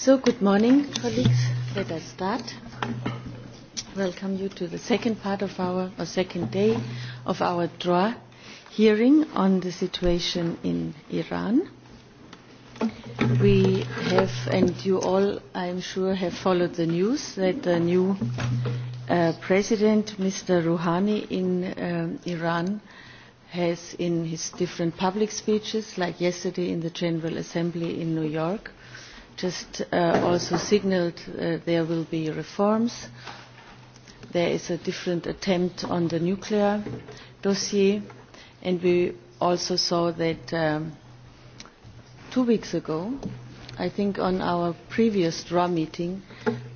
So, good morning, colleagues. Let us start. Welcome you to the second part of our, or second day of our DROA hearing on the situation in Iran. We have, and you all, I'm sure, have followed the news that the new uh, president, Mr. Rouhani, in um, Iran, has in his different public speeches, like yesterday in the General Assembly in New York, just uh, also signaled uh, there will be reforms. There is a different attempt on the nuclear dossier, and we also saw that um, two weeks ago, I think on our previous draw meeting,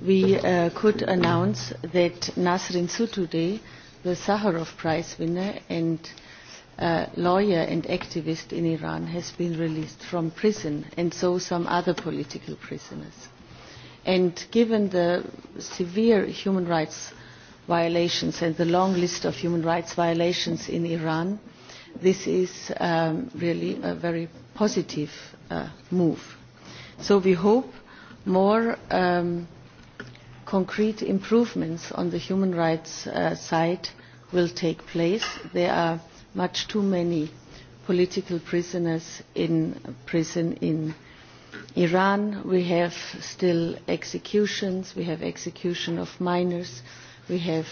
we uh, could announce that Nasrin Sotoudeh, the Sakharov Prize winner and uh, lawyer and activist in Iran has been released from prison and so some other political prisoners. And given the severe human rights violations and the long list of human rights violations in Iran, this is um, really a very positive uh, move. So we hope more um, concrete improvements on the human rights uh, side will take place. There are much too many political prisoners in prison in Iran. We have still executions, we have execution of minors, we have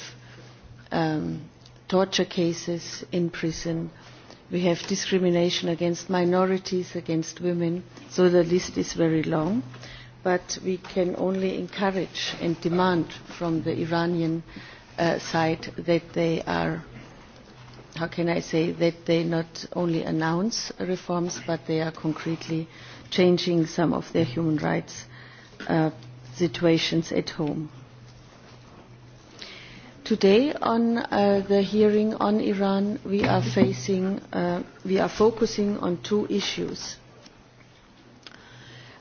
um, torture cases in prison, we have discrimination against minorities, against women, so the list is very long. But we can only encourage and demand from the Iranian uh, side that they are how can I say, that they not only announce reforms, but they are concretely changing some of their human rights uh, situations at home. Today on uh, the hearing on Iran, we are facing, uh, we are focusing on two issues.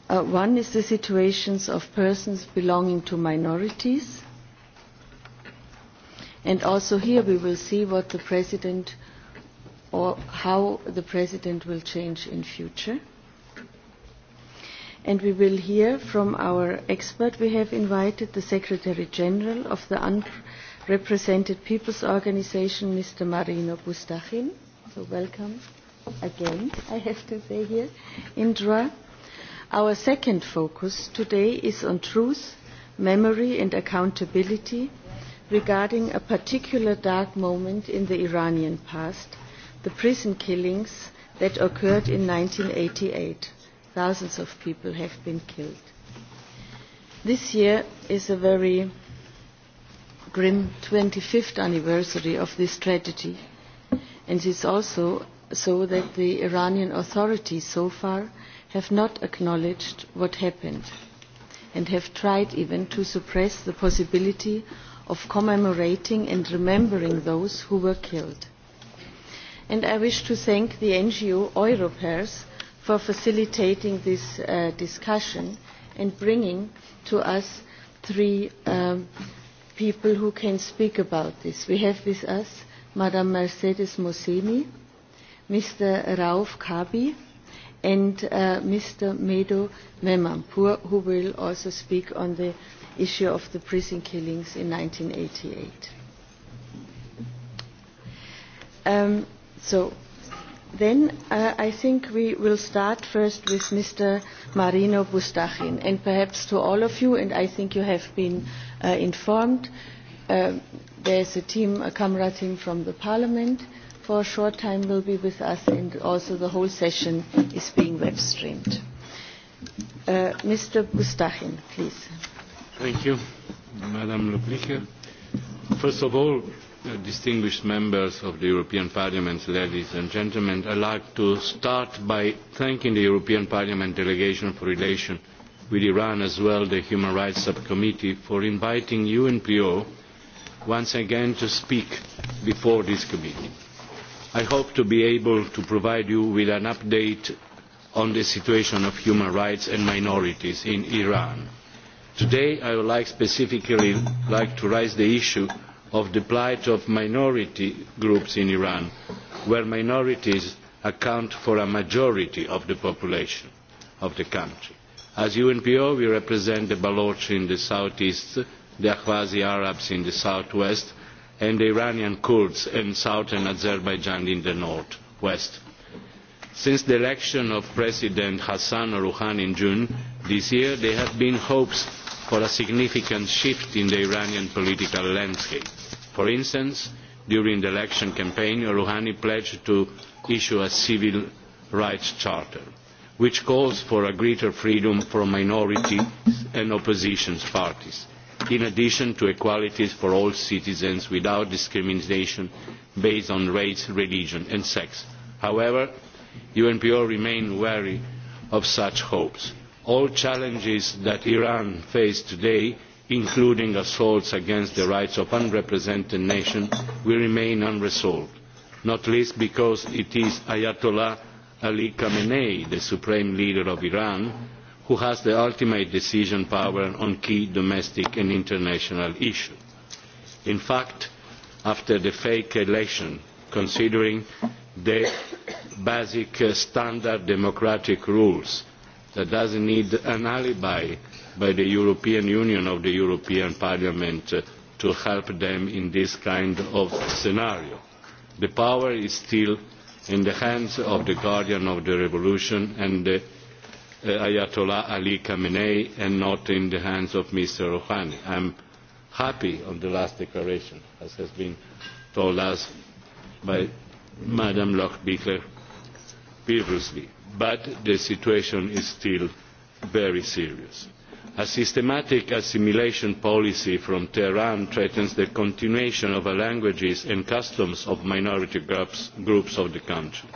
Uh, one is the situations of persons belonging to minorities, And also here we will see what the President or how the President will change in future. And we will hear from our expert. We have invited the Secretary General of the Unrepresented People's Organization, Mr. Marino Bustachin. So welcome again, I have to say here, Indra. Our second focus today is on truth, memory and accountability regarding a particular dark moment in the Iranian past, the prison killings that occurred in 1988. Thousands of people have been killed. This year is a very grim 25th anniversary of this tragedy, and it is also so that the Iranian authorities so far have not acknowledged what happened and have tried even to suppress the possibility of commemorating and remembering those who were killed. And I wish to thank the NGO Europairs for facilitating this uh, discussion and bringing to us three um, people who can speak about this. We have with us Madame Mercedes Mosemi, Mr. Rauf Kabi, and uh, Mr. Medo Memampur, who will also speak on the issue of the prison killings in 1988. Um, so then uh, I think we will start first with Mr. Marino Bustachin and perhaps to all of you, and I think you have been uh, informed, uh, there's a team, a camera team from the parliament for a short time will be with us and also the whole session is being web streamed. Uh, Mr. Bustachin, please. Thank you, Madam Luplica. First of all, uh, distinguished members of the European Parliament, ladies and gentlemen, I'd like to start by thanking the European Parliament delegation for relation with Iran as well the Human Rights Subcommittee for inviting UNPO once again to speak before this committee. I hope to be able to provide you with an update on the situation of human rights and minorities in Iran. Today I would like specifically like to raise the issue of the plight of minority groups in Iran, where minorities account for a majority of the population of the country. As UNPO, we represent the Baloch in the southeast, the Ahwazi Arabs in the southwest, and the Iranian Kurds in southern Azerbaijan in the northwest. Since the election of President Hassan Rouhani in June this year, there have been hopes for a significant shift in the Iranian political landscape. For instance, during the election campaign, Rouhani pledged to issue a civil rights charter, which calls for a greater freedom for minority and opposition parties, in addition to equality for all citizens without discrimination based on race, religion and sex. However, UNPO remain wary of such hopes all challenges that Iran faces today, including assaults against the rights of unrepresented nations, will remain unresolved, not least because it is Ayatollah Ali Khamenei, the supreme leader of Iran, who has the ultimate decision power on key domestic and international issues. In fact, after the fake election, considering the basic standard democratic rules that doesn't need an alibi by the European Union or the European Parliament uh, to help them in this kind of scenario. The power is still in the hands of the guardian of the revolution and the uh, Ayatollah Ali Khamenei and not in the hands of Mr. Rouhani. I'm happy on the last declaration, as has been told us by Madam Lochbichler previously but the situation is still very serious. A systematic assimilation policy from Tehran threatens the continuation of the languages and customs of minority groups, groups of the country.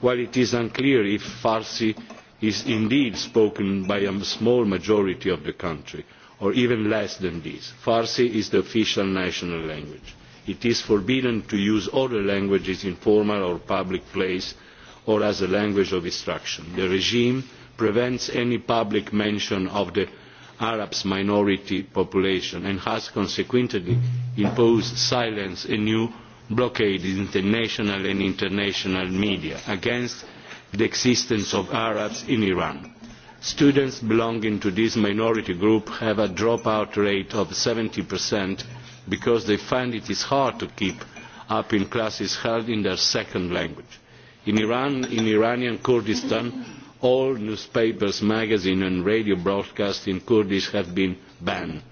While it is unclear if Farsi is indeed spoken by a small majority of the country, or even less than this, Farsi is the official national language. It is forbidden to use other languages in formal or public places or as a language of instruction. The regime prevents any public mention of the Arab minority population and has consequently imposed silence and new blockade in international and international media against the existence of Arabs in Iran. Students belonging to this minority group have a dropout rate of 70% because they find it is hard to keep up in classes held in their second language. In Iran, in Iranian Kurdistan, all newspapers, magazines and radio broadcasts in Kurdish have been banned.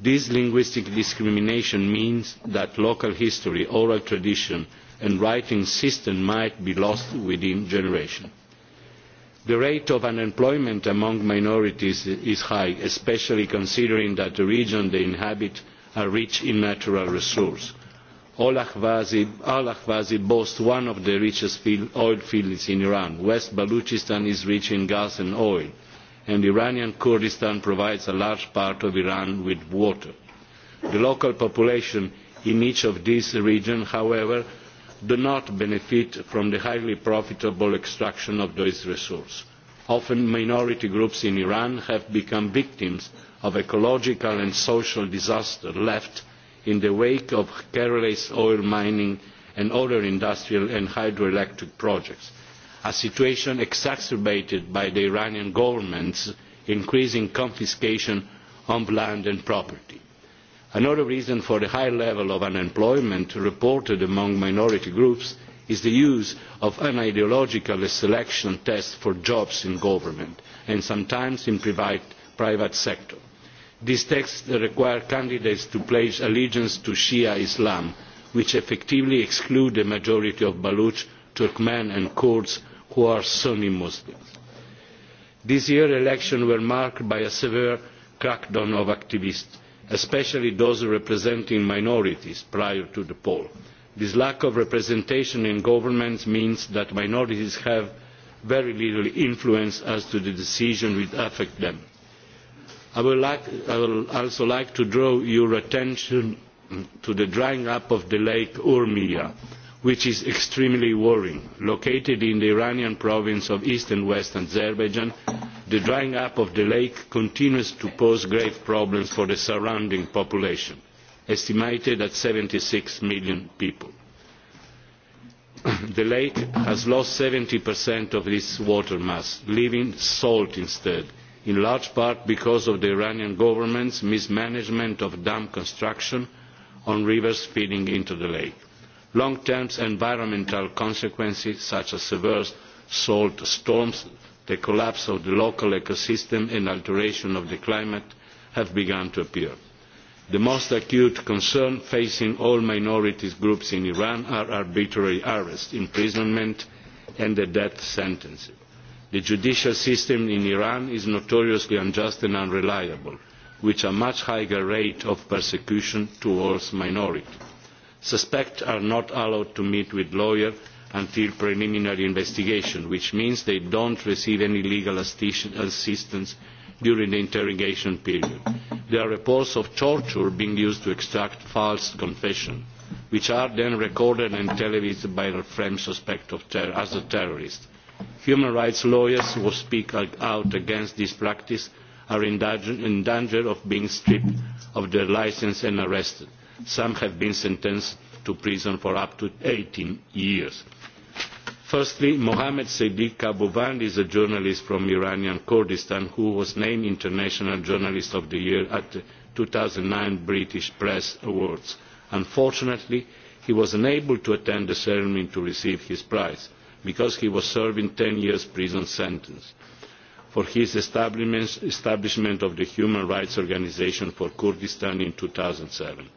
This linguistic discrimination means that local history, oral tradition and writing system might be lost within generations. The rate of unemployment among minorities is high, especially considering that the region they inhabit are rich in natural resources. Al-Akhwazi boasts one of the richest field, oil fields in Iran. West Balochistan is rich in gas and oil, and Iranian Kurdistan provides a large part of Iran with water. The local population in each of these regions, however, do not benefit from the highly profitable extraction of those resources. Often minority groups in Iran have become victims of ecological and social disaster left in the wake of Kerala's oil mining and other industrial and hydroelectric projects, a situation exacerbated by the Iranian government's increasing confiscation of land and property. Another reason for the high level of unemployment reported among minority groups is the use of an ideological selection test for jobs in government and sometimes in private, private sector. These texts require candidates to pledge allegiance to Shia Islam, which effectively exclude the majority of Baluch, Turkmen and Kurds who are Sunni Muslims. This year's elections were marked by a severe crackdown of activists, especially those representing minorities prior to the poll. This lack of representation in governments means that minorities have very little influence as to the decisions which affect them I would, like, I would also like to draw your attention to the drying up of the lake Urmia, which is extremely worrying. Located in the Iranian province of east and west Azerbaijan, the drying up of the lake continues to pose grave problems for the surrounding population, estimated at seventy six million people. the lake has lost 70% of its water mass, leaving salt instead in large part because of the Iranian government's mismanagement of dam construction on rivers feeding into the lake. Long-term environmental consequences such as severe salt storms, the collapse of the local ecosystem and alteration of the climate have begun to appear. The most acute concern facing all minorities groups in Iran are arbitrary arrest, imprisonment and the death sentences. The judicial system in Iran is notoriously unjust and unreliable, with a much higher rate of persecution towards minorities. Suspects are not allowed to meet with lawyers until preliminary investigation, which means they do not receive any legal assistance during the interrogation period. There are reports of torture being used to extract false confessions, which are then recorded and televised by the French suspect of as a terrorist Human rights lawyers who speak out against this practice are in danger, of being stripped of their license and arrested. Some have been sentenced to prison for up to 18 years. Firstly, Mohammed Sadiq Kabuvand is a journalist from Iranian Kurdistan who was named International Journalist of the Year at the 2009 British Press Awards. Unfortunately, he was unable to attend the ceremony to receive his prize because he was serving 10 years prison sentence for his establishment of the human rights organization for Kurdistan in 2007.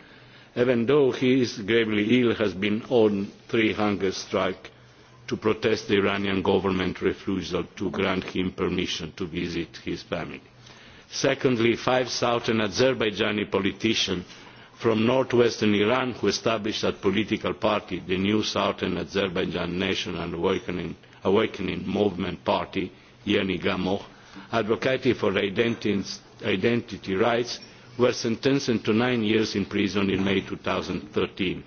Even though he is gravely ill, has been on three hunger strikes to protest the Iranian government refusal to grant him permission to visit his family. Secondly, five southern Azerbaijani politicians from northwestern Iran who established that political party, the new Southern Azerbaijan National Awakening, Awakening Movement Party, Yeni Gamoh, advocated for identity, identity rights, were sentenced to nine years in prison in May 2013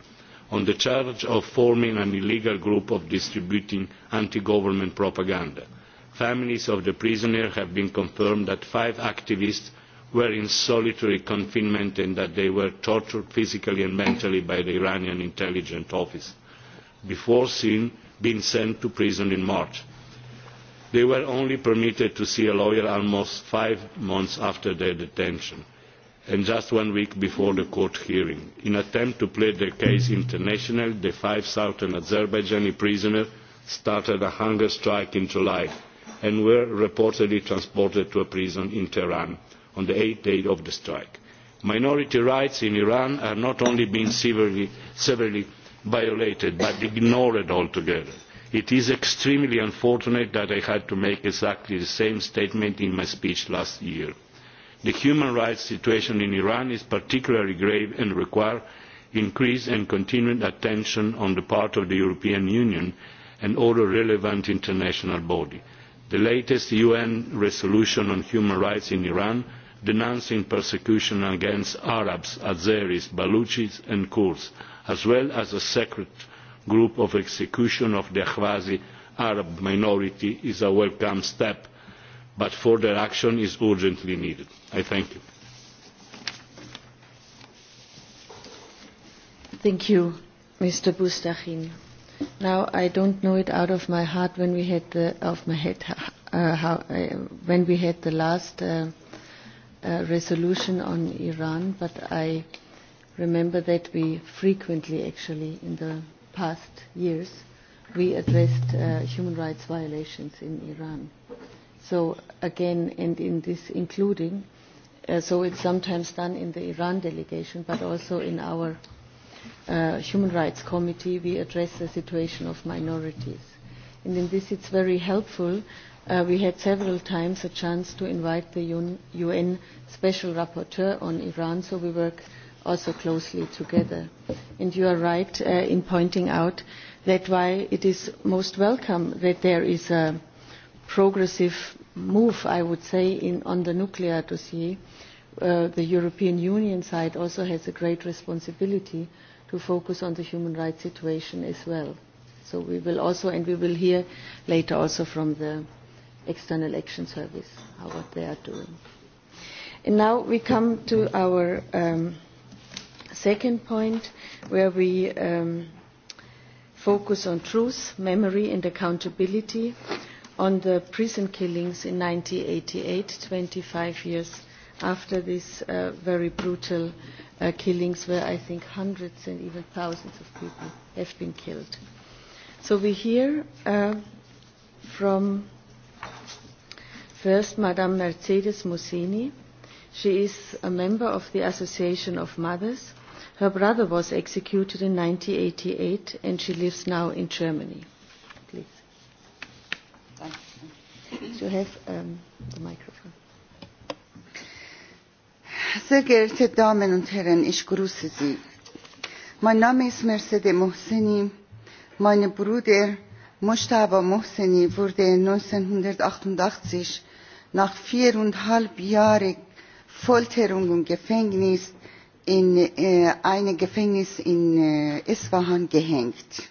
on the charge of forming an illegal group of distributing anti-government propaganda. Families of the prisoners have been confirmed that five activists were in solitary confinement and that they were tortured physically and mentally by the Iranian intelligence office before seen, being sent to prison in March. They were only permitted to see a lawyer almost five months after their detention and just one week before the court hearing. In attempt to plead their case internationally, the five southern Azerbaijani prisoners started a hunger strike in July and were reportedly transported to a prison in Tehran on the eighth day of the strike. Minority rights in Iran are not only being severely, severely violated but ignored altogether. It is extremely unfortunate that I had to make exactly the same statement in my speech last year. The human rights situation in Iran is particularly grave and requires increased and continued attention on the part of the European Union and other relevant international bodies. The latest UN resolution on human rights in Iran denouncing persecution against Arabs, Azeris, Baluchis and Kurds, as well as a secret group of execution of the Ahwazi Arab minority is a welcome step, but further action is urgently needed. I thank you. Thank you, Mr. Bustachin. Now I don't know it out of my heart when we had the, of my head uh, how, uh, when we had the last uh, uh, resolution on Iran, but I remember that we frequently, actually, in the past years, we addressed uh, human rights violations in Iran. So again, and in this including, uh, so it's sometimes done in the Iran delegation, but also in our uh, Human Rights Committee, we address the situation of minorities. And in this it's very helpful Uh, we had several times a chance to invite the UN, UN Special Rapporteur on Iran, so we work also closely together. And you are right uh, in pointing out that why it is most welcome that there is a progressive move, I would say, in, on the nuclear dossier. Uh, the European Union side also has a great responsibility to focus on the human rights situation as well. So we will also, and we will hear later also from the External Action Service, how what they are doing. And now we come to our um, second point where we um, focus on truth, memory and accountability on the prison killings in 1988, 25 years after these uh, very brutal uh, killings where I think hundreds and even thousands of people have been killed. So we hear uh, from First, Madame Mercedes Mussini. She is a member of the Association of Mothers. Her brother was executed in 1988 and she lives now in Germany. Please. Thank You have um, the microphone. Sehr geehrte Damen und Herren, ich grüße Sie. Mein Name ist Mercedes Mohseni. Mein Bruder Mustafa Mohseni wurde 1988 nach viereinhalb Jahren Folterung und Gefängnis in äh, eine Gefängnis in äh, Isfahan gehängt.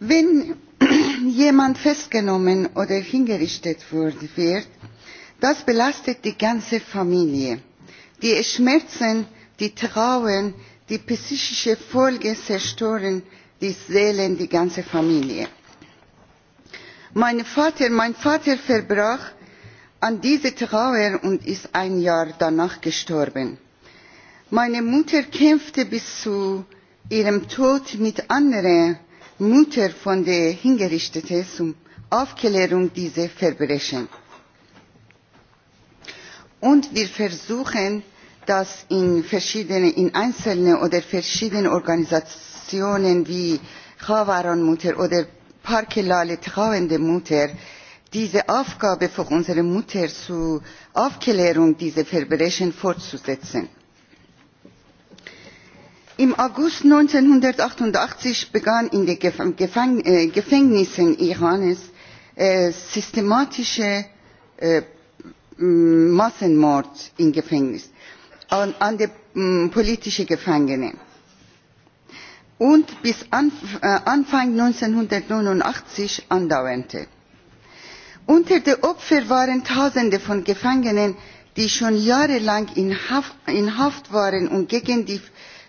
Wenn jemand festgenommen oder hingerichtet wird, das belastet die ganze Familie. Die Schmerzen, die Trauen, die psychische Folge zerstören die Seelen, die ganze Familie. Mein Vater, mein Vater verbrach an diese Trauer und ist ein Jahr danach gestorben. Meine Mutter kämpfte bis zu ihrem Tod mit anderen Mutter von der Hingerichteten zum Aufklärung dieser Verbrechen. Und wir versuchen, das in verschiedene, in einzelne oder verschiedene Organisationen wie Chavaron Mutter oder Parkelale trauende Mutter, diese Aufgabe für unsere Mutter zur Aufklärung dieser Verbrechen fortzusetzen. Im August 1988 begann in den Gefäng äh, Gefängnissen Iranes äh, systematische äh, Massenmord in Gefängnis an, an die politischen politische Gefangene und bis äh, Anfang 1989 andauerte. Unter den Opfern waren Tausende von Gefangenen, die schon jahrelang in Haft, in Haft waren und gegen die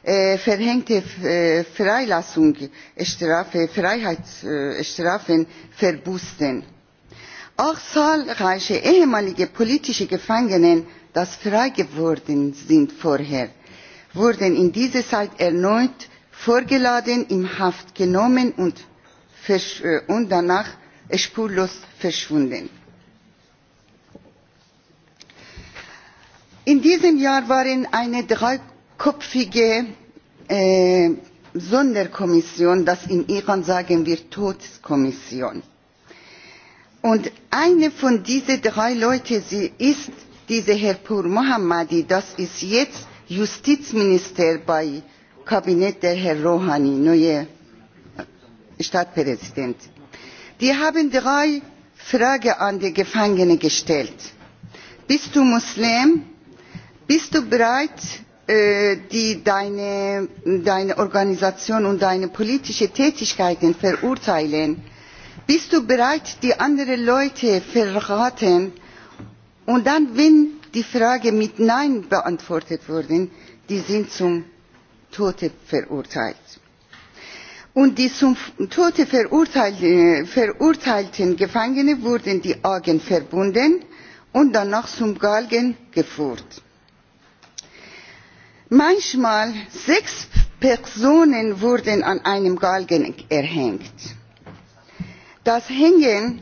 äh, verhängte äh, Freilassung, äh, Strafe, Freiheitsstrafen äh, verbußten. Auch zahlreiche ehemalige politische Gefangenen, die frei geworden sind vorher, wurden in dieser Zeit erneut vorgeladen, in Haft genommen und, äh, und danach spurlos verschwunden. In diesem Jahr waren eine dreiköpfige äh, Sonderkommission, das in Iran sagen wir Todeskommission. Und eine von diesen drei Leuten sie ist dieser Herr Pur Mohammadi, das ist jetzt Justizminister bei Kabinett der Herr Rouhani, neue Stadtpräsident. Die haben drei Fragen an die Gefangene gestellt. Bist du Muslim? Bist du bereit, äh, die deine, deine Organisation und deine politische Tätigkeiten verurteilen? Bist du bereit, die anderen Leute verraten? Und dann, wenn die Frage mit Nein beantwortet wurde, die sind zum Tote verurteilt. Und die zum Tote verurteilten, verurteilten Gefangene wurden die Augen verbunden und danach zum Galgen geführt. Manchmal sechs Personen wurden an einem Galgen erhängt. Das Hängen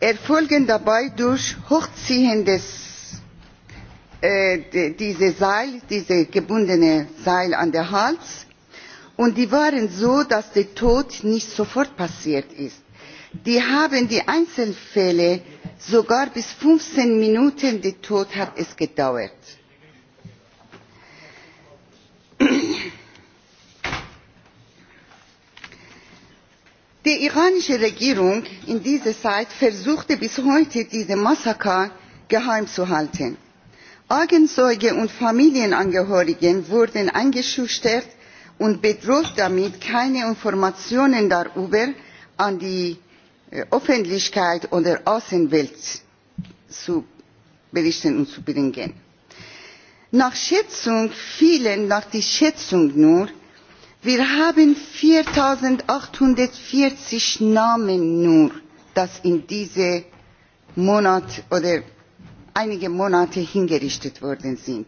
erfolgen dabei durch Hochziehen des Äh, diese Seil, diese gebundene Seil an der Hals. Und die waren so, dass der Tod nicht sofort passiert ist. Die haben die Einzelfälle sogar bis 15 Minuten der Tod hat es gedauert. Die iranische Regierung in dieser Zeit versuchte bis heute diese Massaker geheim zu halten. Augenzeuge und Familienangehörigen wurden eingeschüchtert und bedroht damit, keine Informationen darüber an die äh, Öffentlichkeit oder Außenwelt zu berichten und zu bringen. Nach Schätzung, vielen nach der Schätzung nur, wir haben 4840 Namen nur, das in diese Monat oder einige Monate hingerichtet worden sind.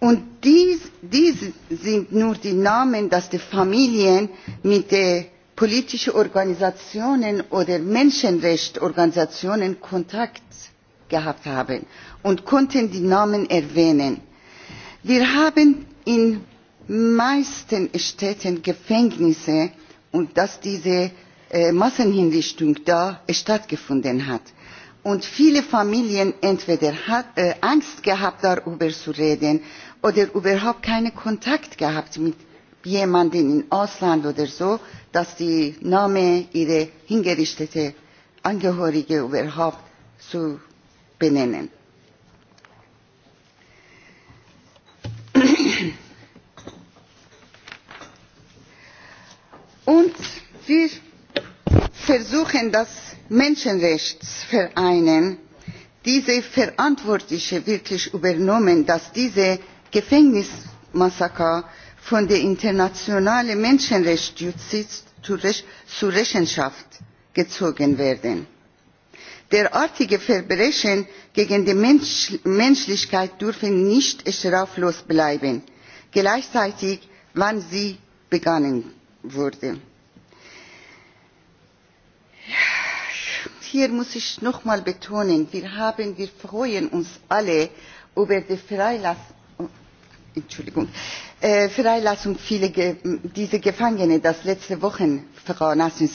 Und dies, dies sind nur die Namen, dass die Familien mit äh, politischen Organisationen oder Menschenrechtsorganisationen Kontakt gehabt haben und konnten die Namen erwähnen. Wir haben in meisten Städten Gefängnisse und dass diese äh, Massenhinrichtung da stattgefunden hat. Und viele Familien entweder hat, äh, Angst gehabt, darüber zu reden oder überhaupt keinen Kontakt gehabt mit jemandem im Ausland oder so, dass die Name ihrer hingerichteten Angehörige überhaupt zu benennen. Und wir versuchen das Menschenrechtsvereinen diese Verantwortliche wirklich übernommen, dass diese Gefängnismassaker von der internationalen Menschenrechtsjustiz zur Rechenschaft gezogen werden. Derartige Verbrechen gegen die Mensch Menschlichkeit dürfen nicht straflos bleiben, gleichzeitig wann sie begangen wurden. hier muss ich noch mal betonen, wir haben, wir freuen uns alle über die Freilassung, Entschuldigung, äh, Freilassung viele Ge diese Gefangene, das letzte Wochen, Frau Nassim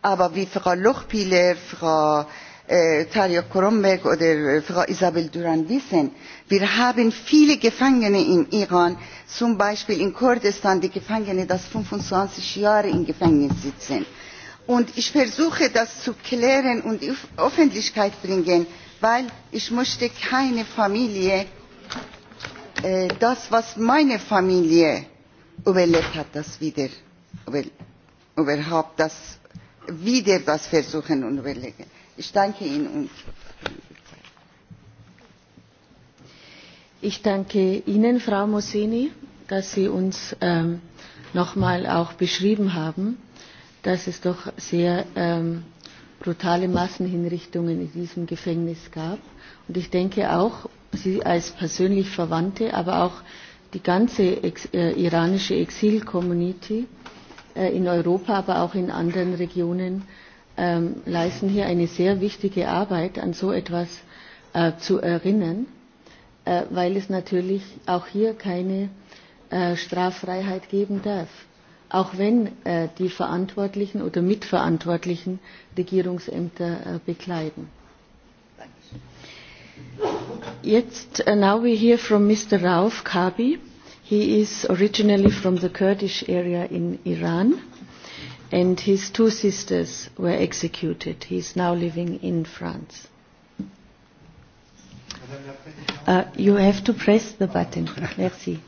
Aber wie Frau Lochpiler, Frau äh, Tarja Koromberg oder äh, Frau Isabel Duran wissen, wir haben viele Gefangene im Iran, zum Beispiel in Kurdistan, die Gefangene, das 25 Jahre im Gefängnis sitzen. Und ich versuche das zu klären und in Öffentlichkeit bringen, weil ich möchte keine Familie, äh, das was meine Familie überlebt hat, das wieder über, überhaupt das wieder das versuchen und überlegen. Ich danke Ihnen und Ich danke Ihnen, Frau Mossini, dass Sie uns ähm, nochmal auch beschrieben haben, dass es doch sehr ähm, brutale Massenhinrichtungen in diesem Gefängnis gab. Und ich denke auch, Sie als persönlich Verwandte, aber auch die ganze Ex äh, iranische Exil-Community äh, in Europa, aber auch in anderen Regionen, ähm, leisten hier eine sehr wichtige Arbeit, an so etwas äh, zu erinnern, äh, weil es natürlich auch hier keine äh, Straffreiheit geben darf auch wenn äh, die Verantwortlichen oder Mitverantwortlichen Regierungsämter äh, bekleiden. Jetzt, uh, now we hear from Mr. Rauf Kabi. He is originally from the Kurdish area in Iran and his two sisters were executed. He is now living in France. Uh, you have to press the button. Merci.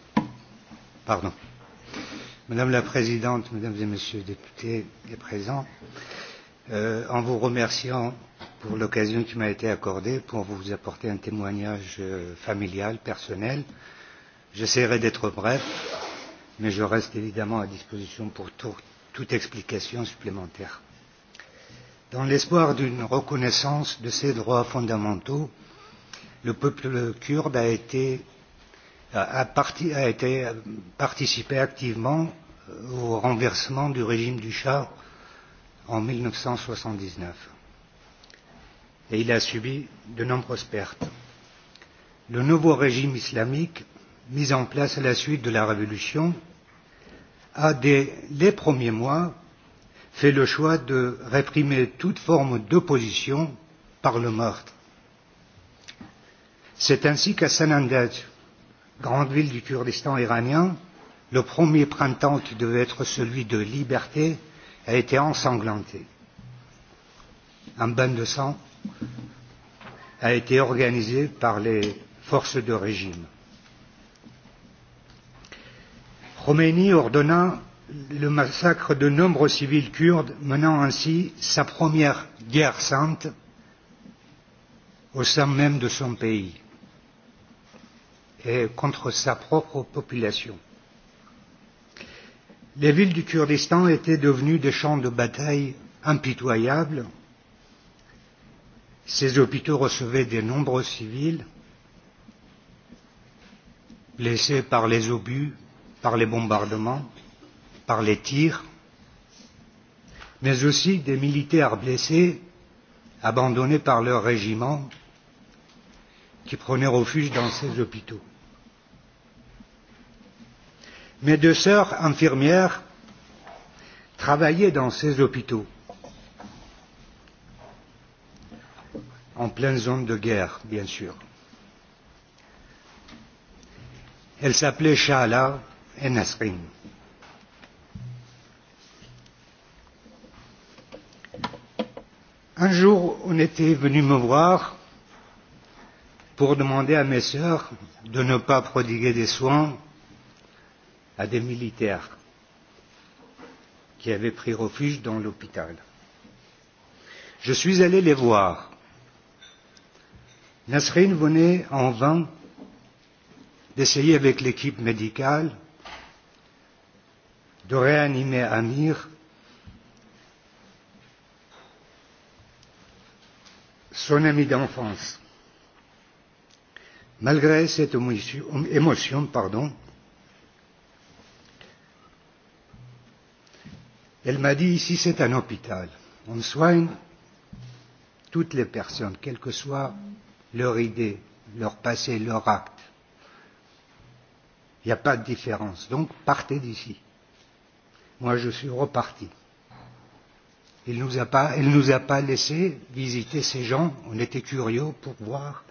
Pardon. Madame la Présidente, Mesdames et Messieurs les députés et présents, euh, en vous remerciant pour l'occasion qui m'a été accordée pour vous apporter un témoignage euh, familial, personnel, j'essaierai d'être bref, mais je reste évidemment à disposition pour tout, toute explication supplémentaire. Dans l'espoir d'une reconnaissance de ces droits fondamentaux, le peuple kurde a été a, parti, a été participé activement Euh, au renversement du régime du Shah en 1979. Et il a subi de nombreuses pertes. Le nouveau régime islamique, mis en place à la suite de la révolution, a dès les premiers mois fait le choix de réprimer toute forme d'opposition par le meurtre. C'est ainsi qu'à Sanandaj, grande ville du Kurdistan iranien, le premier printemps qui devait être celui de liberté a été ensanglanté. Un bain de sang a été organisé par les forces de régime. Khomeini ordonna le massacre de nombreux civils kurdes, menant ainsi sa première guerre sainte au sein même de son pays et contre sa propre population. Les villes du Kurdistan étaient devenues des champs de bataille impitoyables. Ces hôpitaux recevaient de nombreux civils, blessés par les obus, par les bombardements, par les tirs, mais aussi des militaires blessés, abandonnés par leur régiment, qui prenaient refuge dans ces hôpitaux. Mes deux sœurs infirmières travaillaient dans ces hôpitaux en pleine zone de guerre, bien sûr. Elles s'appelaient Shala et Nasrin. Un jour, on était venu me voir pour demander à mes sœurs de ne pas prodiguer des soins à des militaires qui avaient pris refuge dans l'hôpital. Je suis allé les voir. Nasrin venait en vain d'essayer avec l'équipe médicale de réanimer Amir. son ami d'enfance. Malgré cette émotion, pardon, Elle m'a dit, ici c'est un hôpital. On soigne toutes les personnes, quelle que soit leur idée, leur passé, leur acte. Il n'y a pas de différence. Donc partez d'ici. Moi je suis reparti. Il nous a pas, elle ne nous a pas laissé visiter ces gens. On était curieux pour voir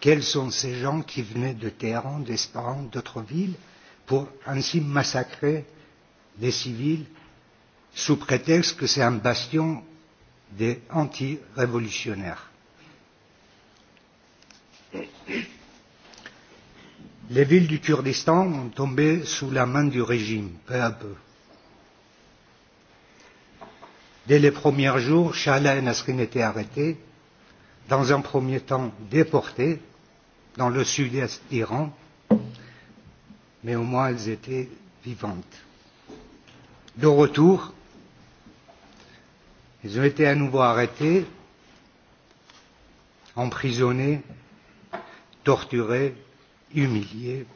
quels sont ces gens qui venaient de Téhéran, d'Espagne, d'autres villes, pour ainsi massacrer des civils sous prétexte que c'est un bastion des anti-révolutionnaires. Les villes du Kurdistan ont tombé sous la main du régime, peu à peu. Dès les premiers jours, Shahla et Nasrin étaient arrêtés, dans un premier temps déportés dans le sud-est d'Iran, mais au moins elles étaient vivantes. De retour, Ils ont été à nouveau arrêtés, emprisonnés, torturés, humiliés.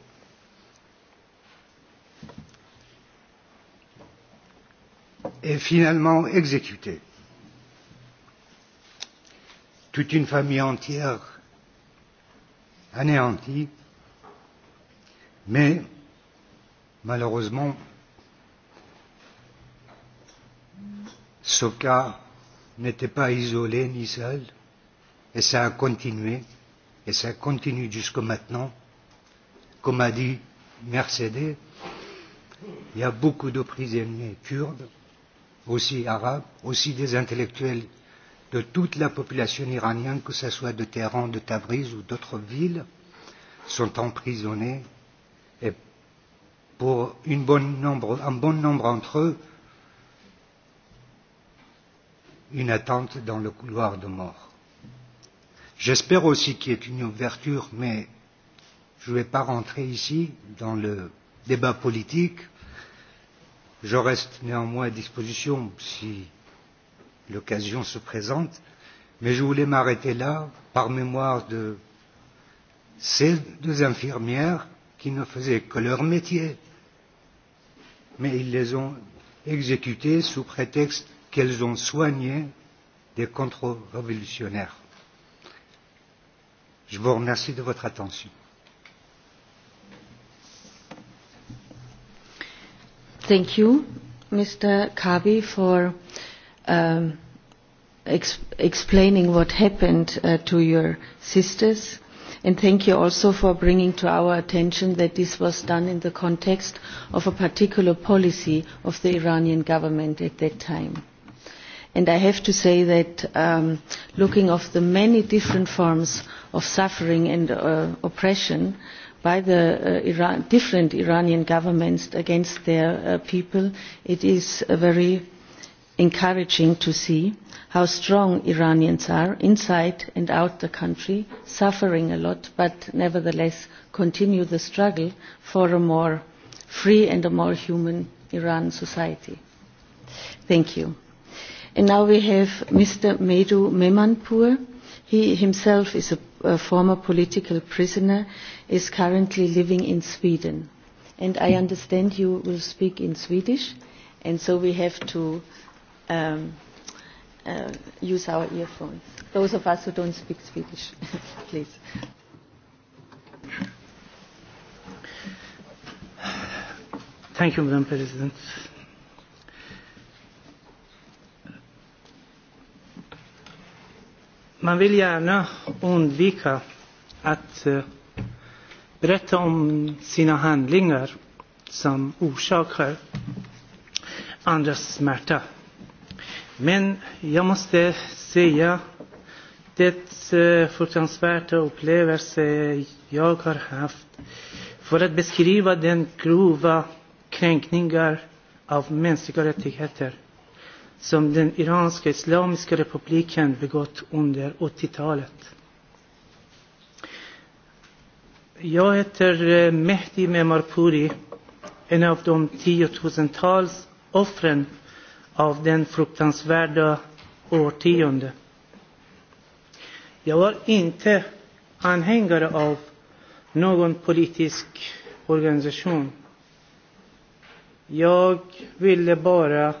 et finalement exécutés. Toute une famille entière anéantie, mais malheureusement Soka n'était pas isolé ni seul, et ça a continué, et ça continue jusqu'au maintenant. Comme a dit Mercedes, il y a beaucoup de prisonniers kurdes, aussi arabes, aussi des intellectuels de toute la population iranienne, que ce soit de Téhéran, de Tabriz ou d'autres villes, sont emprisonnés et pour une bonne nombre, un bon nombre d'entre eux, une attente dans le couloir de mort. J'espère aussi qu'il y ait une ouverture, mais je ne vais pas rentrer ici dans le débat politique. Je reste néanmoins à disposition si l'occasion se présente, mais je voulais m'arrêter là par mémoire de ces deux infirmières qui ne faisaient que leur métier, mais ils les ont exécutées sous prétexte qu'elles ont soigné des contre-révolutionnaires. Je vous remercie de votre attention. Thank you, Mr. Kabi, for um, ex explaining what happened uh, to your sisters. And thank you also for bringing to our attention that this was done in the context of a particular policy of the Iranian government at that time. And I have to say that um, looking of the many different forms of suffering and uh, oppression by the uh, Iran different Iranian governments against their uh, people, it is a uh, very encouraging to see how strong Iranians are inside and out the country, suffering a lot, but nevertheless continue the struggle for a more free and a more human Iran society. Thank you. And now we have Mr. Medu Memanpur. He himself is a, a former political prisoner, is currently living in Sweden. And I understand you will speak in Swedish, and so we have to um, uh, use our earphones. Those of us who don't speak Swedish, please. Thank you, Madam President. Man vill gärna undvika att eh, berätta om sina handlingar som orsakar andras smärta. Men jag måste säga det eh, fruktansvärda upplevelse jag har haft för att beskriva den grova kränkningar av mänskliga rättigheter som den iranska islamiska republiken begått under 80-talet. Jag heter eh, Mehdi Memarpuri, en av de tiotusentals offren av den fruktansvärda årtionde. Jag var inte anhängare av någon politisk organisation. Jag ville bara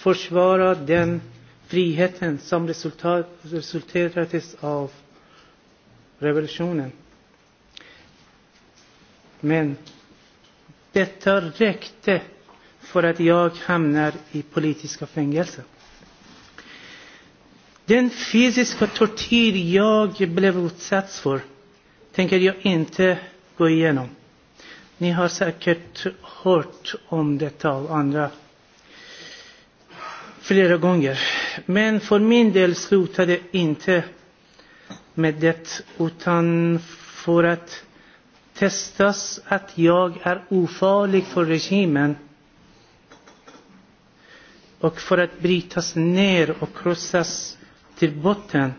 försvara den friheten som resultat, resulterades av revolutionen. Men detta räckte för att jag hamnar i politiska fängelser. Den fysiska tortyr jag blev utsatt för tänker jag inte gå igenom. Ni har säkert hört om detta av andra flera gånger. Men för min del slutade inte med det utan för att testas att jag är ofarlig för regimen och för att brytas ner och krossas till botten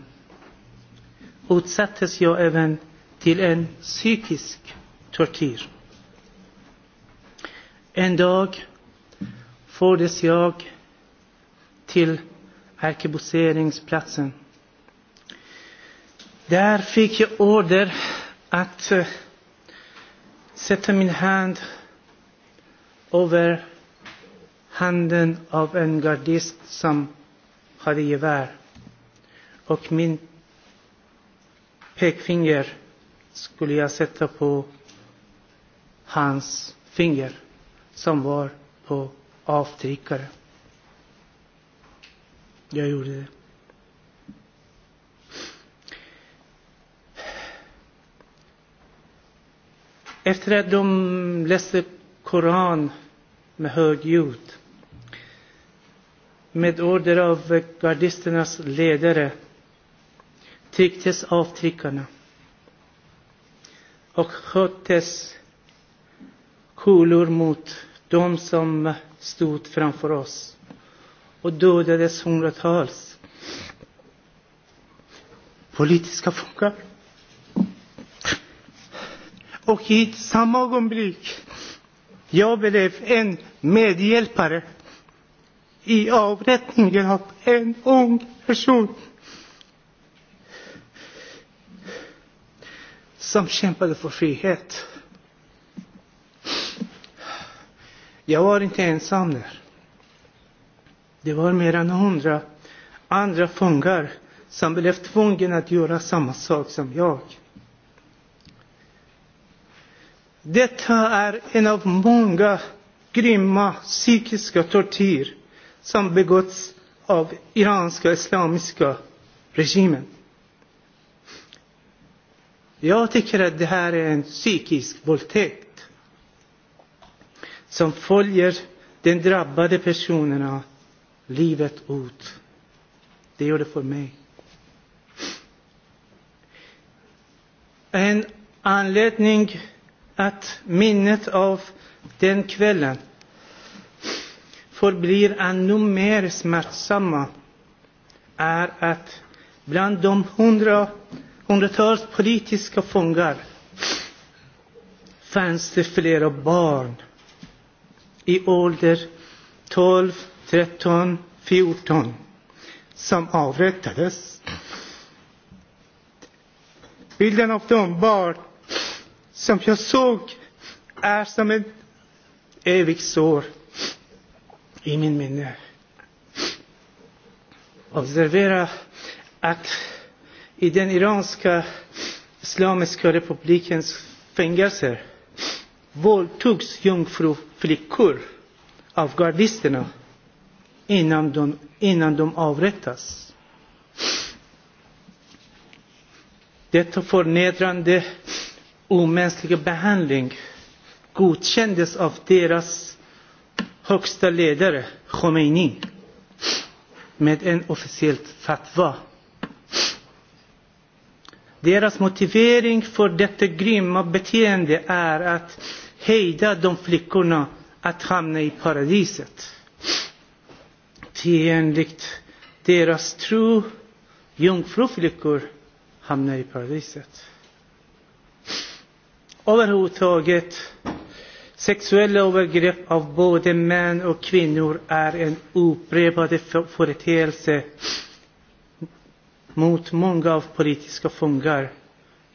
utsattes jag även till en psykisk tortyr. En dag fördes jag till arkebuseringsplatsen. Där fick jag order att uh, sätta min hand över handen av en gardist som hade gevär och min pekfinger skulle jag sätta på hans finger som var på avtryckare. Ja juri. Efter att de läste Koran med hög ljud, med order av gardisternas ledare, trycktes avtryckarna och sköttes kulor mot de som stod framför oss och dödades hundratals. Politiska funkar Och i samma ögonblick jag blev en medhjälpare i avrättningen av en ung person som kämpade för frihet. Jag var inte ensam där. Det var mer än hundra andra fångar som blev tvungna att göra samma sak som jag. Detta är er en av många grymma psykiska tortyr som begåtts av iranska islamiska regimen. Jag tycker att det här är er en psykisk våldtäkt som följer den drabbade personerna livet ut. Det gör det för mig. En anledning att minnet av den kvällen förblir ännu mer smärtsamma är att bland de hundra, hundratals politiska fångar fanns det flera barn i ålder 12, 13, 14 som avrättades. Bilden av de barn som jag såg är som ett evigt sår i min minne. Observera att i den iranska islamiska republikens fängelser våldtogs jungfruflickor av gardisterna innan de, innan avrättas. Detta förnedrande omänskliga behandling godkändes av deras högsta ledare Khomeini med en officiellt fatwa. Deras motivering för detta grymma beteende är er att hejda de flickorna att hamna i paradiset enligt deras tro jungfruflickor hamnar i paradiset. Överhuvudtaget, sexuella övergrepp av både män och kvinnor är er en upprepad företeelse mot många av politiska fångar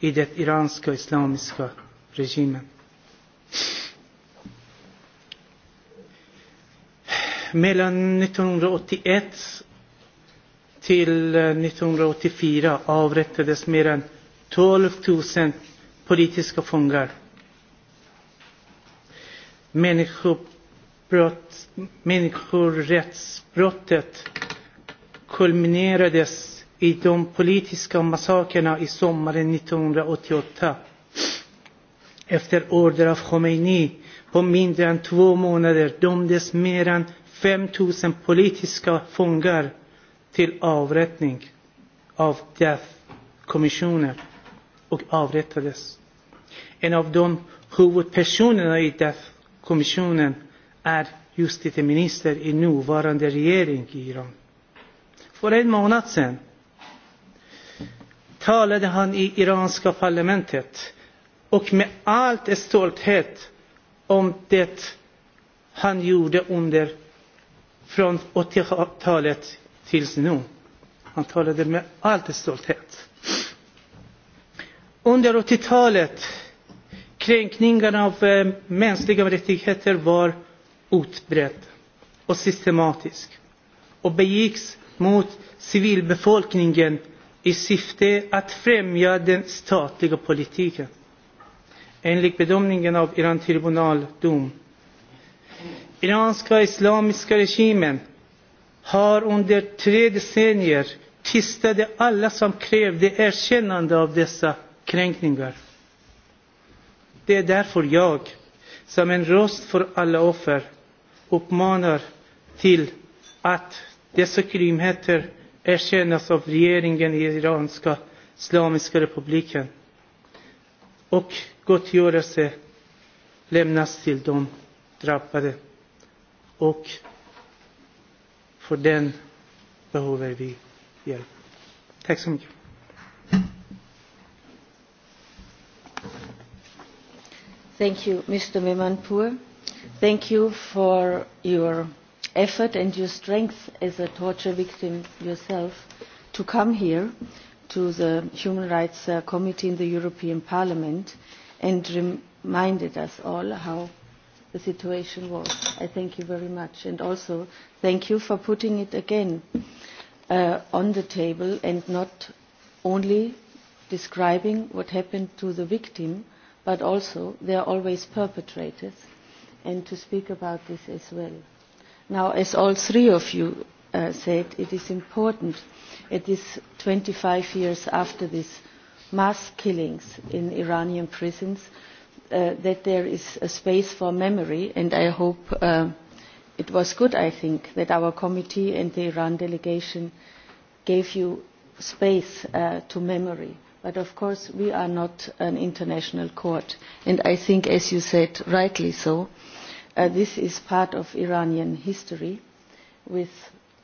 i det iranska islamiska regimen. mellan 1981 till 1984 avrättades mer än 12 000 politiska fångar. människorättsbrottet kulminerades i de politiska massakerna i sommaren 1988 efter order av Khomeini på mindre än två månader dömdes mer än 5 politiska fångar till avrättning av Death-kommissionen och avrättades. En av de huvudpersonerna i Death-kommissionen är justitieminister i nuvarande regering i Iran. För en månad sedan talade han i iranska parlamentet och med allt stolthet om det han gjorde under från 80-talet tills nu. Han talade med allt stolthet. Under 80-talet kränkningen av eh, mänskliga rättigheter var utbredd och systematisk och begicks mot civilbefolkningen i syfte att främja den statliga politiken. Enligt bedömningen av Iran tribunaldom iranska islamiska regimen har under tre decennier tystade alla som krävde erkännande av dessa kränkningar. Det är därför jag, som en röst för alla offer, uppmanar till att dessa grymheter erkännas av regeringen i Iranska Islamiska republiken och gottgörelse lämnas till de drabbade och för den behöver vi hjälp. Tack så mycket. Thank you, Mr. Mimanpur, Thank you for your effort and your strength as a torture victim yourself to come here to the Human Rights uh, Committee in the European Parliament and reminded us all how the situation was. I thank you very much. And also, thank you for putting it again uh, on the table and not only describing what happened to the victim, but also there are always perpetrators, and to speak about this as well. Now, as all three of you uh, said, it is important at this 25 years after this mass killings in Iranian prisons uh, that there is a space for memory, and I hope uh, it was good, I think, that our committee and the Iran delegation gave you space uh, to memory. But of course, we are not an international court, and I think, as you said, rightly so, uh, this is part of Iranian history. With,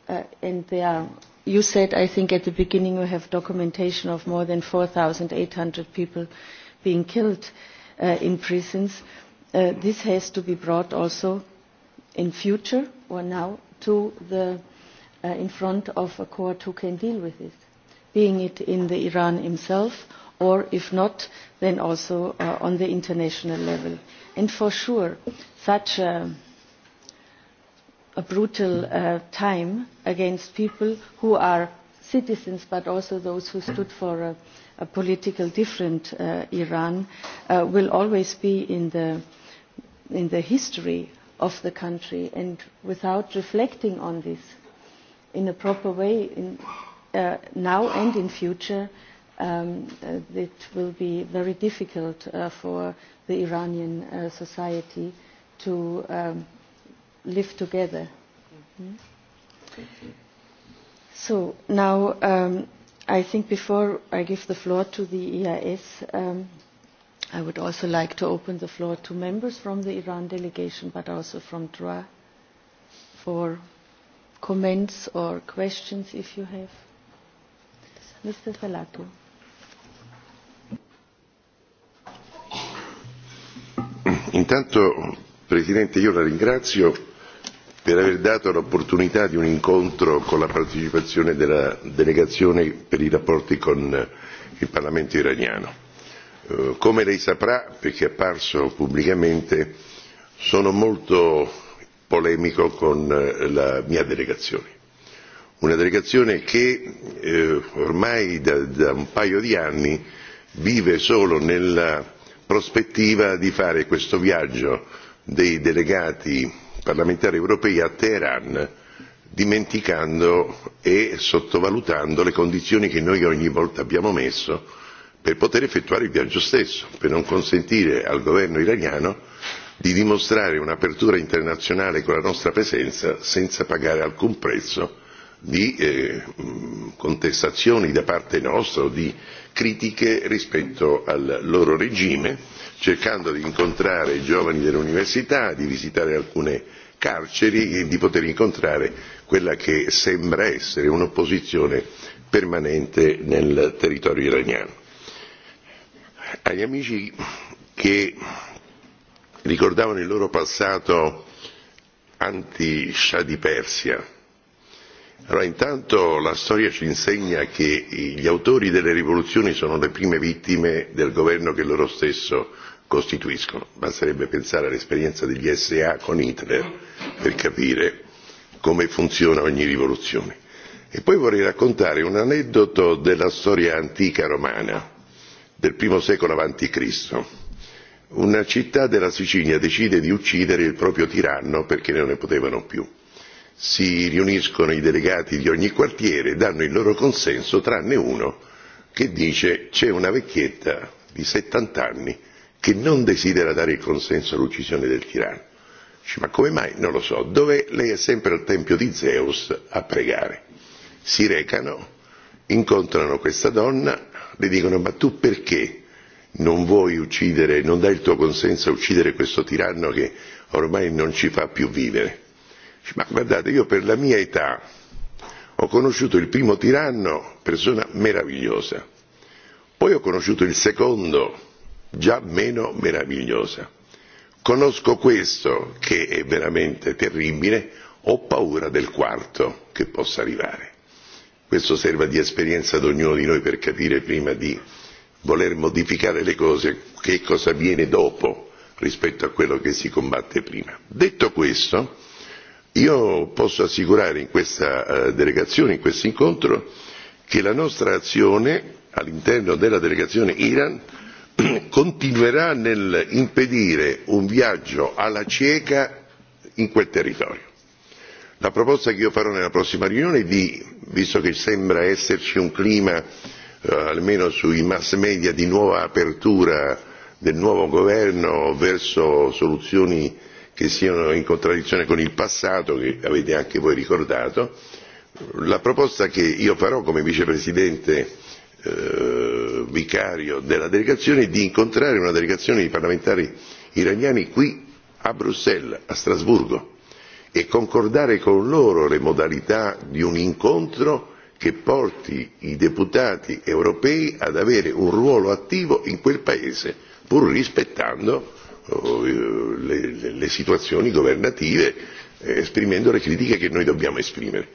uh, and there are, you said, I think, at the beginning, you have documentation of more than 4,800 people being killed. Uh, uh, in prisons. Uh, this has to be brought also in future or now to the, uh, in front of a court who can deal with it, being it in the Iran himself or if not, then also uh, on the international level. And for sure, such a, a brutal uh, time against people who are citizens but also those who stood for a uh, a political different uh, Iran uh, will always be in the, in the history of the country and without reflecting on this in a proper way in, uh, now and in future um, uh, it will be very difficult uh, for the Iranian uh, society to um, live together. Mm -hmm. So now um, I think before I give the floor to the EIS, um, I would also like to open the floor to members from the Iran delegation, but also from DRA, for comments or questions if you have. Mr. Falato. Intanto, Presidente, io la ringrazio per aver dato l'opportunità di un incontro con la partecipazione della delegazione per i rapporti con eh, il Parlamento iraniano. Eh, come lei saprà, perché è apparso pubblicamente, sono molto polemico con eh, la mia delegazione. Una delegazione che eh, ormai da, da un paio di anni vive solo nella prospettiva di fare questo viaggio dei delegati parlamentare europea a Teheran dimenticando e sottovalutando le condizioni che noi ogni volta abbiamo messo per poter effettuare il viaggio stesso, per non consentire al governo iraniano di dimostrare un'apertura internazionale con la nostra presenza senza pagare alcun prezzo di eh, contestazioni da parte nostra o di critiche rispetto al loro regime, cercando di incontrare i giovani dell'università, di visitare alcune carceri e di poter incontrare quella che sembra essere un'opposizione permanente nel territorio iraniano. Agli amici che ricordavano il loro passato anti-Shah di Persia, Allora intanto la storia ci insegna che gli autori delle rivoluzioni sono le prime vittime del governo che loro stesso costituiscono. Basterebbe pensare all'esperienza degli SA con Hitler per capire come funziona ogni rivoluzione. E poi vorrei raccontare un aneddoto della storia antica romana del primo secolo a.C. Una città della Sicilia decide di uccidere il proprio tiranno perché non ne potevano più si riuniscono i delegati di ogni quartiere e danno il loro consenso, tranne uno che dice c'è una vecchietta di 70 anni che non desidera dare il consenso all'uccisione del tiranno. Dice, ma come mai? Non lo so. Dove lei è sempre al tempio di Zeus a pregare. Si recano, incontrano questa donna, le dicono ma tu perché non vuoi uccidere, non dai il tuo consenso a uccidere questo tiranno che ormai non ci fa più vivere? ma guardate, io per la mia età ho conosciuto il primo tiranno, persona meravigliosa, poi ho conosciuto il secondo, già meno meravigliosa. Conosco questo che è veramente terribile, ho paura del quarto che possa arrivare. Questo serva di esperienza ad ognuno di noi per capire prima di voler modificare le cose che cosa avviene dopo rispetto a quello che si combatte prima. Detto questo, Io posso assicurare in questa eh, delegazione, in questo incontro, che la nostra azione all'interno della delegazione Iran continuerà nel impedire un viaggio alla cieca in quel territorio. La proposta che io farò nella prossima riunione è di, visto che sembra esserci un clima, eh, almeno sui mass media, di nuova apertura del nuovo governo verso soluzioni che siano in contraddizione con il passato che avete anche voi ricordato. La proposta che io farò come vicepresidente eh, vicario della delegazione è di incontrare una delegazione di parlamentari iraniani qui a Bruxelles, a Strasburgo e concordare con loro le modalità di un incontro che porti i deputati europei ad avere un ruolo attivo in quel paese, pur rispettando le, le situazioni governative eh, esprimendo le critiche che noi dobbiamo esprimere.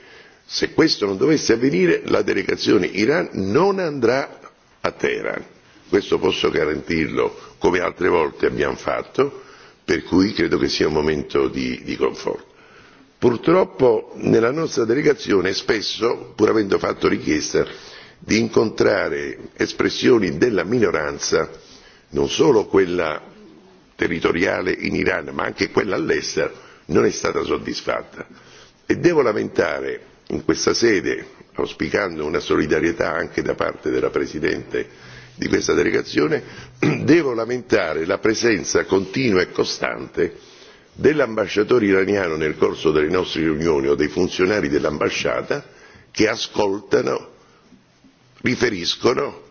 Se questo non dovesse avvenire la delegazione Iran non andrà a Teheran, questo posso garantirlo come altre volte abbiamo fatto, per cui credo che sia un momento di, di conforto. Purtroppo nella nostra delegazione spesso, pur avendo fatto richiesta, di incontrare espressioni della minoranza, non solo quella territoriale in Iran, ma anche quella all'estero, non è stata soddisfatta. E devo lamentare in questa sede, auspicando una solidarietà anche da parte della Presidente di questa delegazione, devo lamentare la presenza continua e costante dell'ambasciatore iraniano nel corso delle nostre riunioni o dei funzionari dell'ambasciata che ascoltano, riferiscono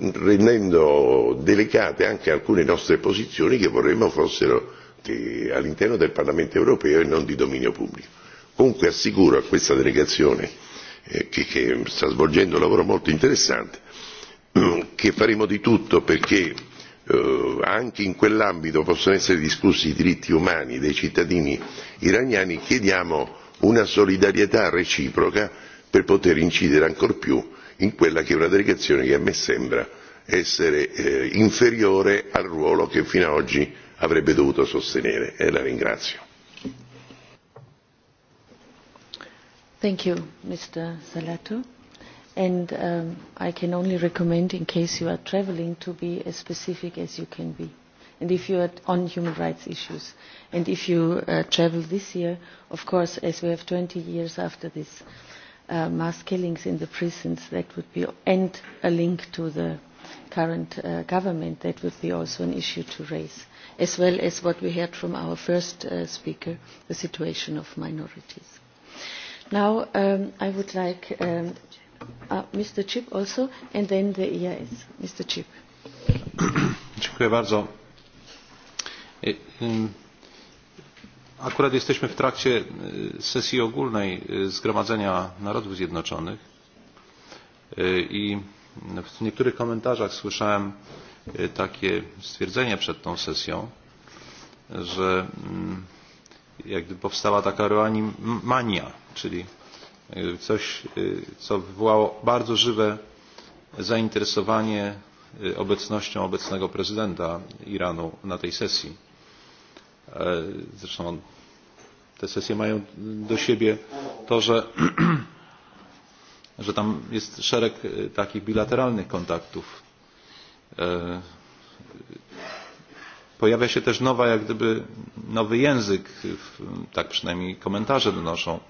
rendendo delicate anche alcune nostre posizioni che vorremmo fossero all'interno del Parlamento europeo e non di dominio pubblico. Comunque assicuro a questa delegazione eh, che, che sta svolgendo un lavoro molto interessante mm, che faremo di tutto perché eh, anche in quell'ambito possono essere discussi i diritti umani dei cittadini iraniani, chiediamo una solidarietà reciproca per poter incidere ancor più in quella che è una delegazione che a me sembra essere eh, inferiore al ruolo che fino ad oggi avrebbe dovuto sostenere e la ringrazio. Thank you, Mr. Salato. And um, I can only recommend, in case you are traveling, to be as specific as you can be. And if you are on human rights issues, and if you uh, travel this year, of course, as we have 20 years after this, uh, mass killings in the prisons, that would be, and a link to the current uh, government, that would be also an issue to raise, as well as what we heard from our first uh, speaker, the situation of minorities. Now, um, I would like um, uh, Mr. Chip also, and then the EIS. Mr. Chip. Dziękuję bardzo. E, Akurat jesteśmy w trakcie sesji ogólnej Zgromadzenia Narodów Zjednoczonych i w niektórych komentarzach słyszałem takie stwierdzenie przed tą sesją, że mm, jakby powstała taka mania, czyli coś, co wywołało bardzo żywe zainteresowanie obecnością obecnego prezydenta Iranu na tej sesji E, zresztą te sesje mają do siebie to, że, że tam jest szereg e, takich bilateralnych kontaktów. E, pojawia się też nowa, jak gdyby nowy język, tak przynajmniej komentarze donoszą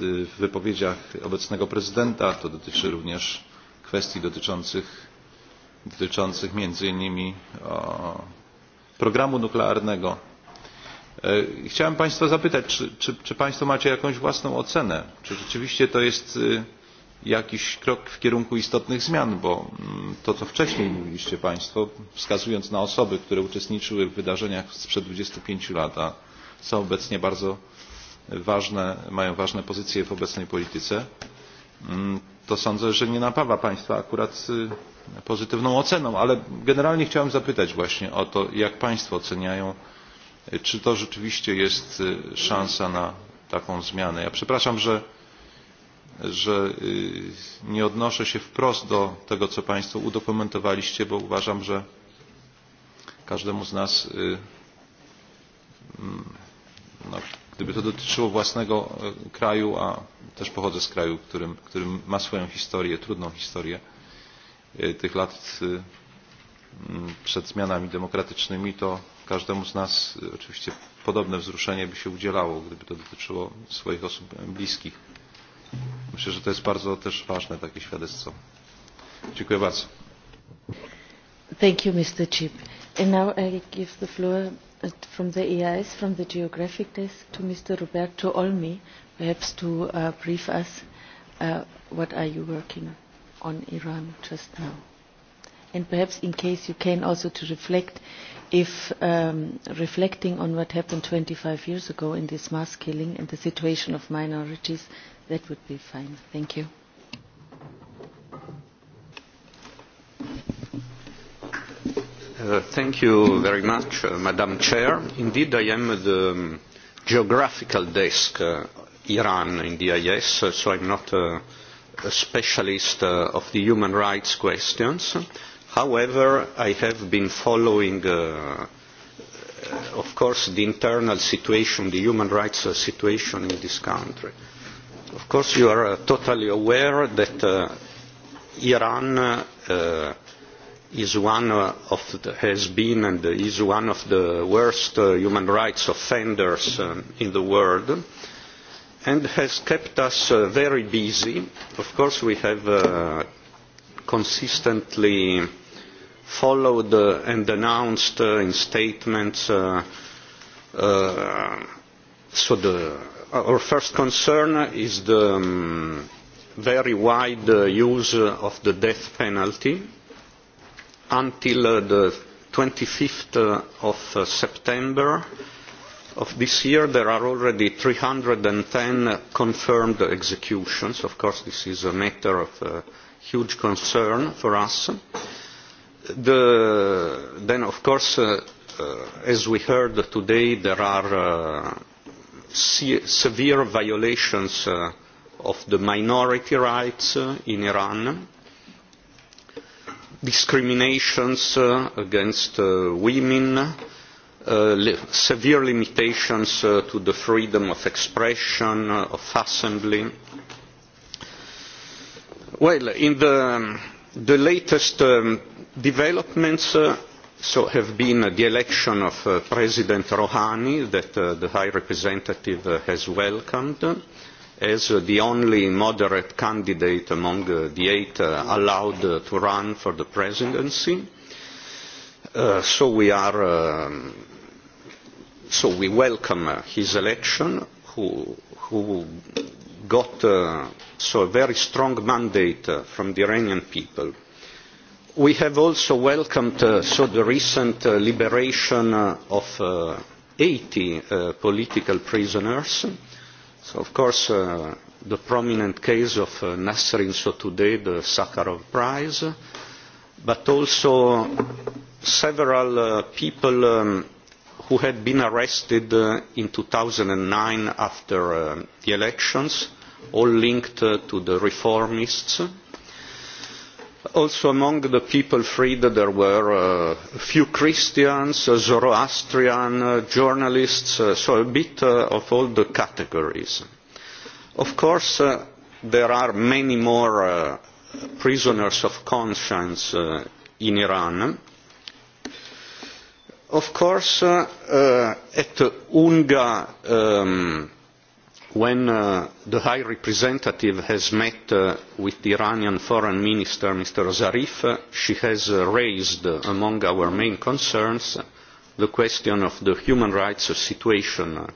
w wypowiedziach obecnego prezydenta. To dotyczy również kwestii dotyczących, dotyczących między innymi programu nuklearnego. E, chciałem Państwa zapytać, czy, czy, czy Państwo macie jakąś własną ocenę? Czy rzeczywiście to jest e, jakiś krok w kierunku istotnych zmian, bo mm, to, co wcześniej mówiliście Państwo, wskazując na osoby, które uczestniczyły w wydarzeniach sprzed 25 lat, a są obecnie bardzo ważne, mają ważne pozycje w obecnej polityce, mm, to sądzę, że nie napawa Państwa akurat e, pozytywną oceną, ale generalnie chciałem zapytać właśnie o to, jak Państwo oceniają, czy to rzeczywiście jest szansa na taką zmianę. Ja przepraszam, że, że nie odnoszę się wprost do tego, co Państwo udokumentowaliście, bo uważam, że każdemu z nas, mm, no, gdyby to dotyczyło własnego kraju, a też pochodzę z kraju, którym, którym ma swoją historię, trudną historię, E, tych lat e, przed zmianami demokratycznymi, to każdemu z nas e, oczywiście podobne wzruszenie by się udzielało, gdyby to dotyczyło swoich osób bliskich. Myślę, że to jest bardzo też ważne takie świadectwo. Dziękuję bardzo. Thank you, Mr. Chip. And now I give the floor uh, from the EIS, from the Geographic Desk, to Mr. Roberto Olmi, perhaps to uh, brief us uh, what are you working on on Iran just now. And perhaps in case you can also to reflect if um, reflecting on what happened 25 years ago in this mass killing and the situation of minorities, that would be fine. Thank you. Uh, thank you very much, uh, Madam Chair. Indeed, I am the um, geographical desk, uh, Iran in the IS, uh, so I'm not uh, specialist uh, of the human rights questions. However, I have been following, uh, uh of course, the internal situation, the human rights uh, situation in this country. Of course, you are uh, totally aware that uh, Iran uh, uh is one of the, has been and is one of the worst uh, human rights offenders um, in the world and has kept us uh, very busy. Of course, we have uh, consistently followed uh, and announced uh, in statements uh, uh, so the uh, our first concern is the um, very wide uh, use of the death penalty until uh, the 25th uh, of uh, September of this year, there are already 310 confirmed executions. Of course, this is a matter of uh, huge concern for us. The, then, of course, uh, uh, as we heard today, there are uh, se severe violations uh, of the minority rights uh, in Iran, discriminations uh, against uh, women, uh, severe limitations uh, to the freedom of expression, uh, of assembly. Well, in the, um, the latest um, developments uh, so have been uh, the election of uh, President Rouhani that uh, the High Representative uh, has welcomed uh, as uh, the only moderate candidate among uh, the eight uh, allowed uh, to run for the presidency. Uh, so we are uh, so we welcome uh, his election, who, who got uh, so a very strong mandate uh, from the Iranian people. We have also welcomed uh, so the recent uh, liberation uh, of uh, 80 uh, political prisoners. So of course uh, the prominent case of uh, Nasrin today, the Sakharov Prize, but also several uh, people um, who had been arrested uh, in 2009 after uh, the elections, all linked uh, to the reformists. Also among the people freed uh, there were uh, a few Christians, uh, Zoroastrian uh, journalists, uh, so a bit uh, of all the categories. Of course, uh, there are many more uh, prisoners of conscience uh, in Iran Of course, uh, uh, at UNGA, um, when uh, the High Representative has met uh, with the Iranian Foreign Minister, Mr. Zarif, uh, she has uh, raised, uh, among our main concerns, uh, the question of the human rights situation uh,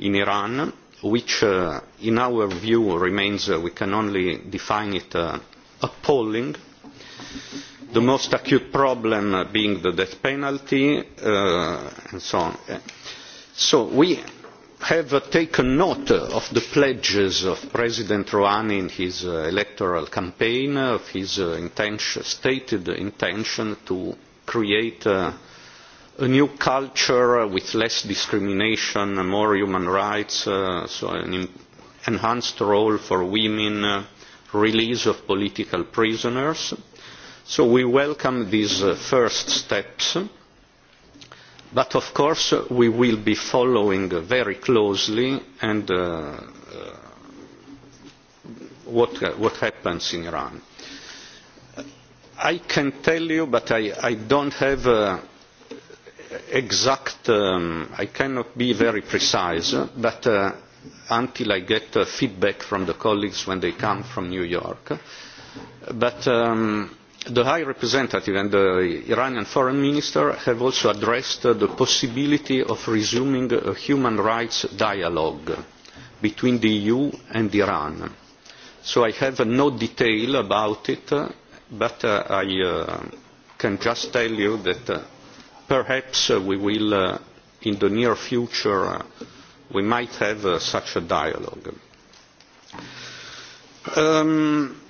in Iran, which, uh, in our view, remains, uh, we can only define it, uh, appalling the most acute problem being the death penalty uh, and so on. So we have uh, taken note of the pledges of President Rouhani in his uh, electoral campaign, of his uh, intention, stated intention to create uh, a new culture with less discrimination, more human rights, uh, so an enhanced role for women, uh, release of political prisoners. So we welcome these uh, first steps, but of course uh, we will be following very closely and uh, uh what, uh, what happens in Iran. I can tell you, but I, I don't have uh, exact, um, I cannot be very precise, but uh, until I get uh, feedback from the colleagues when they come from New York. But um, the High Representative and the Iranian Foreign Minister have also addressed the possibility of resuming a human rights dialogue between the EU and Iran. So I have no detail about it, but uh, I uh, can just tell you that uh, perhaps we will, in the near future, we might have such a dialogue. Um,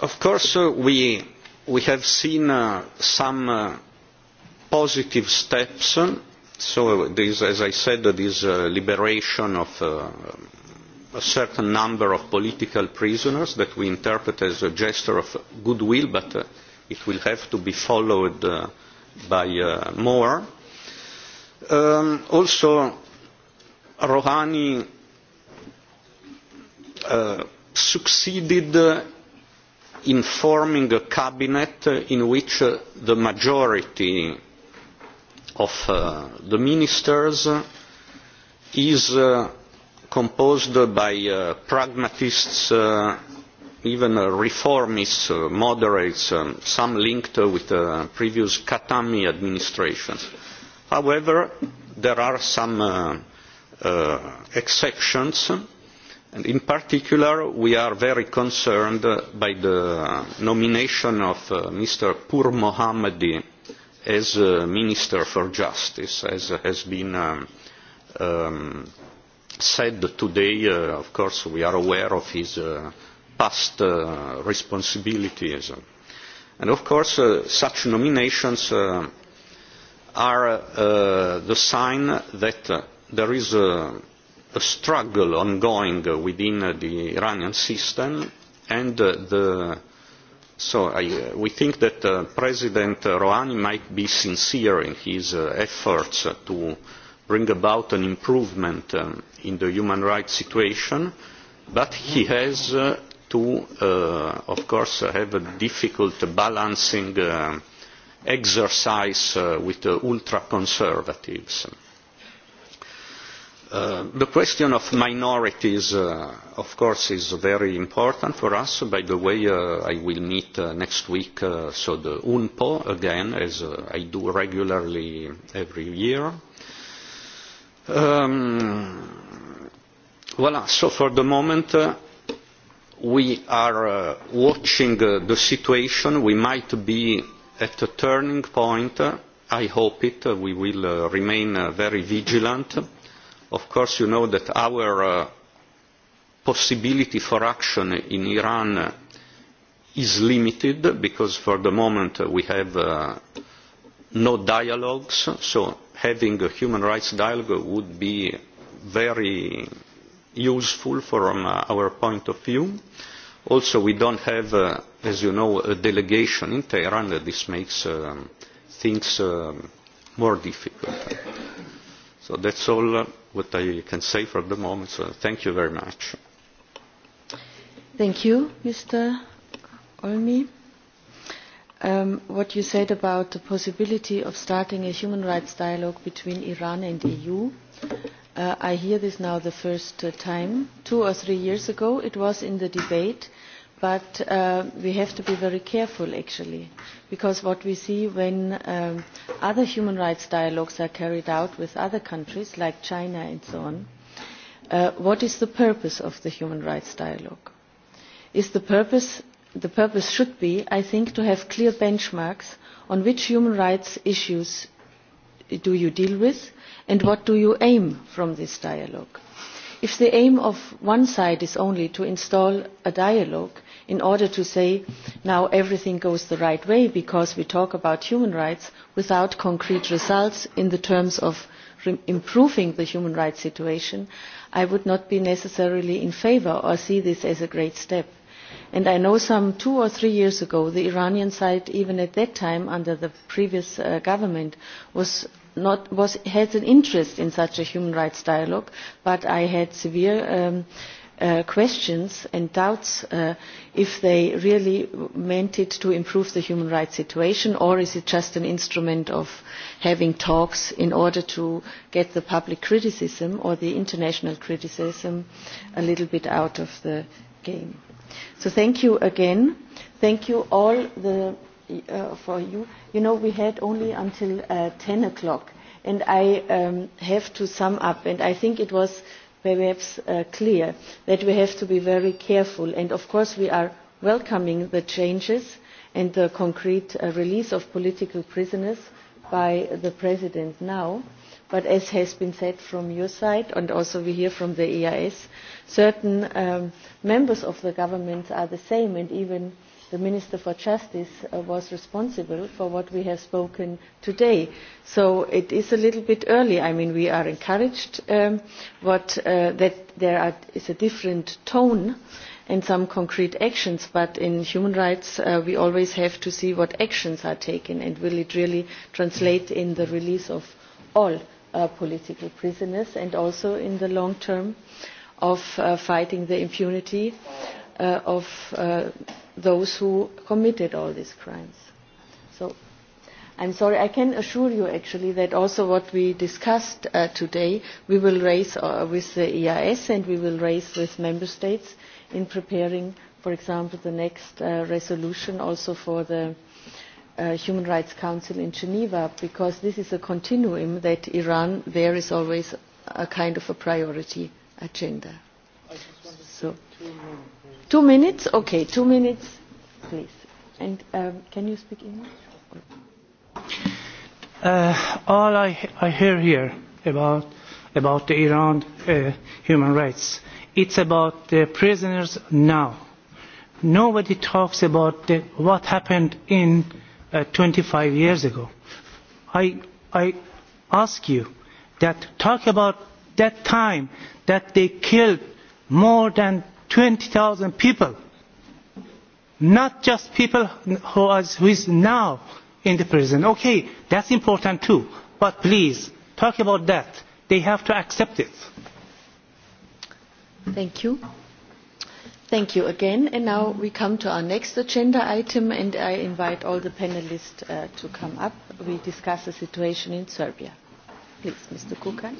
of course, uh, we we have seen uh, some uh, positive steps. So this, as I said, this uh, liberation of uh, a certain number of political prisoners that we interpret as a gesture of goodwill, but uh, it will have to be followed uh, by uh, more. Um, also, Rouhani uh, succeeded uh, in forming a cabinet in which uh, the majority of uh, the ministers is uh, composed by pragmatists, even reformists, moderates, um, some linked with the previous Katami administrations. However, there are some uh, uh, exceptions And in particular, we are very concerned uh, by the nomination of uh, Mr. Pur Mohammadi as uh, Minister for Justice, as has been um, um, said today. Uh, of course, we are aware of his uh, past uh, responsibilities. And of course, uh, such nominations uh, are uh, the sign that uh, there is a uh, a struggle ongoing within uh, the Iranian system and uh, the so I, uh, we think that uh, President Rouhani might be sincere in his uh, efforts uh, to bring about an improvement um, in the human rights situation, but he has uh, to, uh, of course, have a difficult balancing uh, exercise uh, with the ultra-conservatives. Uh, the question of minorities, uh, of course, is very important for us. By the way, uh, I will meet uh, next week, uh, so the UNPO again, as uh, I do regularly every year. Um, voilà, so for the moment, uh, we are uh, watching uh, the situation. We might be at a turning point. I hope it. Uh, we will uh, remain uh, very vigilant. Of course, you know that our uh, possibility for action in Iran is limited because for the moment we have uh, no dialogues, so having a human rights dialogue would be very useful from uh, our point of view. Also, we don't have, uh, as you know, a delegation in Tehran. Uh, this makes um, things um, more difficult. So that's all. Uh, what I can say for the moment. So thank you very much. Thank you, Mr. Olmi. Um, what you said about the possibility of starting a human rights dialogue between Iran and the EU, uh, I hear this now the first time. Two or three years ago, it was in the debate but uh, we have to be very careful actually because what we see when um, other human rights dialogues are carried out with other countries like China and so on, uh, what is the purpose of the human rights dialogue? Is the purpose, the purpose should be, I think, to have clear benchmarks on which human rights issues do you deal with and what do you aim from this dialogue. If the aim of one side is only to install a dialogue, in order to say now everything goes the right way because we talk about human rights without concrete results in the terms of improving the human rights situation, I would not be necessarily in favor or see this as a great step. And I know some two or three years ago, the Iranian side, even at that time under the previous uh, government, was not, was, had an interest in such a human rights dialogue, but I had severe um, uh, questions and doubts uh, if they really meant it to improve the human rights situation or is it just an instrument of having talks in order to get the public criticism or the international criticism a little bit out of the game. So thank you again. Thank you all the, uh, for you. You know, we had only until uh, 10 o'clock and I um, have to sum up and I think it was perhaps uh, clear that we have to be very careful. And of course we are welcoming the changes and the concrete uh, release of political prisoners by the President now. But as has been said from your side, and also we hear from the EIS, certain um, members of the government are the same, and even the Minister for Justice uh, was responsible for what we have spoken today. So it is a little bit early. I mean, we are encouraged um, what, uh, that there are, is a different tone and some concrete actions, but in human rights uh, we always have to see what actions are taken and will it really translate in the release of all uh, political prisoners and also in the long term of uh, fighting the impunity uh, of uh, those who committed all these crimes. So I'm sorry, I can assure you actually that also what we discussed uh, today, we will raise uh, with the EIS and we will raise with member states in preparing, for example, the next uh, resolution also for the uh, Human Rights Council in Geneva, because this is a continuum that Iran, there is always a kind of a priority agenda. I just to so, two more. Two minutes? Okay, two minutes, please. And um, can you speak English? Uh, all I, I hear here about, about the Iran uh, human rights, it's about the prisoners now. Nobody talks about the, what happened in uh, 25 years ago. I, I ask you that talk about that time that they killed more than 20,000 people, not just people who are who is now in the prison. Okay, that's important too, but please talk about that. They have to accept it. Thank you. Thank you again. And now we come to our next agenda item, and I invite all the panelists uh, to come up. We discuss the situation in Serbia. Please, Mr. Kukan.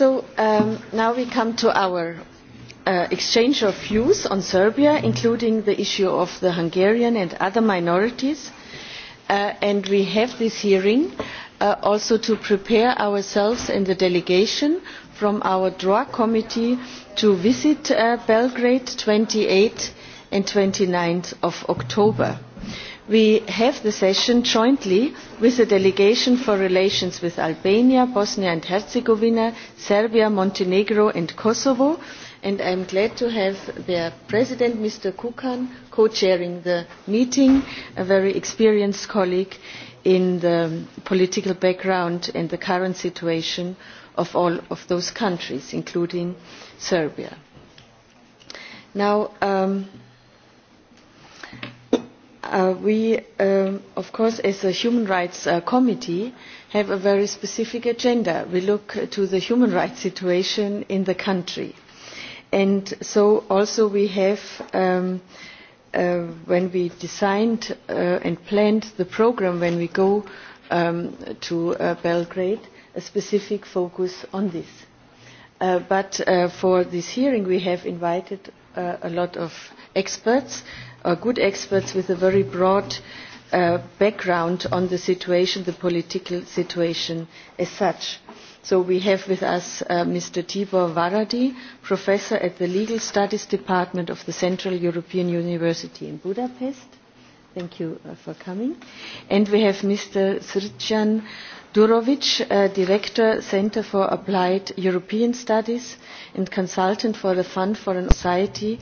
So um, now we come to our uh, exchange of views on Serbia, including the issue of the Hungarian and other minorities. Uh, and we have this hearing uh, also to prepare ourselves and the delegation from our DROA committee to visit uh, Belgrade 28 and 29th of October. We have the session jointly with the Delegation for Relations with Albania, Bosnia and Herzegovina, Serbia, Montenegro and Kosovo and I'm glad to have their president, Mr. Kukan, co-chairing the meeting, a very experienced colleague in the political background and the current situation of all of those countries, including Serbia. Now, um, Uh, we, um, of course, as a human rights uh, committee, have a very specific agenda. We look to the human rights situation in the country. And so also we have, um, uh, when we designed uh, and planned the program, when we go um, to uh, Belgrade, a specific focus on this. Uh, but uh, for this hearing, we have invited uh, a lot of experts uh, good experts with a very broad uh, background on the situation, the political situation as such. So we have with us uh, Mr. Tibor Varadi, professor at the Legal Studies Department of the Central European University in Budapest. Thank you uh, for coming. And we have Mr. uh, Durovic, uh, Director, Center for Applied European Studies and Consultant for the Fund for an Society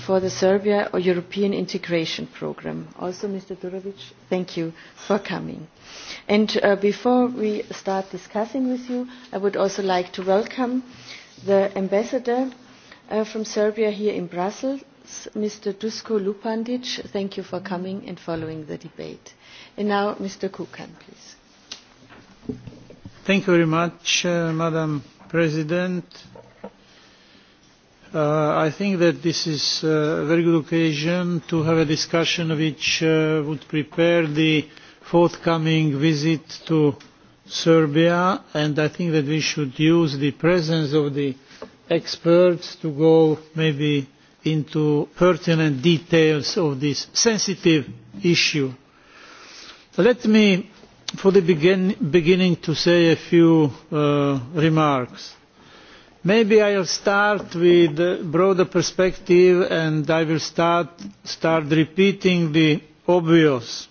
for the Serbia or European Integration Program. Also, Mr. Durovic, thank you for coming. And uh, before we start discussing with you, I would also like to welcome the Ambassador uh, from Serbia here in Brussels, Mr. Dusko Lupandic. Thank you for coming and following the debate. And now, Mr. Kukan, please. Thank you very much, uh, Madam President. Uh, I think that this is uh, a very good occasion to have a discussion which uh, would prepare the forthcoming visit to Serbia, and I think that we should use the presence of the experts to go maybe into pertinent details of this sensitive issue. Let me for the begin, beginning to say a few uh, remarks. Maybe I'll start with a broader perspective and I will start, start repeating the obvious.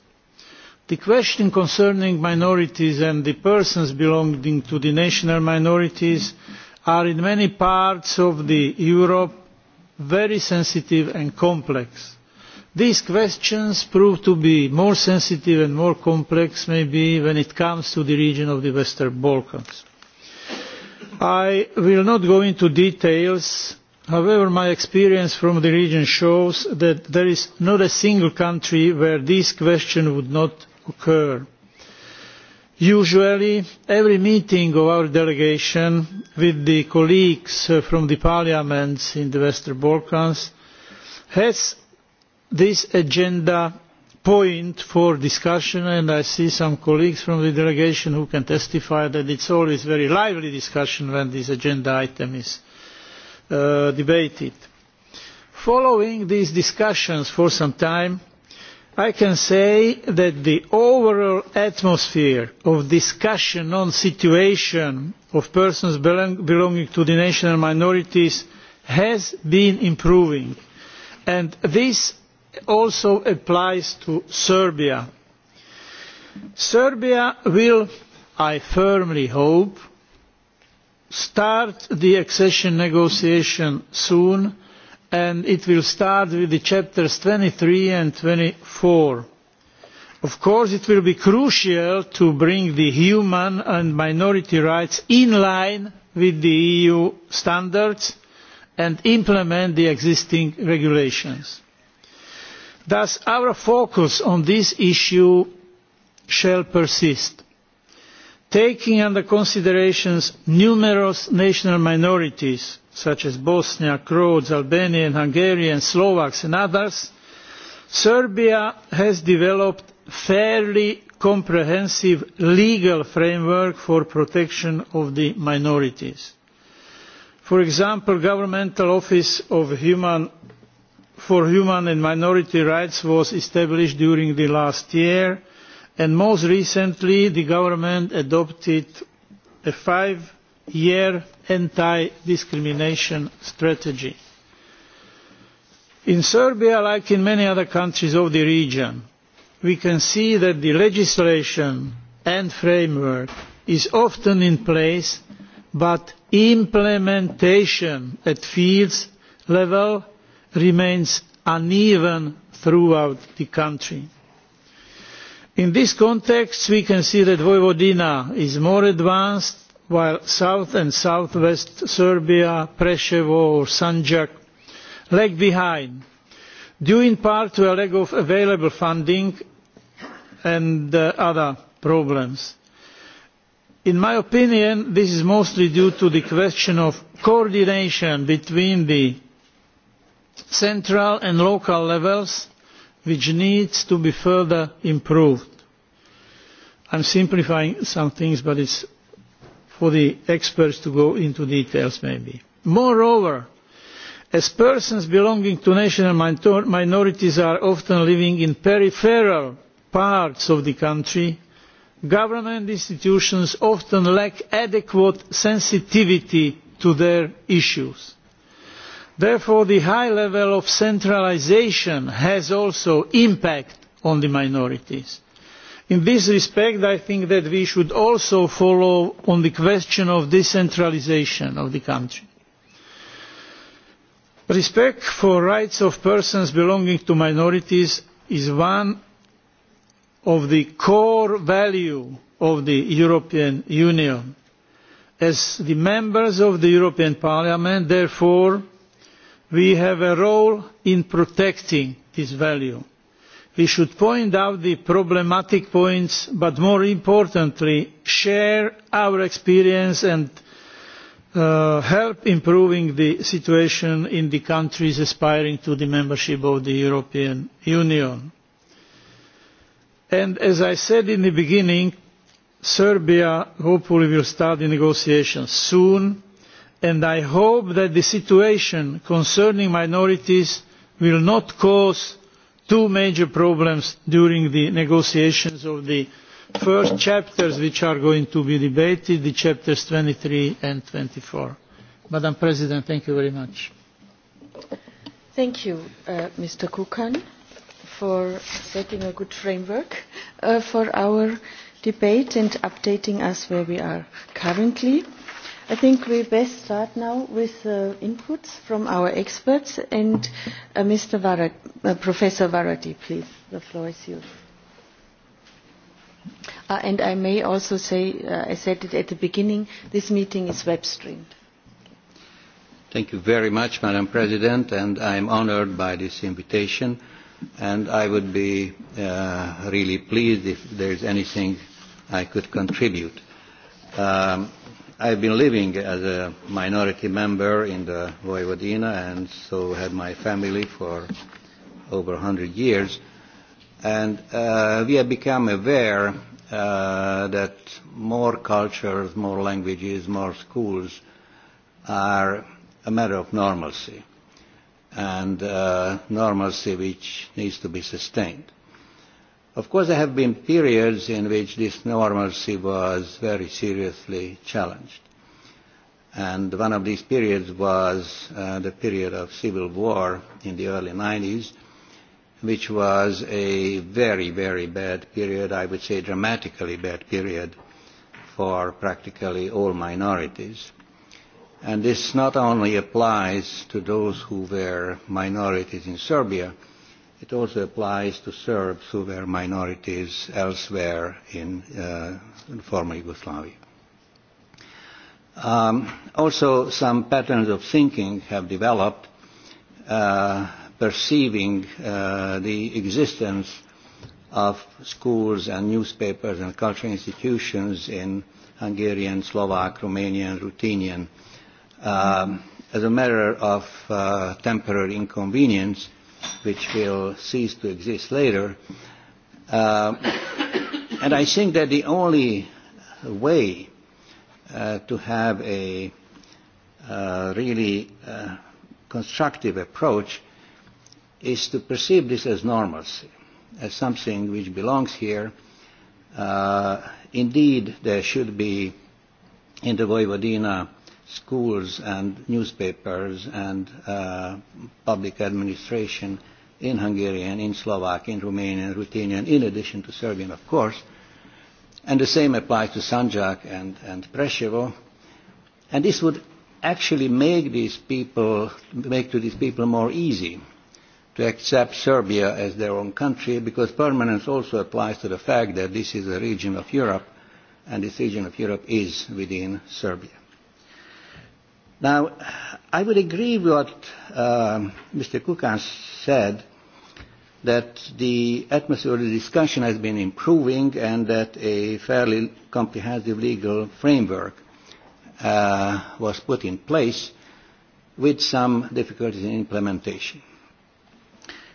The question concerning minorities and the persons belonging to the national minorities are in many parts of the Europe very sensitive and complex. These questions prove to be more sensitive and more complex maybe when it comes to the region of the Western Balkans. I will not go into details. However, my experience from the region shows that there is not a single country where this question would not occur. Usually, every meeting of our delegation with the colleagues uh, from the parliaments in the Western Balkans has this agenda point for discussion, and I see some colleagues from the delegation who can testify that it's always very lively discussion when this agenda item is uh, debated. Following these discussions for some time, I can say that the overall atmosphere of discussion on situation of persons belong belonging to the national minorities has been improving. And this also applies to Serbia. Serbia will, I firmly hope, start the accession negotiation soon and it will start with the chapters 23 and 24. Of course, it will be crucial to bring the human and minority rights in line with the EU standards and implement the existing regulations. Thus, our focus on this issue shall persist. Taking under consideration numerous national minorities, such as Bosnia, Croats, Albanian, Hungarians, Slovaks and others, Serbia has developed fairly comprehensive legal framework for protection of the minorities. For example, the Governmental Office of Human for Human and Minority Rights was established during the last year, and most recently the government adopted a five-year anti-discrimination strategy. In Serbia, like in many other countries of the region, we can see that the legislation and framework is often in place, but implementation at fields level remains uneven throughout the country. In this context, we can see that Vojvodina is more advanced, while south and southwest Serbia, Preševo or Sanjak lag behind, due in part to a lack of available funding and uh, other problems. In my opinion, this is mostly due to the question of coordination between the central and local levels, which needs to be further improved. I'm simplifying some things, but it's for the experts to go into details maybe. Moreover, as persons belonging to national minorities are often living in peripheral parts of the country, government institutions often lack adequate sensitivity to their issues. Therefore, the high level of centralization has also impact on the minorities. In this respect, I think that we should also follow on the question of decentralization of the country. Respect for rights of persons belonging to minorities is one of the core value of the European Union. As the members of the European Parliament, therefore, we have a role in protecting this value. We should point out the problematic points, but more importantly, share our experience and uh, help improving the situation in the countries aspiring to the membership of the European Union. And as I said in the beginning, Serbia hopefully will start the negotiations soon and I hope that the situation concerning minorities will not cause two major problems during the negotiations of the first chapters which are going to be debated, the chapters 23 and 24. Madam President, thank you very much. Thank you, uh, Mr. Kukan, for setting a good framework uh, for our debate and updating us where we are currently. I think we best start now with uh, inputs from our experts and uh, Mr. Varad, uh, Professor Varadi, please. The floor is yours. Uh, and I may also say, uh, I said it at the beginning, this meeting is web streamed. Thank you very much, Madam President, and I am honored by this invitation. And I would be uh, really pleased if there is anything I could contribute. Um, I've been living as a minority member in the Vojvodina and so had my family for over 100 years. And uh, we have become aware uh, that more cultures, more languages, more schools are a matter of normalcy and uh, normalcy which needs to be sustained. Of course, there have been periods in which this normalcy was very seriously challenged. And one of these periods was uh, the period of civil war in the early 90s, which was a very, very bad period, I would say dramatically bad period for practically all minorities. And this not only applies to those who were minorities in Serbia, It also applies to Serbs who were minorities elsewhere in, uh, in former Yugoslavia. Um, also, some patterns of thinking have developed uh, perceiving uh, the existence of schools and newspapers and cultural institutions in Hungarian, Slovak, Romanian, Ruthenian um, as a matter of uh, temporary inconvenience – which will cease to exist later. Uh, and I think that the only way uh, to have a uh, really uh, constructive approach is to perceive this as normalcy, as something which belongs here. Uh, indeed, there should be in the Vojvodina schools and newspapers and uh, public administration in Hungarian, in Slovak, in Romanian, Ruthenian, in addition to Serbian, of course. And the same applies to Sanjak and, and Preshevo. And this would actually make these people, make to these people more easy to accept Serbia as their own country because permanence also applies to the fact that this is a region of Europe and this region of Europe is within Serbia. Now, I would agree with what uh, um, Mr. Kukan said, that the atmosphere of the discussion has been improving and that a fairly comprehensive legal framework uh, was put in place with some difficulties in implementation.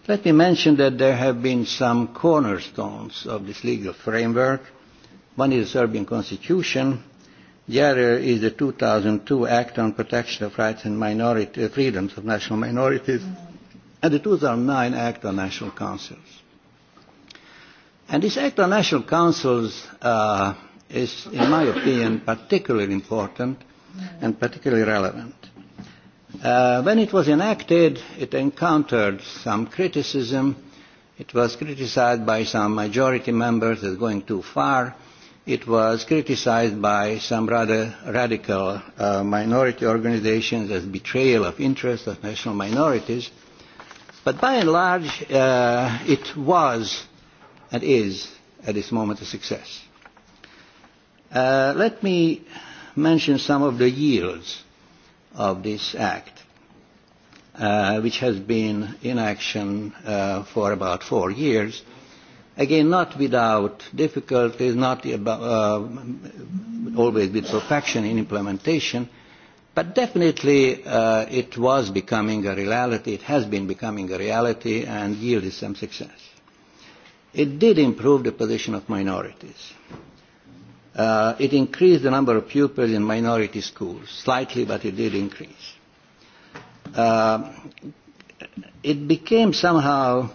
Let me mention that there have been some cornerstones of this legal framework. One is the Serbian constitution, The other is the 2002 Act on Protection of Rights and Minority, uh, Freedoms of National Minorities and the 2009 Act on National Councils. And this Act on National Councils uh, is, in my opinion, particularly important and particularly relevant. Uh, when it was enacted, it encountered some criticism. It was criticized by some majority members as going too far It was criticized by some rather radical uh, minority organizations as betrayal of interest of national minorities. But by and large, uh, it was and is at this moment a success. Uh, let me mention some of the yields of this act, uh, which has been in action uh, for about four years. Again, not without difficulties, not about, uh, always with perfection in implementation, but definitely uh, it was becoming a reality, it has been becoming a reality and yielded some success. It did improve the position of minorities. Uh, it increased the number of pupils in minority schools, slightly, but it did increase. Uh, it became somehow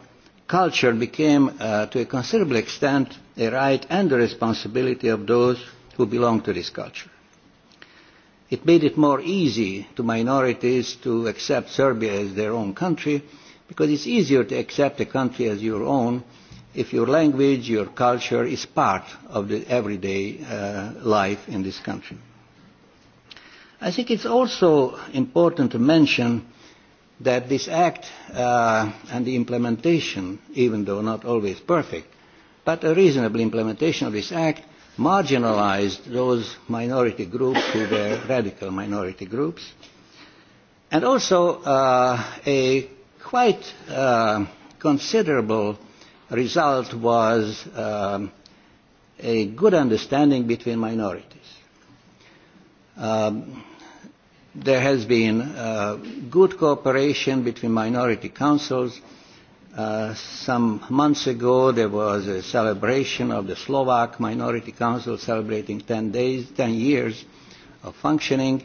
culture became uh, to a considerable extent a right and a responsibility of those who belong to this culture. It made it more easy to minorities to accept Serbia as their own country because it's easier to accept a country as your own if your language, your culture is part of the everyday uh, life in this country. I think it's also important to mention that this act uh, and the implementation, even though not always perfect, but a reasonable implementation of this act marginalized those minority groups who were radical minority groups, and also uh, a quite uh, considerable result was um, a good understanding between minorities. Um, there has been uh, good cooperation between minority councils. Uh, some months ago, there was a celebration of the Slovak Minority Council celebrating 10 days, 10 years of functioning.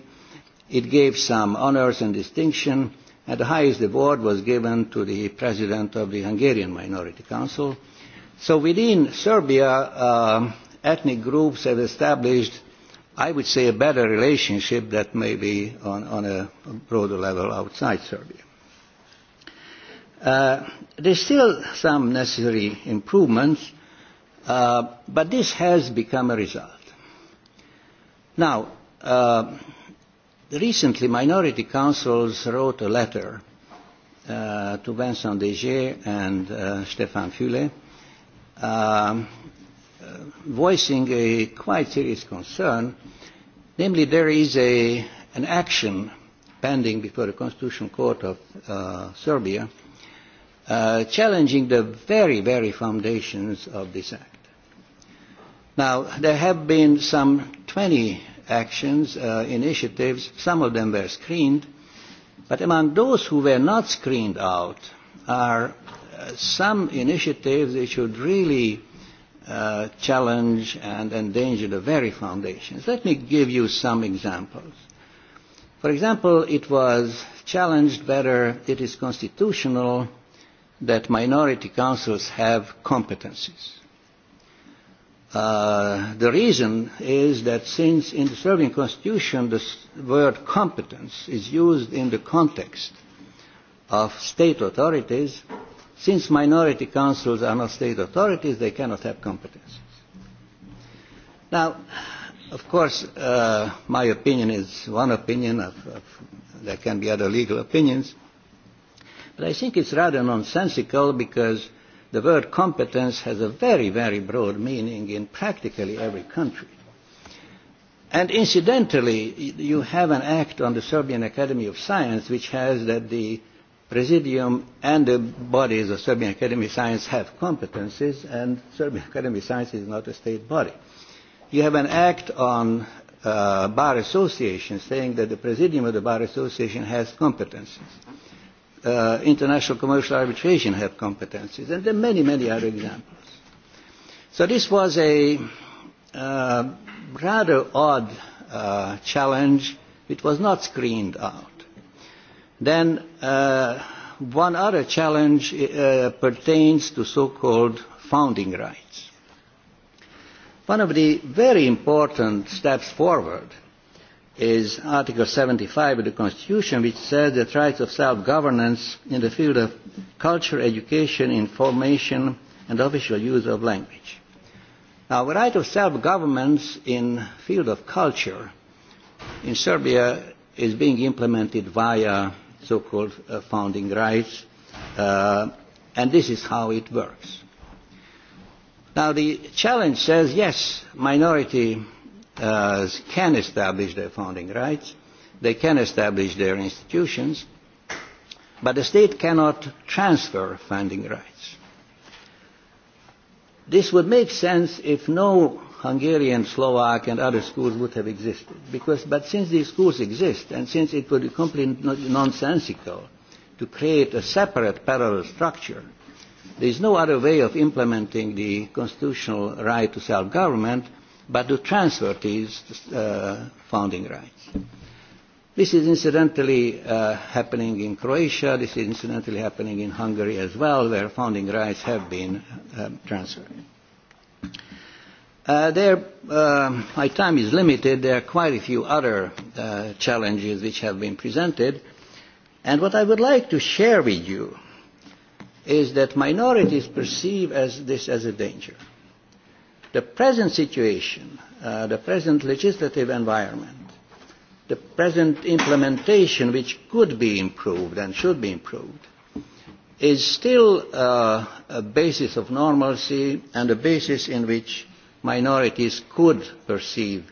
It gave some honors and distinction, and the highest award was given to the president of the Hungarian Minority Council. So within Serbia, uh, ethnic groups have established I would say, a better relationship that may be on, on a broader level outside Serbia. Uh, there's still some necessary improvements, uh, but this has become a result. Now, uh, recently minority councils wrote a letter uh, to Vincent Deger and uh, Stefan Fulet um, voicing a quite serious concern, namely there is a, an action pending before the Constitutional Court of uh, Serbia uh, challenging the very, very foundations of this act. Now, there have been some 20 actions, uh, initiatives, some of them were screened, but among those who were not screened out are uh, some initiatives that should really uh, challenge and endanger the very foundations. Let me give you some examples. For example, it was challenged whether it is constitutional that minority councils have competencies. Uh, the reason is that since in the Serbian constitution the word competence is used in the context of state authorities, Since minority councils are not state authorities, they cannot have competences. Now, of course, uh, my opinion is one opinion. Of, of, there can be other legal opinions. But I think it's rather nonsensical because the word competence has a very, very broad meaning in practically every country. And incidentally, you have an act on the Serbian Academy of Science which has that the Presidium and the bodies of Serbian Academy of Science have competences and Serbian Academy of Science is not a state body. You have an act on uh, Bar Association saying that the Presidium of the Bar Association has competences. Uh, international commercial arbitration have competences and there are many, many other examples. So this was a uh, rather odd uh, challenge. It was not screened out. Then uh, one other challenge uh, pertains to so-called founding rights. One of the very important steps forward is Article 75 of the Constitution, which says that rights of self-governance in the field of culture, education, information, and official use of language. Now, the right of self-governance in field of culture in Serbia is being implemented via so-called uh, founding rights, uh, and this is how it works. Now the challenge says, yes, minority uh, can establish their founding rights, they can establish their institutions, but the state cannot transfer founding rights. This would make sense if no Hungarian, Slovak, and other schools would have existed. Because, but since these schools exist, and since it would be completely nonsensical to create a separate parallel structure, there is no other way of implementing the constitutional right to self-government but to transfer these uh, founding rights. This is incidentally uh, happening in Croatia, this is incidentally happening in Hungary as well, where founding rights have been uh transferred. Uh, there, uh, my time is limited. There are quite a few other uh, challenges which have been presented. And what I would like to share with you is that minorities perceive as this as a danger. The present situation, uh, the present legislative environment, the present implementation, which could be improved and should be improved, is still uh, a basis of normalcy and a basis in which minorities could perceive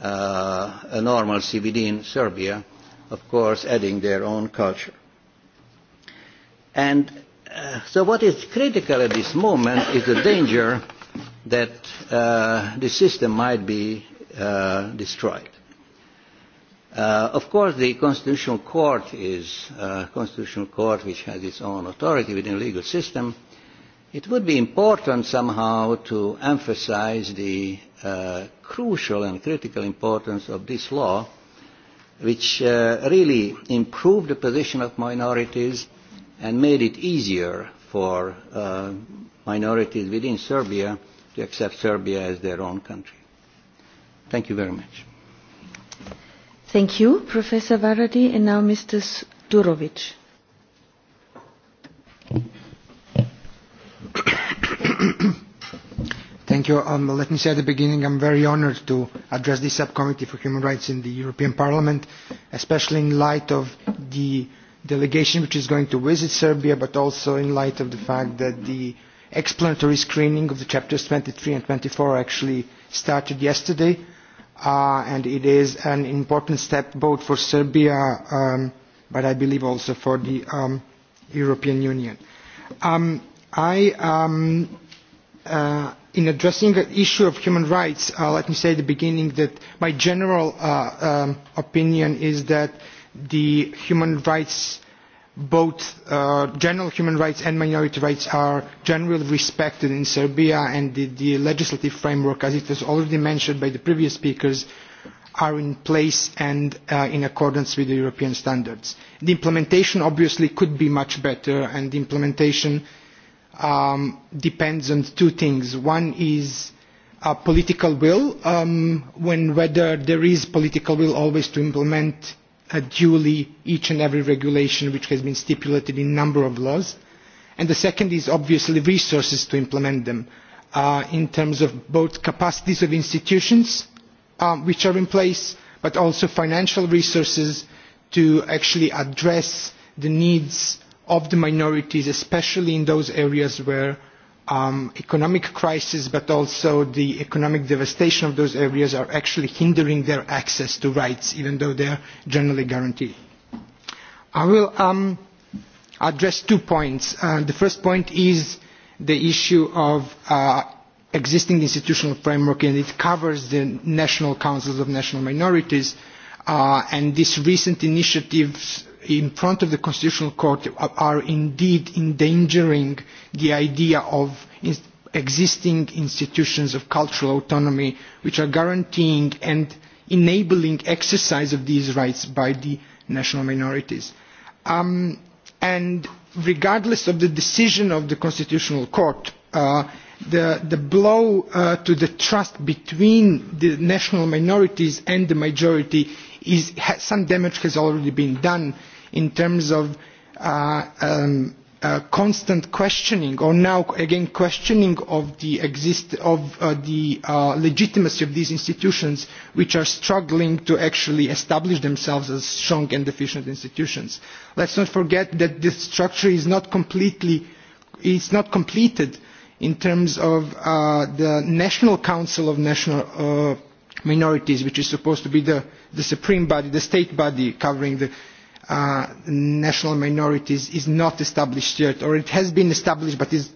uh, a normal CBD in Serbia, of course adding their own culture. And uh, so what is critical at this moment is the danger that uh, the system might be uh, destroyed. Uh, of course, the Constitutional Court is a uh, Constitutional Court which has its own authority within the legal system, It would be important somehow to emphasize the uh, crucial and critical importance of this law, which uh, really improved the position of minorities and made it easier for uh, minorities within Serbia to accept Serbia as their own country. Thank you very much. Thank you, Professor Varadi, and now Mr. Durovic. Thank you. Um, let me say at the beginning, I'm very honored to address this subcommittee for human rights in the European Parliament, especially in light of the delegation which is going to visit Serbia, but also in light of the fact that the explanatory screening of the chapters 23 and 24 actually started yesterday, uh, and it is an important step both for Serbia, um, but I believe also for the um, European Union. Um, I... Um, uh, in addressing the issue of human rights, uh, let me say at the beginning that my general uh, um, opinion is that the human rights, both uh, general human rights and minority rights are generally respected in Serbia and the, the legislative framework, as it was already mentioned by the previous speakers, are in place and uh, in accordance with the European standards. The implementation obviously could be much better and the implementation uh, um, depends on two things. One is a uh, political will, um, when whether there is political will always to implement uh, duly each and every regulation which has been stipulated in a number of laws. And the second is obviously resources to implement them uh, in terms of both capacities of institutions uh, which are in place, but also financial resources to actually address the needs of the minorities, especially in those areas where um, economic crisis but also the economic devastation of those areas are actually hindering their access to rights even though they are generally guaranteed. I will um, address two points. Uh, the first point is the issue of uh, existing institutional framework and it covers the national councils of national minorities uh, and these recent initiatives in front of the Constitutional Court are indeed endangering the idea of existing institutions of cultural autonomy which are guaranteeing and enabling exercise of these rights by the national minorities. Um, and regardless of the decision of the Constitutional Court, uh, the, the blow uh, to the trust between the national minorities and the majority is, some damage has already been done in terms of uh, um, uh, constant questioning or now again questioning of the, exist of, uh, the uh, legitimacy of these institutions which are struggling to actually establish themselves as strong and efficient institutions. Let's not forget that this structure is not completely it's not completed in terms of uh, the National Council of National uh, Minorities, which is supposed to be the, the supreme body, the state body covering the uh, national minorities is not established yet, or it has been established but is,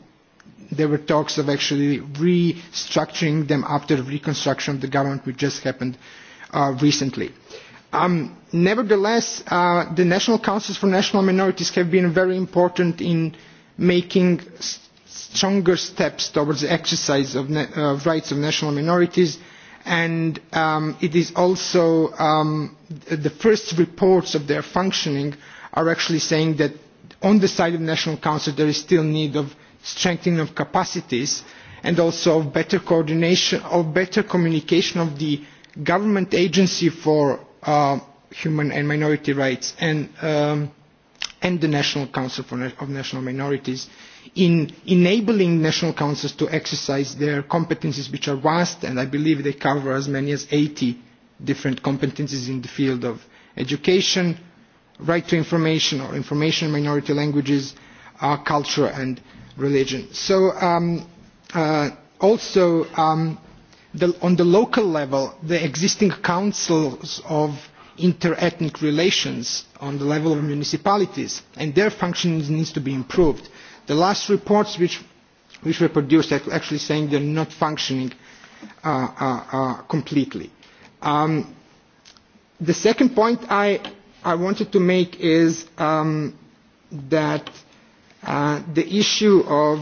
there were talks of actually restructuring them after the reconstruction of the government which just happened uh, recently. Um, nevertheless, uh, the National Councils for National Minorities have been very important in making stronger steps towards the exercise of uh, rights of national minorities – and um, it is also um, the first reports of their functioning are actually saying that on the side of the National Council there is still need of strengthening of capacities and also of better coordination, of better communication of the government agency for uh, human and minority rights and, um, and the National Council for Na of National Minorities in enabling national councils to exercise their competencies, which are vast, and I believe they cover as many as 80 different competencies in the field of education, right to information or information minority languages, uh, culture and religion. So um, uh, also um, the, on the local level, the existing councils of inter-ethnic relations on the level of municipalities and their functions needs to be improved the last reports which, which were produced are actually saying they're not functioning uh, uh, uh, completely. Um, the second point I, I wanted to make is um, that uh, the issue of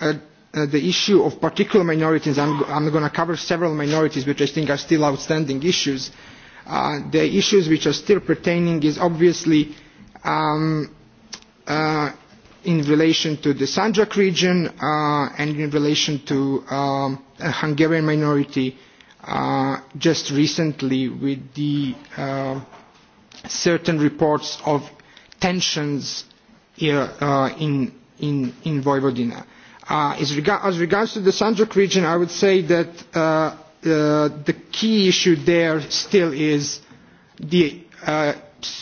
uh, uh, the issue of particular minorities, I'm, I'm going to cover several minorities which I think are still outstanding issues. Uh, the issues which are still pertaining is obviously um, uh, in relation to the Sandjak region uh, and in relation to um, a Hungarian minority uh, just recently with the uh, certain reports of tensions here, uh, in, in, in Vojvodina. Uh, as, rega as regards to the Sandjak region, I would say that uh, uh, the key issue there still is the uh,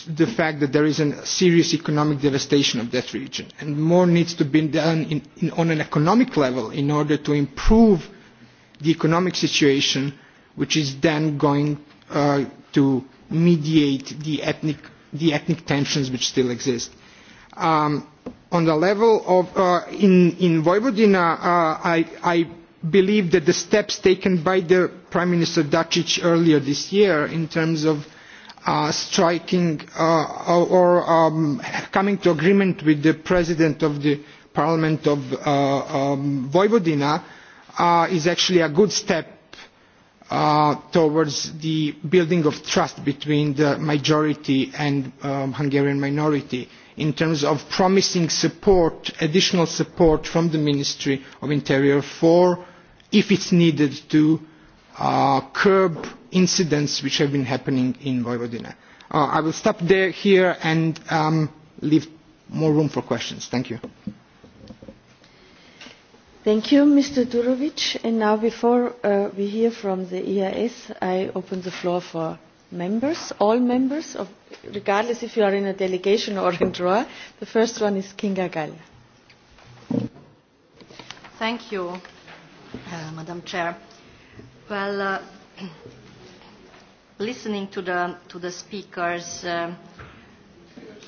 the fact that there is a serious economic devastation of that region. And more needs to be done in, in, on an economic level in order to improve the economic situation, which is then going uh, to mediate the ethnic, the ethnic tensions which still exist. Um, on the level of, uh, in, in Vojvodina, uh, I, I believe that the steps taken by the Prime Minister Dacic earlier this year in terms of uh, striking uh, or um, coming to agreement with the president of the parliament of uh, um, Vojvodina uh, is actually a good step uh, towards the building of trust between the majority and um, Hungarian minority in terms of promising support, additional support from the Ministry of Interior for, if it's needed, to uh, curb incidents which have been happening in Vojvodina. Uh, I will stop there here and um, leave more room for questions. Thank you. Thank you, Mr. Durovic. And now before uh, we hear from the EIS, I open the floor for members, all members, of, regardless if you are in a delegation or in draw. The first one is Kinga Gall. Thank you, uh, Madam Chair. Well, uh, listening to the, to the speakers, uh,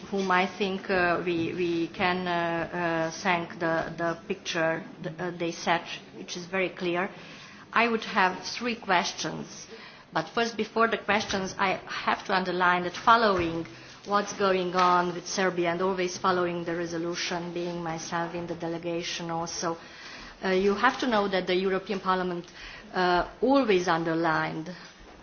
whom I think uh, we, we can uh, uh, thank the, the picture the, uh, they set, which is very clear, I would have three questions. But first, before the questions, I have to underline that following what's going on with Serbia and always following the resolution, being myself in the delegation also, uh, you have to know that the European Parliament uh, always underlined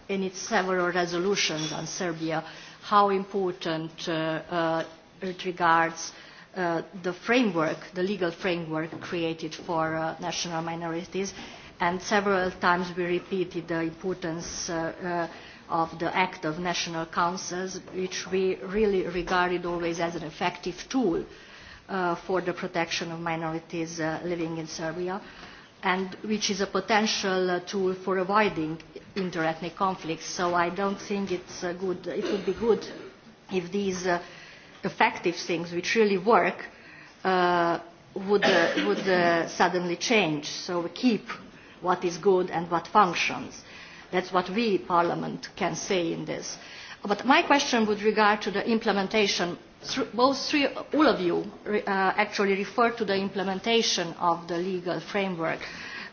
in its several resolutions on Serbia how important uh, uh, it regards uh, the framework, the legal framework created for uh, national minorities. And several times we repeated the importance uh, uh, of the act of national councils, which we really regarded always as an effective tool uh, for the protection of minorities uh, living in Serbia. Uh, and which is a potential uh, tool for avoiding interethnic conflicts. So I don't think it's uh, good, it would be good if these uh, effective things which really work uh, would, uh, would uh, suddenly change. So we keep what is good and what functions. That's what we, Parliament, can say in this. But my question with regard to the implementation, both three, all of you uh, actually refer to the implementation of the legal framework,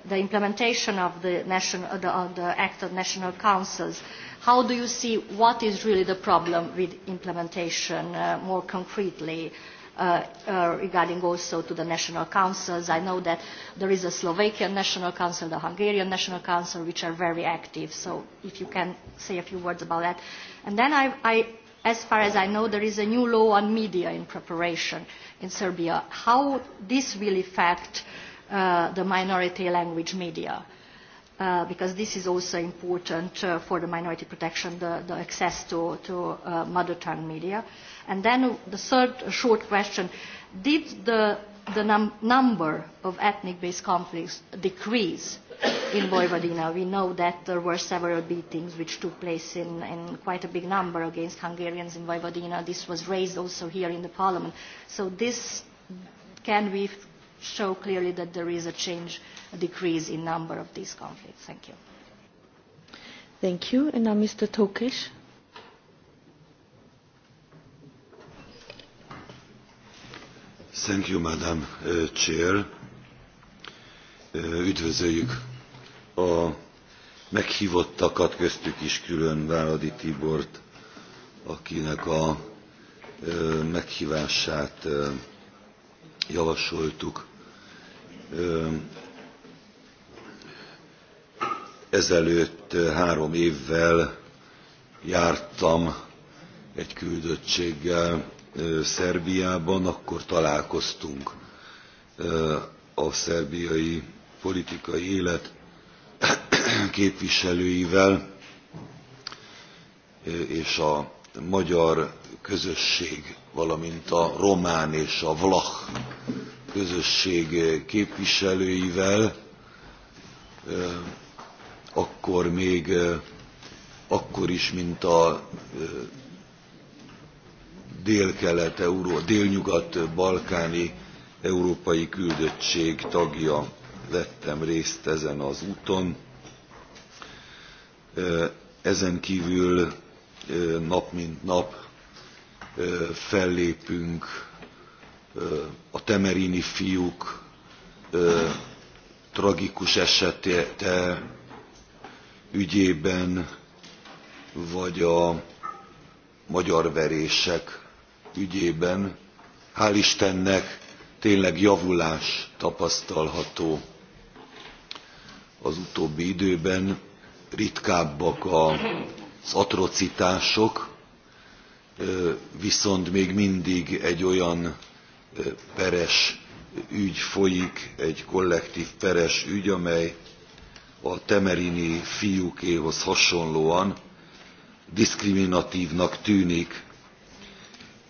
the implementation of the, national, uh the, of uh, the Act of National Councils. How do you see what is really the problem with implementation uh, more concretely? Uh, uh, regarding also to the national councils. I know that there is a Slovakian national council, the Hungarian national council, which are very active. So if you can say a few words about that. And then I, I, as far as I know, there is a new law on media in preparation in Serbia. How this will affect uh, the minority language media? Uh, because this is also important uh, for the minority protection, the, the access to, to uh, mother tongue media. And then the third short question, did the, the num number of ethnic-based conflicts decrease in Vojvodina. We know that there were several beatings which took place in, in quite a big number against Hungarians in Vojvodina. This was raised also here in the parliament. So this can we show clearly that there is a change, a decrease in number of these conflicts. Thank you. Thank you. And now Mr. Tokish. Thank you, Madam uh, Chair üdvözöljük a meghívottakat, köztük is külön Váradi Tibort, akinek a meghívását javasoltuk. Ezelőtt három évvel jártam egy küldöttséggel Szerbiában, akkor találkoztunk a szerbiai politikai élet képviselőivel és a magyar közösség, valamint a román és a vlach közösség képviselőivel, akkor még akkor is, mint a dél-kelet-euró, dél-nyugat-balkáni európai küldöttség tagja vettem részt ezen az úton. Ezen kívül nap mint nap fellépünk a temerini fiúk tragikus esete ügyében, vagy a magyar verések ügyében. Hál' Istennek tényleg javulás tapasztalható az utóbbi időben ritkábbak az atrocitások, viszont még mindig egy olyan peres ügy folyik, egy kollektív peres ügy, amely a temerini fiúkéhoz hasonlóan diszkriminatívnak tűnik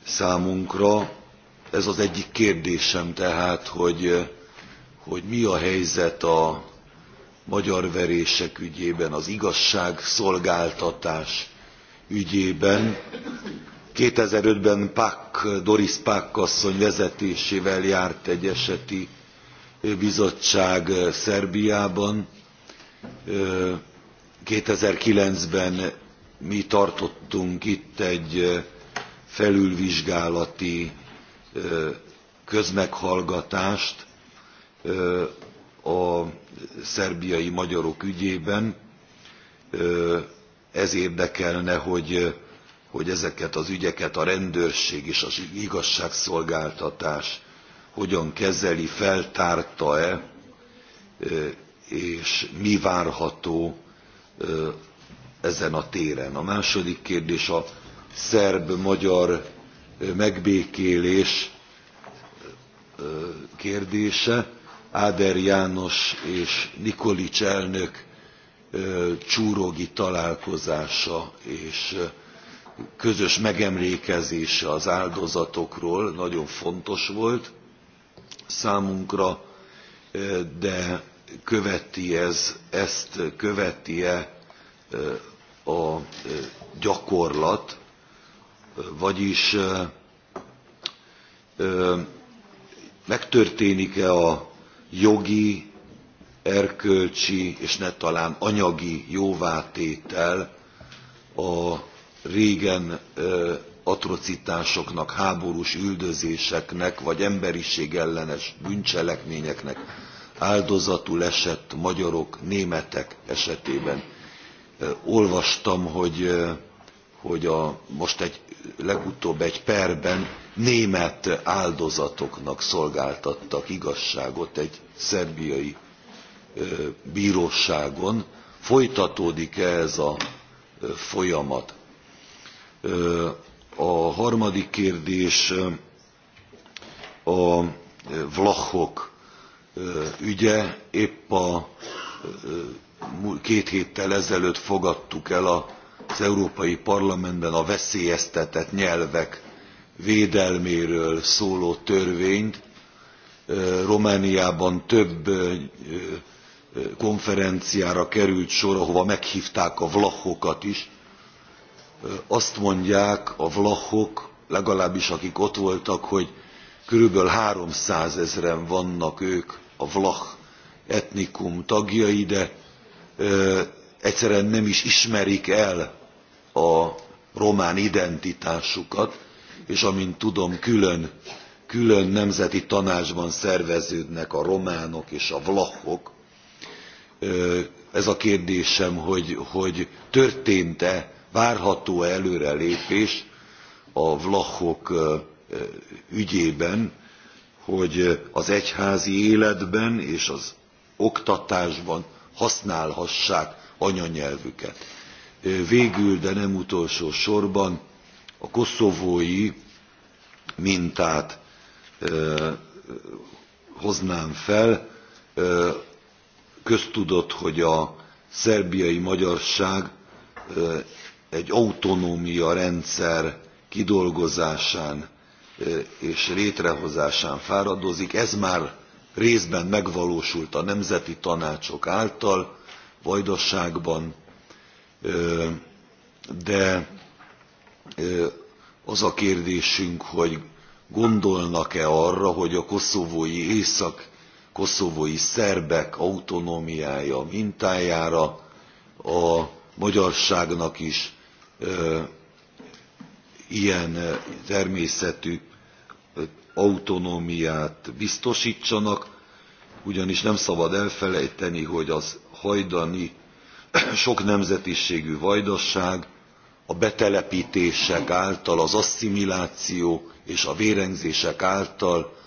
számunkra. Ez az egyik kérdésem tehát, hogy, hogy mi a helyzet a magyar verések ügyében, az igazság szolgáltatás ügyében. 2005-ben Pak, Doris Pak asszony vezetésével járt egy eseti bizottság Szerbiában. 2009-ben mi tartottunk itt egy felülvizsgálati közmeghallgatást a szerbiai magyarok ügyében. Ez érdekelne, hogy, hogy ezeket az ügyeket a rendőrség és az igazságszolgáltatás hogyan kezeli, feltárta-e, és mi várható ezen a téren. A második kérdés a szerb-magyar megbékélés kérdése. Áder János és Nikolics elnök csúrogi találkozása és közös megemlékezése az áldozatokról nagyon fontos volt számunkra, de követi ez, ezt követi-e a gyakorlat, vagyis megtörténik-e a jogi, erkölcsi és ne talán anyagi jóvátétel a régen atrocitásoknak, háborús üldözéseknek vagy emberiség ellenes bűncselekményeknek áldozatul esett magyarok, németek esetében. Olvastam, hogy hogy a, most egy, legutóbb egy perben német áldozatoknak szolgáltattak igazságot egy szerbiai ö, bíróságon. Folytatódik-e ez a ö, folyamat? Ö, a harmadik kérdés a vlachok ügye. Épp a két héttel ezelőtt fogadtuk el a az Európai Parlamentben a veszélyeztetett nyelvek védelméről szóló törvényt. Romániában több konferenciára került sor, ahova meghívták a vlachokat is. Azt mondják a vlachok, legalábbis akik ott voltak, hogy körülbelül 300 ezeren vannak ők a vlach etnikum tagjai, de egyszerűen nem is ismerik el a román identitásukat, és amint tudom, külön, külön nemzeti tanácsban szerveződnek a románok és a vlachok. Ez a kérdésem, hogy, hogy történt-e, várható-e előrelépés a vlachok ügyében, hogy az egyházi életben és az oktatásban használhassák anyanyelvüket. Végül, de nem utolsó sorban a koszovói mintát hoznám fel, köztudott, hogy a szerbiai magyarság egy autonómia rendszer kidolgozásán és létrehozásán fáradozik. Ez már részben megvalósult a nemzeti tanácsok által, Vajdosságban, de az a kérdésünk, hogy gondolnak-e arra, hogy a koszovói észak koszovói szerbek autonómiája mintájára a magyarságnak is ilyen természetű autonómiát biztosítsanak, ugyanis nem szabad elfelejteni, hogy az hajdani sok nemzetiségű vajdasság a betelepítések által, az asszimiláció és a vérengzések által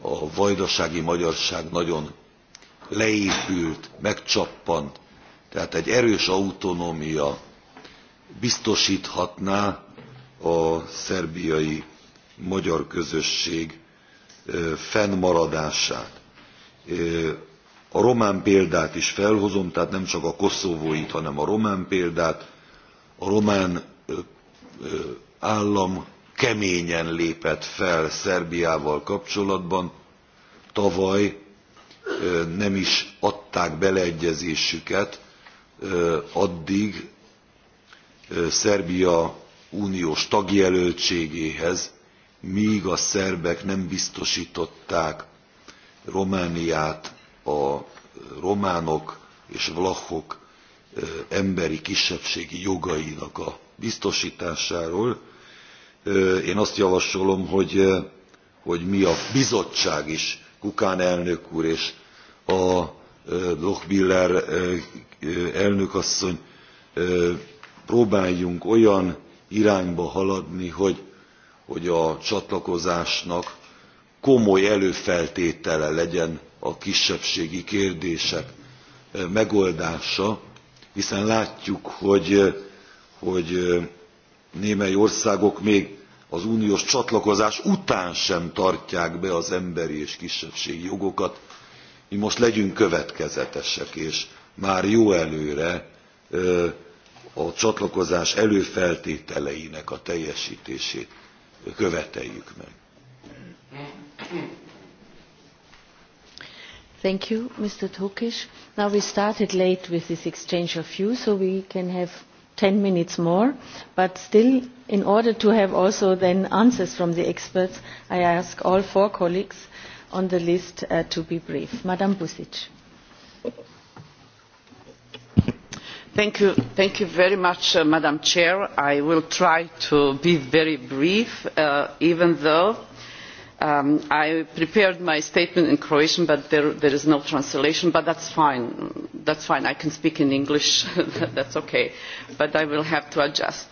a vajdasági magyarság nagyon leépült, megcsappant, tehát egy erős autonómia biztosíthatná a szerbiai magyar közösség fennmaradását. A román példát is felhozom, tehát nem csak a koszovóit, hanem a román példát. A román állam keményen lépett fel Szerbiával kapcsolatban. Tavaly nem is adták beleegyezésüket, addig Szerbia uniós tagjelöltségéhez, míg a szerbek nem biztosították Romániát a románok és vlachok emberi kisebbségi jogainak a biztosításáról. Én azt javasolom, hogy, hogy mi a bizottság is, Kukán elnök úr és a Lochbiller elnökasszony próbáljunk olyan irányba haladni, hogy, hogy a csatlakozásnak komoly előfeltétele legyen a kisebbségi kérdések megoldása, hiszen látjuk, hogy, hogy némely országok még az uniós csatlakozás után sem tartják be az emberi és kisebbségi jogokat. Mi most legyünk következetesek, és már jó előre a csatlakozás előfeltételeinek a teljesítését követeljük meg. Thank you, Mr. Tokish. Now we started late with this exchange of views, so we can have 10 minutes more, but still, in order to have also then answers from the experts, I ask all four colleagues on the list uh, to be brief. Madam Busic. Thank you, thank you very much, uh, Madam Chair. I will try to be very brief, uh, even though Um, I prepared my statement in Croatian, but there, there is no translation, but that's fine. That's fine. I can speak in English. that's okay. But I will have to adjust.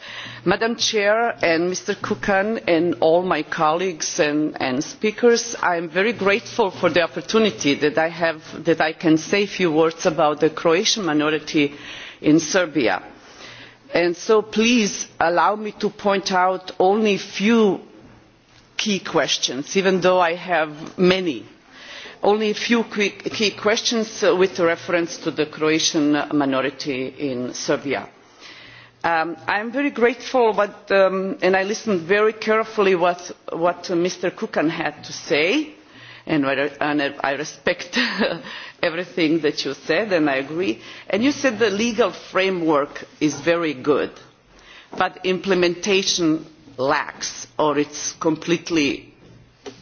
Madam Chair and Mr. Kukan and all my colleagues and, and speakers, I am very grateful for the opportunity that I, have, that I can say a few words about the Croatian minority in Serbia. And so please allow me to point out only a few key questions, even though I have many. Only a few quick, key questions with reference to the Croatian minority in Serbia. Um, I am very grateful, um, and I listened very carefully what, what Mr. Kukan had to say, and, and I respect everything that you said, and I agree. And you said the legal framework is very good, but implementation lacks or it's completely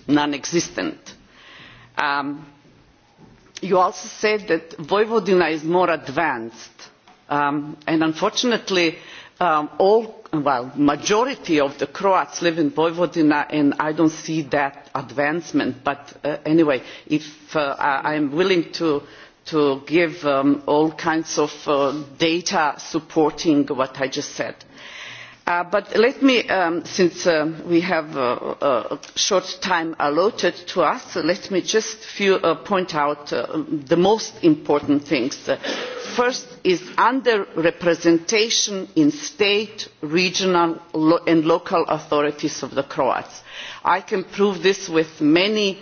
non-existent. Um, you also said that Vojvodina is more advanced um, and unfortunately um, all, well, majority of the Croats live in Vojvodina and I don't see that advancement but uh, anyway if uh, I am willing to to give um, all kinds of uh, data supporting what I just said. Uh, but let me, um, since uh, we have a uh, uh, short time allotted to us, let me just few, point out the most important things. First is under-representation in state, regional lo and local authorities of the Croats. I can prove this with many,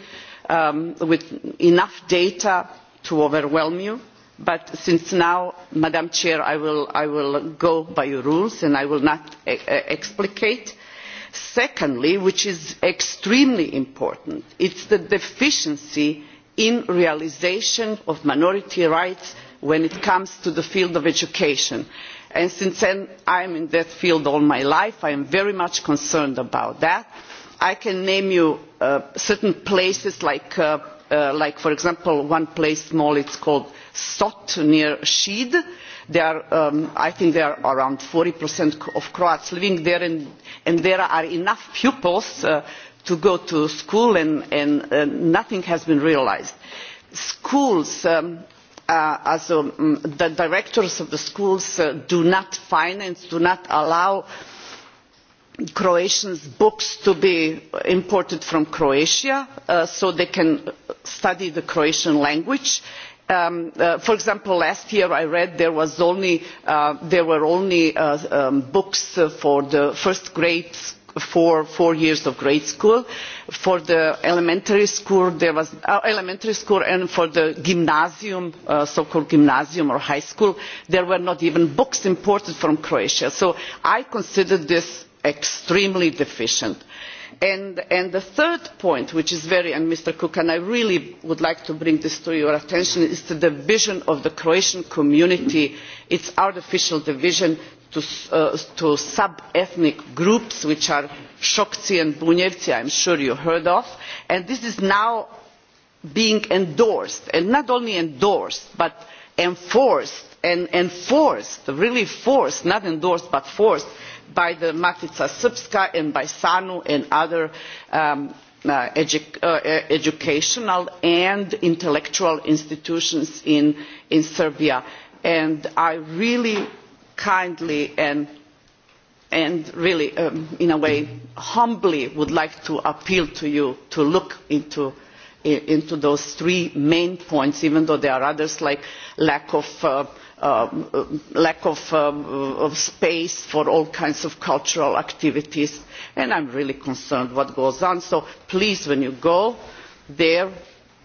um, with enough data to overwhelm you but since now madam chair i will, I will go by your rules and i will not e explicate secondly which is extremely important it is the deficiency in realisation of minority rights when it comes to the field of education and since then i am in that field all my life i am very much concerned about that i can name you uh, certain places like, uh, uh, like for example one place small it's called sot near Sheed. There are, um, I think there are around 40% of Croats living there and, and there are enough pupils uh, to go to school and, and uh, nothing has been realized. Schools, um, uh, as um, the directors of the schools uh, do not finance, do not allow Croatians books to be imported from Croatia uh, so they can study the Croatian language Um, uh, for example, last year I read there, was only, uh, there were only uh, um, books for the first grade for four years of grade school. For the elementary school, there was uh, elementary school, and for the gymnasium, uh, so-called gymnasium or high school, there were not even books imported from Croatia. So I consider this extremely deficient And, the third point, which is very, and Mr. Cook, and I really would like to bring this to your attention, is the division of the Croatian community, its artificial division to, uh, sub-ethnic groups, which are Shokci and Bunjevci, I am sure you heard of. And this is now being endorsed, and not only endorsed, but enforced, and enforced, really forced, not endorsed, but forced by the Matica Srpska and by SANU and other um, uh, edu uh, uh, educational and intellectual institutions in, in Serbia. And I really kindly and, and really, um, in a way, humbly would like to appeal to you to look into into those three main points, even though there are others like lack of uh, um, uh, lack of, um, of space for all kinds of cultural activities. And I'm really concerned what goes on. So please, when you go there,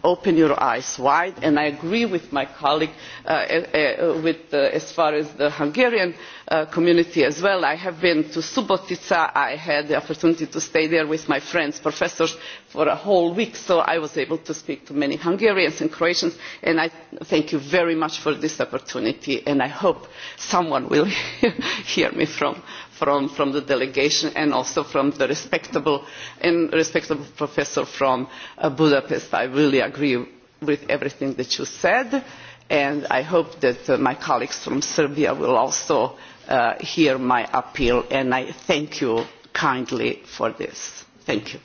open your eyes wide and I agree with my colleague uh, uh, uh, with, uh, as far as the Hungarian uh, community as well. I have been to Subotica. I had the opportunity to stay there with my friends, professors, for a whole week, so I was able to speak to many Hungarians and Croatians, and I thank you very much for this opportunity, and I hope someone will hear me from, from, from the delegation and also from the respectable and respectable professor from uh, Budapest. I really agree with everything that you said and I hope that uh, my colleagues from Serbia will also uh, hear my appeal and I thank you kindly for this. Thank you.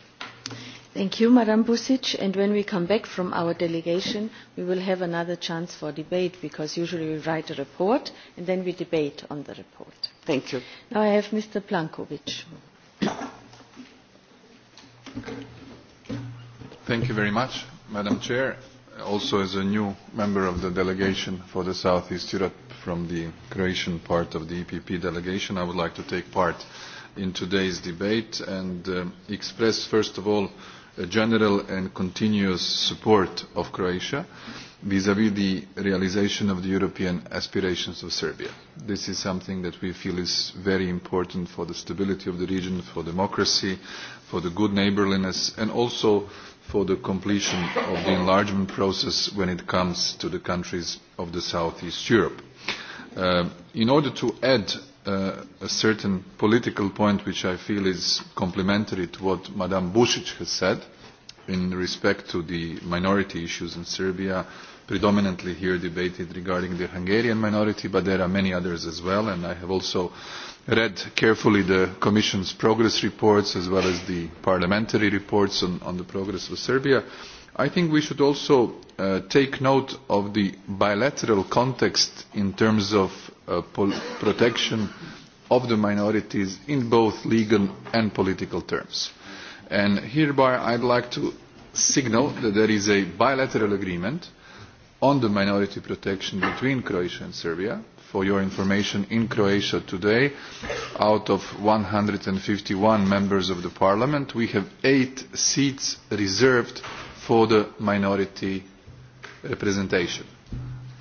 Thank you, Madam Busic. And when we come back from our delegation, we will have another chance for debate because usually we write a report and then we debate on the report. Thank you. Now I have Mr. Plankovic. Thank you very much, Madam Chair. Also as a new member of the delegation for the Southeast Europe from the Croatian part of the EPP delegation, I would like to take part in today's debate and uh, express first of all a general and continuous support of Croatia vis-à-vis -vis the realization of the European aspirations of Serbia. This is something that we feel is very important for the stability of the region, for democracy, for the good neighborliness, and also for the completion of the enlargement process when it comes to the countries of the Southeast Europe. Uh, in order to add uh, a certain political point which I feel is complementary to what Madame Busic has said in respect to the minority issues in Serbia, predominantly here debated regarding the Hungarian minority, but there are many others as well, and I have also read carefully the Commission's progress reports as well as the parliamentary reports on, on the progress of Serbia. I think we should also uh, take note of the bilateral context in terms of Uh, protection of the minorities in both legal and political terms. And hereby I'd like to signal that there is a bilateral agreement on the minority protection between Croatia and Serbia. For your information, in Croatia today, out of 151 members of the parliament, we have eight seats reserved for the minority representation.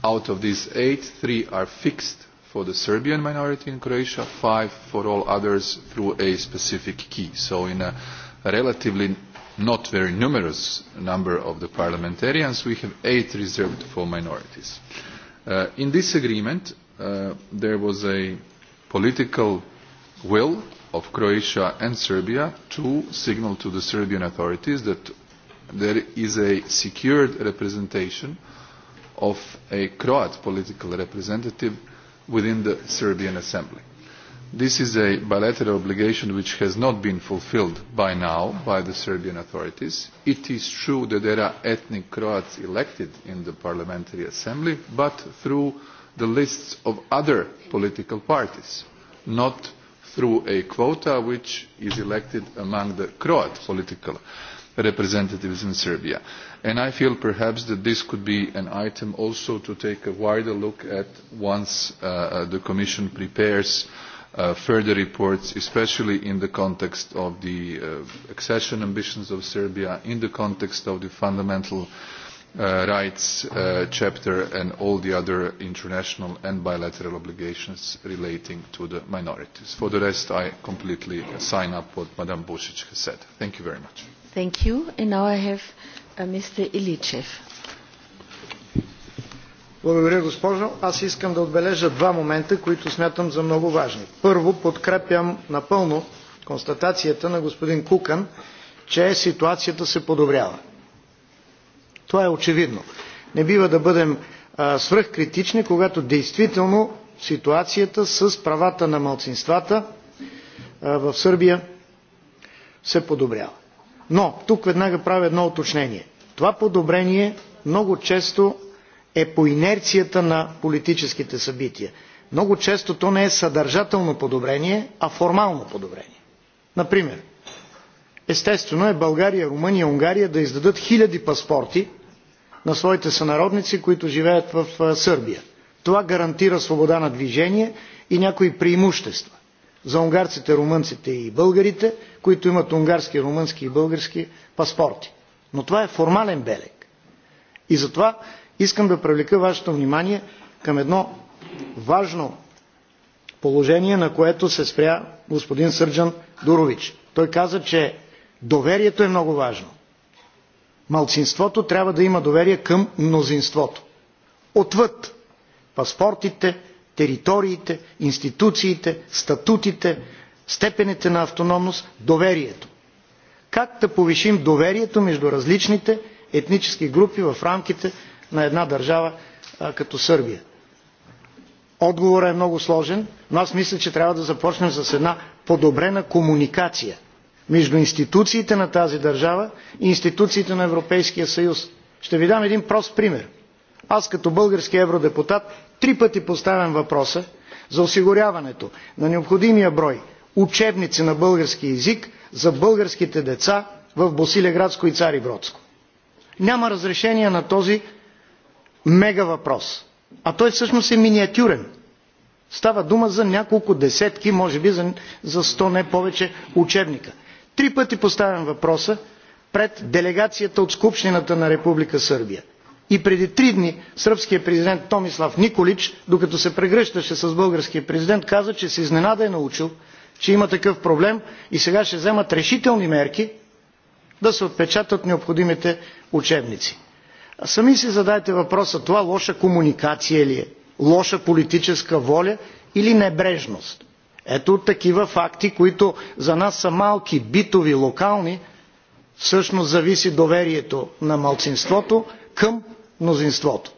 Out of these eight, three are fixed for the Serbian minority in Croatia, five for all others through a specific key. So in a relatively not very numerous number of the parliamentarians, we have eight reserved for minorities. Uh, in this agreement, uh, there was a political will of Croatia and Serbia to signal to the Serbian authorities that there is a secured representation of a Croat political representative within the Serbian Assembly. This is a bilateral obligation which has not been fulfilled by now by the Serbian authorities. It is true that there are ethnic Croats elected in the Parliamentary Assembly, but through the lists of other political parties, not through a quota which is elected among the Croat political parties representatives in Serbia. And I feel perhaps that this could be an item also to take a wider look at once uh, uh, the Commission prepares uh, further reports, especially in the context of the uh, accession ambitions of Serbia, in the context of the fundamental uh, rights uh, chapter and all the other international and bilateral obligations relating to the minorities. For the rest, I completely sign up what Ms Busic has said. Thank you very much. Thank you. And now I have uh, Mr. Ilichev. Благодаря, госпожо. Аз искам да отбележа два момента, които смятам за много важни. Първо, подкрепям напълно констатацията на господин Кукан, че ситуацията се подобрява. Това е очевидно. Не бива да бъдем а, свръхкритични, когато действително ситуацията с правата на малцинствата а, в Сърбия се подобрява. Но тук веднага правя едно уточнение. Това подобрение много често е по инерцията на политическите събития. Много често то не е съдържателно подобрение, а формално подобрение. Например, естествено е България, Румъния, Унгария да издадат хиляди паспорти на своите сънародници, които живеят в Сърбия. Това гарантира свобода на движение и някои преимущества за унгарците, румънците и българите – които имат унгарски, румънски и български паспорти. Но това е формален белег. И затова искам да привлека вашето внимание към едно важно положение, на което се спря господин Сърджан Дурович. Той каза, че доверието е много важно. Малцинството трябва да има доверие към мнозинството. Отвъд паспортите, териториите, институциите, статутите, степените на автономност, доверието. Как да повишим доверието между различните етнически групи в рамките на една държава а, като Сърбия? Отговорът е много сложен, но аз мисля, че трябва да започнем с една подобрена комуникация между институциите на тази държава и институциите на Европейския съюз. Ще ви дам един прост пример. Аз като български евродепутат три пъти поставям въпроса за осигуряването на необходимия брой учебници на български язик за българските деца в Босилеградско и цари Бродско. Няма разрешение на този мега въпрос. А той всъщност е миниатюрен. Става дума за няколко десетки, може би за, за 100 не повече учебника. Три пъти поставям въпроса пред делегацията от Скупщината на Република Сърбия. И преди три дни сръбският президент Томислав Николич, докато се прегръщаше с българския президент, каза, че се изненада е научил, че има такъв проблем и сега ще вземат решителни мерки да се отпечатат необходимите учебници. Сами си задайте въпроса, това лоша комуникация ли е, лоша политическа воля или небрежност? Ето от такива факти, които за нас са малки, битови, локални, всъщност зависи доверието на малцинството към мнозинството.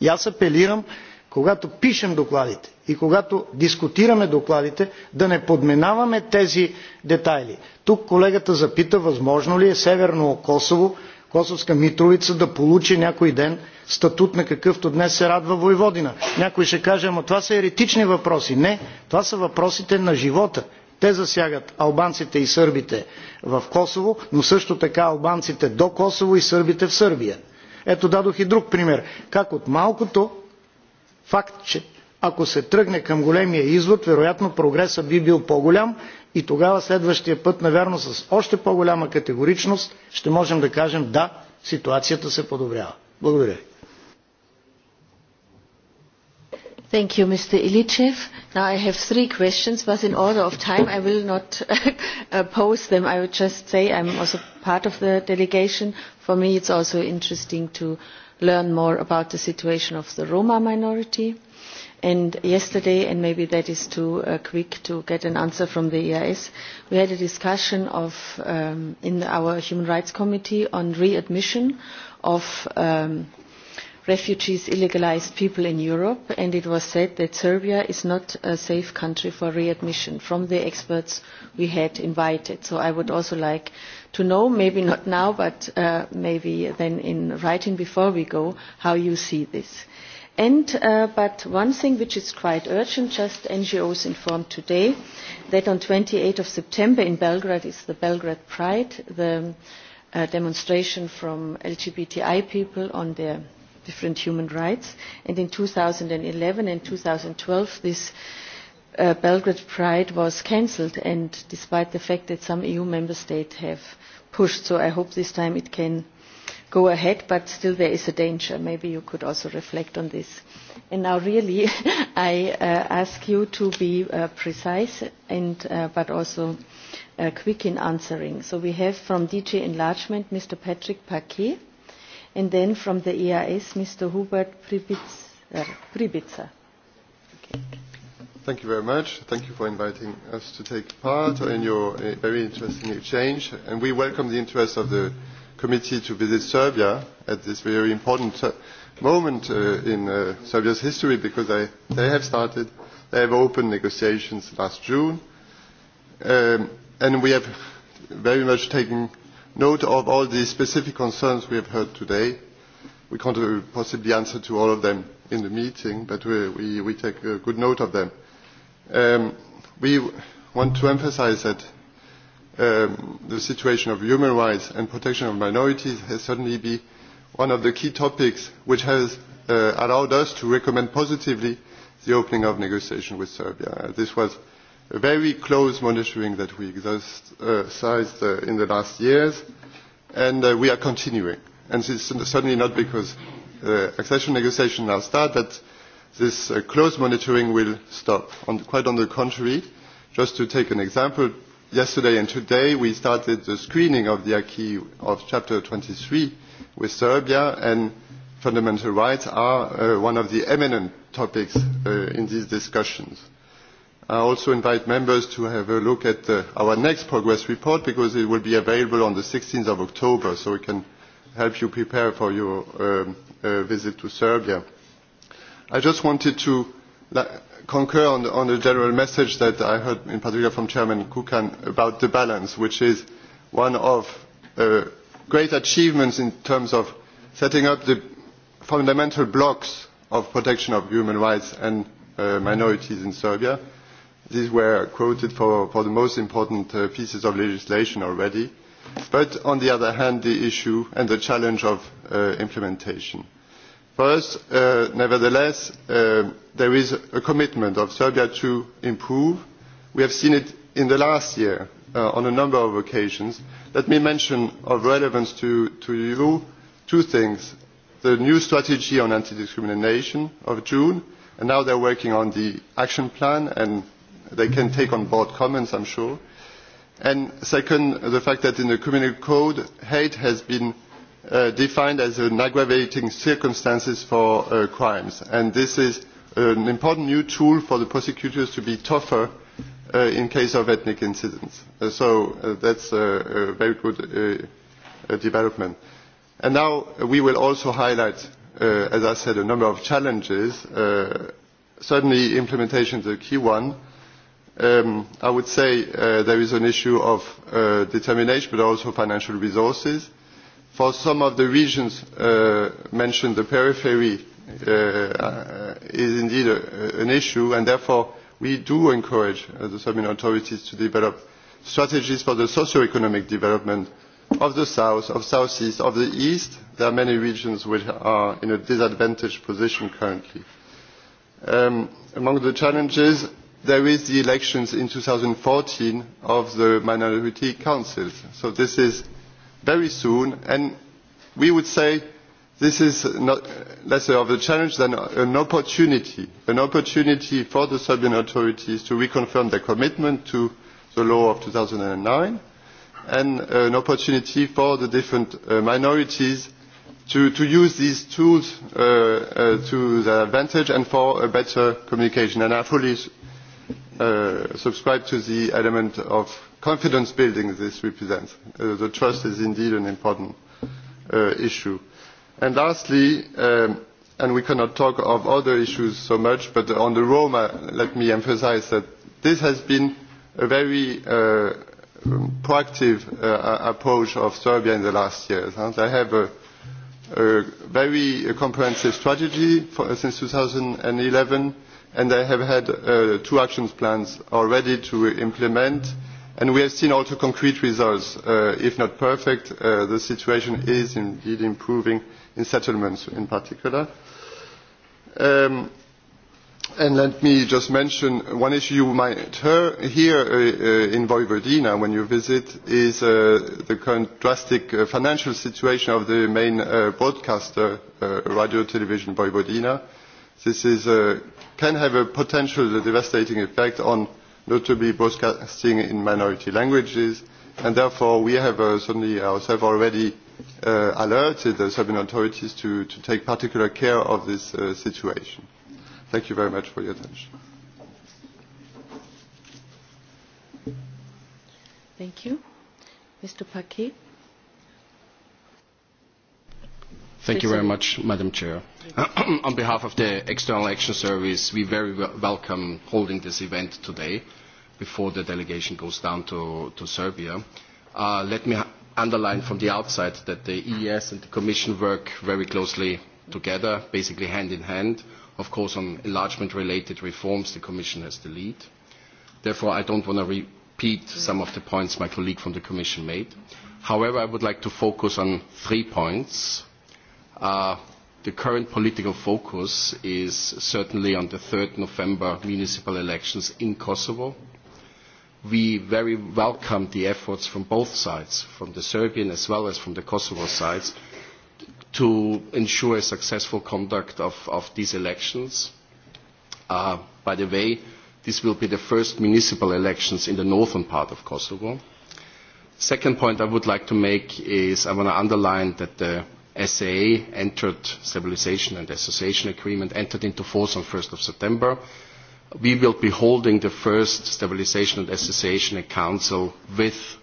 И аз апелирам когато пишем докладите и когато дискутираме докладите, да не подминаваме тези детайли. Тук колегата запита, възможно ли е Северно Косово, Косовска Митровица да получи някой ден статут на какъвто днес се радва Войводина. Някой ще каже, ама това са еретични въпроси. Не, това са въпросите на живота. Те засягат албанците и сърбите в Косово, но също така албанците до Косово и сърбите в Сърбия. Ето дадох и друг пример. Как от малкото Факт, че ако се тръгне към големия извод, вероятно прогресът би бил по-голям и тогава следващия път, навярно, с още по-голяма категоричност ще можем да кажем да, ситуацията се подобрява. Благодаря ви. Thank you, Mr. Ilichev. Now I have three questions, but in order of time I will not uh, pose them. I would just say I'm also part of the delegation. For me it's also interesting to uh, learn more about the situation of the Roma minority. And yesterday, and maybe that is too uh, quick to get an answer from the EIS, we had a discussion of, um, in our Human Rights Committee on readmission of um, refugees, illegalized people in Europe, and it was said that Serbia is not a safe country for readmission from the experts we had invited. So I would also like to know, maybe not now, but uh, maybe then in writing before we go, how you see this. And, uh, but one thing which is quite urgent, just NGOs informed today, that on 28th of September in Belgrade is the Belgrade Pride, the uh, demonstration from LGBTI people on their different human rights. And in 2011 and 2012, this uh, Belgrade Pride was cancelled, and despite the fact that some EU member states have pushed, so I hope this time it can go ahead, but still there is a danger. Maybe you could also reflect on this. And now really, I uh, ask you to be uh, precise, and, uh, but also uh, quick in answering. So we have from DG Enlargement, Mr. Patrick Paquet and then from the EIS, Mr. Hubert Pribitzer. Pribitzer. Thank you very much. Thank you for inviting us to take part in your very interesting exchange. And we welcome the interest of the committee to visit Serbia at this very important uh, moment uh, in uh, Serbia's history because they, they have started, they have opened negotiations last June. Um, and we have very much taken note of all the specific concerns we have heard today. We can't uh, possibly answer to all of them in the meeting, but we, we, we take a good note of them. Um, we want to emphasize that um, the situation of human rights and protection of minorities has certainly been one of the key topics which has uh, allowed us to recommend positively the opening of negotiations with Serbia. Uh, this was very close monitoring that we exercised uh, uh, in the last years, and uh, we are continuing. And it's certainly not because uh, accession negotiations now start that this uh, close monitoring will stop. On, quite on the contrary, just to take an example, yesterday and today we started the screening of the acquis of Chapter 23 with Serbia, and fundamental rights are uh, one of the eminent topics uh, in these discussions. I also invite members to have a look at the, uh, our next progress report because it will be available on the 16th of October so we can help you prepare for your um, uh, visit to Serbia. I just wanted to concur on the, on the general message that I heard in particular from Chairman Kukan about the balance, which is one of uh, great achievements in terms of setting up the fundamental blocks of protection of human rights and uh, minorities in Serbia. These were quoted for, for the most important uh, pieces of legislation already. But on the other hand, the issue and the challenge of uh, implementation. First, uh, nevertheless, uh, there is a commitment of Serbia to improve. We have seen it in the last year uh, on a number of occasions. Let me mention of relevance to, to you two things. The new strategy on anti-discrimination of June, and now they're working on the action plan and they can take on board comments, I'm sure. And second, the fact that in the criminal code, hate has been uh, defined as an aggravating circumstances for uh, crimes. And this is an important new tool for the prosecutors to be tougher uh, in case of ethnic incidents. Uh, so uh, that's uh, a very good uh, development. And now uh, we will also highlight, uh, as I said, a number of challenges. Uh, certainly implementation is a key one um, I would say uh, there is an issue of uh, determination but also financial resources. For some of the regions uh, mentioned, the periphery uh, uh, is indeed a, an issue and therefore we do encourage uh, the Serbian authorities to develop strategies for the socio-economic development of the south, of southeast, of the east. There are many regions which are in a disadvantaged position currently. Um, among the challenges, there is the elections in 2014 of the minority councils. So this is very soon, and we would say this is not less of a challenge than an opportunity, an opportunity for the Serbian authorities to reconfirm their commitment to the law of 2009 and an opportunity for the different uh, minorities to, to use these tools uh, uh, to their advantage and for a better communication. And I fully uh, subscribe to the element of confidence building this represents. Uh, the trust is indeed an important uh, issue. And lastly, um, and we cannot talk of other issues so much, but on the Roma, let me emphasize that this has been a very uh, um, proactive uh, approach of Serbia in the last years. Huh? They have a, a very comprehensive strategy for, uh, since 2011 and they have had uh, two action plans already to implement. And we have seen also concrete results. Uh, if not perfect, uh, the situation is indeed improving in settlements in particular. Um, and let me just mention one issue you might hear here uh, uh, in Vojvodina when you visit is uh, the current drastic uh, financial situation of the main uh, broadcaster, uh, Radio Television Vojvodina This is, uh, can have a potential uh, devastating effect on notably broadcasting in minority languages, and therefore we have uh, certainly ourselves already uh, alerted the Serbian authorities to, to take particular care of this uh, situation. Thank you very much for your attention. Thank you. Mr. Paquet. Thank you very much, Madam Chair. On behalf of the External Action Service, we very well welcome holding this event today before the delegation goes down to, to Serbia. Uh, let me underline from the outset that the EES and the Commission work very closely together, basically hand in hand. Of course, on enlargement-related reforms, the Commission has the lead. Therefore, I don't want to repeat some of the points my colleague from the Commission made. However, I would like to focus on three points Uh, the current political focus is certainly on the 3rd November municipal elections in Kosovo. We very welcome the efforts from both sides, from the Serbian as well as from the Kosovo sides, to ensure a successful conduct of, of these elections. Uh, by the way, this will be the first municipal elections in the northern part of Kosovo. Second point I would like to make is I want to underline that the SAA entered stabilization and association agreement entered into force on 1st of September. We will be holding the first stabilization and association council with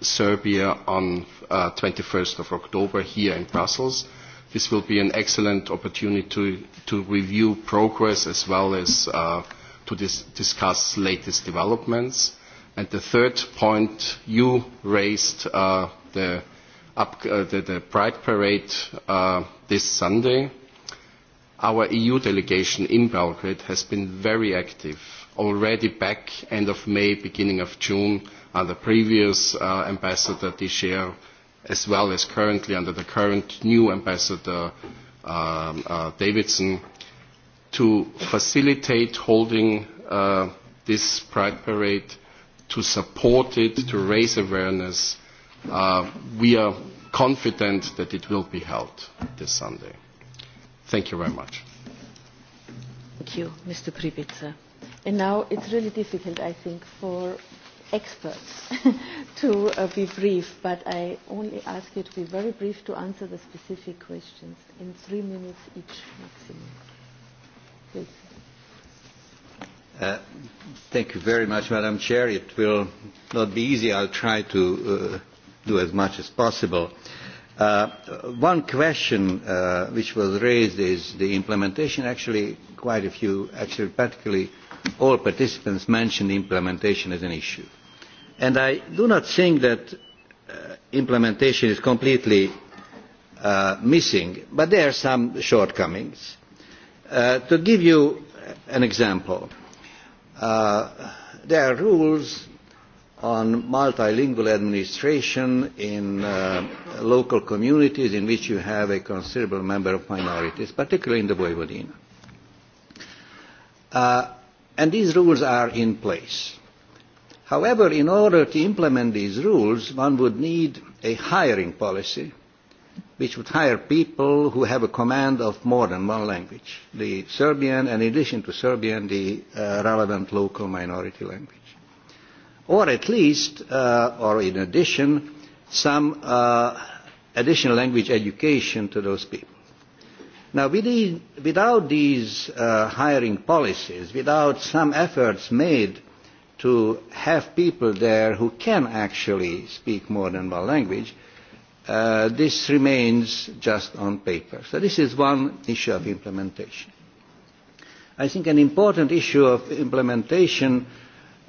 Serbia on uh, 21st of October here in Brussels. This will be an excellent opportunity to, to review progress as well as uh, to dis discuss latest developments. And the third point you raised, uh, the up, uh, the, the Pride Parade uh, this Sunday. Our EU delegation in Belgrade has been very active, already back end of May, beginning of June, under previous uh, Ambassador Tischer, as well as currently under the current new Ambassador um, uh, Davidson, to facilitate holding uh, this Pride Parade, to support it, to raise awareness, Uh, we are confident that it will be held this Sunday. Thank you very much. Thank you, Mr. Pribica. And now it's really difficult, I think, for experts to uh, be brief, but I only ask you to be very brief to answer the specific questions in three minutes each maximum. Please. Uh, thank you very much, Madam Chair. It will not be easy. I'll try to uh, do as much as possible. Uh, one question uh, which was raised is the implementation. Actually, quite a few, actually, practically all participants mentioned implementation as an issue. And I do not think that uh, implementation is completely uh, missing, but there are some shortcomings. Uh, to give you an example, uh, there are rules on multilingual administration in uh, local communities in which you have a considerable number of minorities, particularly in the Vojvodina. Uh, and these rules are in place. However, in order to implement these rules, one would need a hiring policy which would hire people who have a command of more than one language, the Serbian, and in addition to Serbian, the uh, relevant local minority language or at least, uh, or in addition, some uh, additional language education to those people. Now, without these uh, hiring policies, without some efforts made to have people there who can actually speak more than one language, uh, this remains just on paper. So this is one issue of implementation. I think an important issue of implementation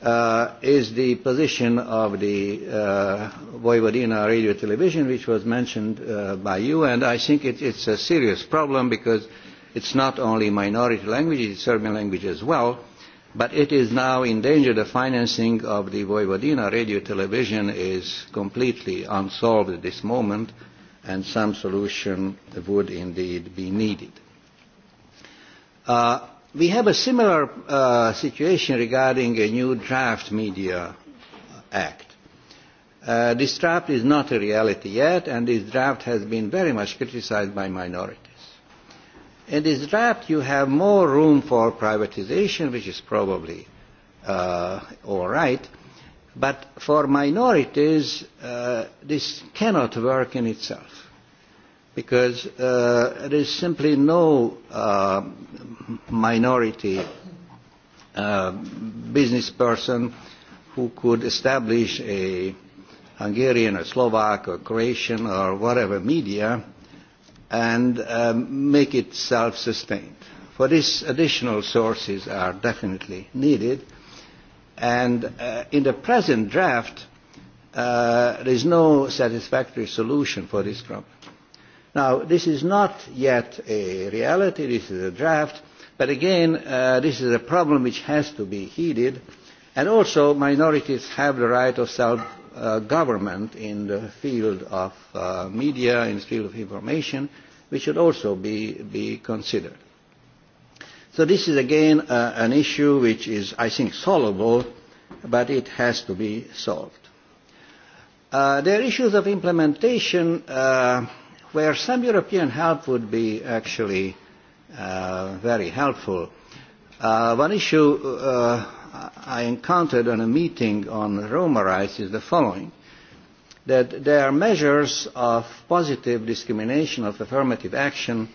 uh, is the position of the uh, Vojvodina radio television, which was mentioned uh, by you, and I think it, it's a serious problem because it's not only minority language, it's Serbian language as well, but it is now in danger. The financing of the Vojvodina radio television is completely unsolved at this moment, and some solution would indeed be needed. Uh, We have a similar uh, situation regarding a new draft media act. Uh, this draft is not a reality yet, and this draft has been very much criticized by minorities. In this draft, you have more room for privatization, which is probably uh, all right, but for minorities, uh, this cannot work in itself because uh, there is simply no uh, minority uh, business person who could establish a Hungarian or Slovak or Croatian or whatever media and uh, make it self-sustained. For this, additional sources are definitely needed. And uh, in the present draft, uh, there is no satisfactory solution for this problem. Now, this is not yet a reality, this is a draft, but again, uh, this is a problem which has to be heeded, and also minorities have the right of self-government uh, in the field of uh, media, in the field of information, which should also be, be considered. So this is again uh, an issue which is, I think, solvable, but it has to be solved. Uh, there are issues of implementation. Uh, where some European help would be actually uh, very helpful. Uh, one issue uh, I encountered on a meeting on Roma rights is the following, that there are measures of positive discrimination, of affirmative action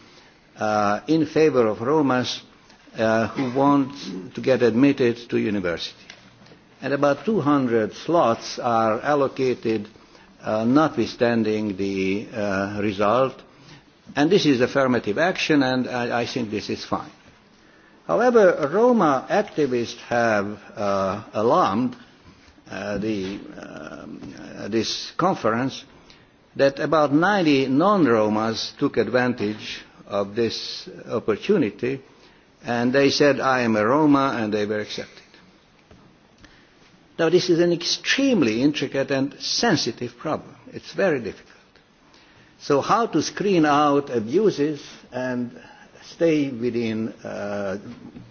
uh, in favor of Romas uh, who want to get admitted to university. And about 200 slots are allocated uh, notwithstanding the uh, result. And this is affirmative action, and I, I think this is fine. However, Roma activists have uh, alarmed uh, the, um, uh, this conference that about 90 non-Romas took advantage of this opportunity, and they said, I am a Roma, and they were accepted. Now, this is an extremely intricate and sensitive problem. It's very difficult. So how to screen out abuses and stay within uh,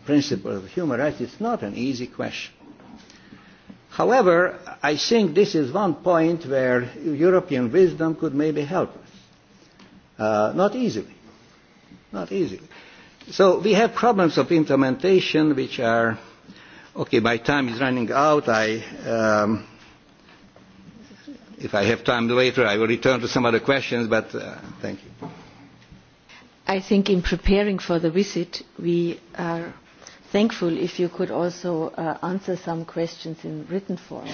principles of human rights is not an easy question. However, I think this is one point where European wisdom could maybe help us. Uh, not easily. Not easily. So we have problems of implementation which are Okay, my time is running out. I, um, if I have time later, I will return to some other questions, but uh, thank you. I think in preparing for the visit, we are thankful if you could also uh, answer some questions in written form,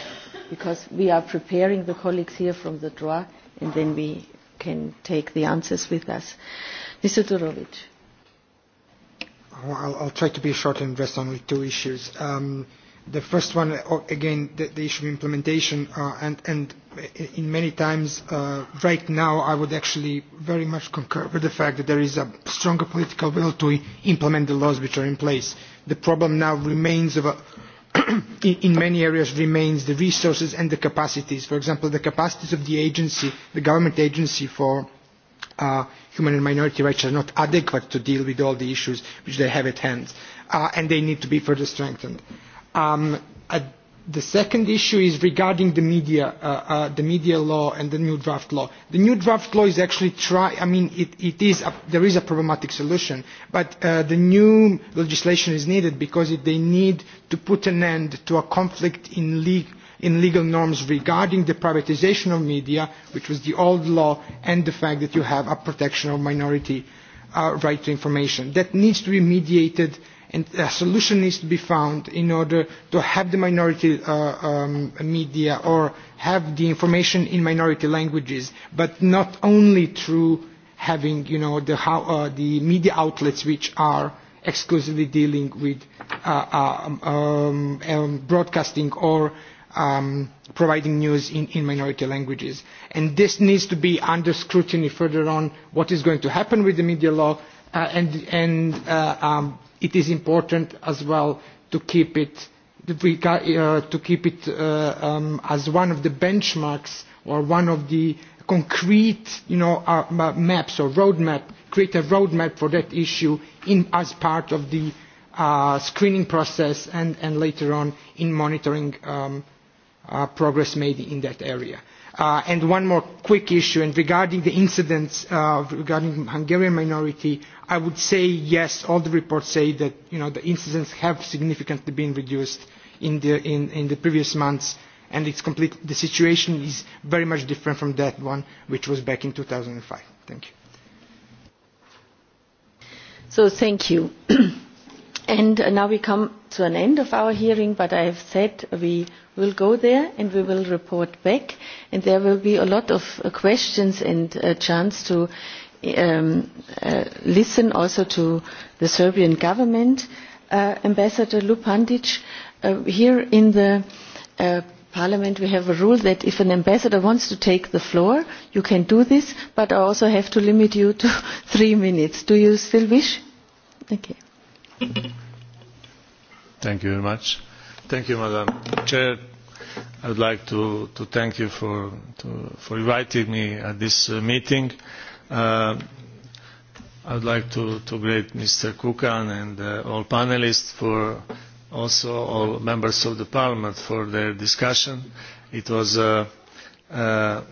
because we are preparing the colleagues here from the DROA, and then we can take the answers with us. Mr. Durovic. I'll, I'll try to be short and address only two issues. Um, the first one, uh, again, the, the issue of implementation, uh, and, and in many times uh, right now I would actually very much concur with the fact that there is a stronger political will to implement the laws which are in place. The problem now remains of a in many areas remains the resources and the capacities. For example, the capacities of the agency, the government agency for uh, human and minority rights are not adequate to deal with all the issues which they have at hand, uh, and they need to be further strengthened. Um, uh, the second issue is regarding the media, uh, uh, the media law and the new draft law. The new draft law is actually try. I mean, it, it is a, there is a problematic solution, but uh, the new legislation is needed because it, they need to put an end to a conflict in league in legal norms regarding the privatization of media, which was the old law, and the fact that you have a protection of minority uh, right to information. That needs to be mediated and a solution needs to be found in order to have the minority uh, um, media or have the information in minority languages, but not only through having you know, the, how, uh, the media outlets which are exclusively dealing with uh, uh, um, um, broadcasting or um, providing news in, in minority languages. And this needs to be under scrutiny further on what is going to happen with the media law, uh, and, and uh, um, it is important as well to keep it, uh, to keep it uh, um, as one of the benchmarks or one of the concrete you know, uh, maps or roadmap, create a roadmap for that issue in, as part of the uh, screening process and, and later on in monitoring um, Uh, progress made in that area. Uh, and one more quick issue, and regarding the incidents uh, regarding Hungarian minority, I would say yes, all the reports say that you know, the incidents have significantly been reduced in the, in, in the previous months, and it's complete, the situation is very much different from that one, which was back in 2005. Thank you. So thank you. And uh, now we come to an end of our hearing, but I have said we will go there and we will report back. And there will be a lot of uh, questions and a uh, chance to um, uh, listen also to the Serbian government. Uh, Ambassador Lupandic, uh, here in the uh, Parliament we have a rule that if an ambassador wants to take the floor, you can do this, but I also have to limit you to three minutes. Do you still wish? Okay. Thank you very much. Thank you, Madam Chair. I would like to, to thank you for, to, for inviting me at this uh, meeting. Uh, I would like to, to greet Mr. Kukan and uh, all panelists for also all members of the Parliament for their discussion. It was an uh, uh,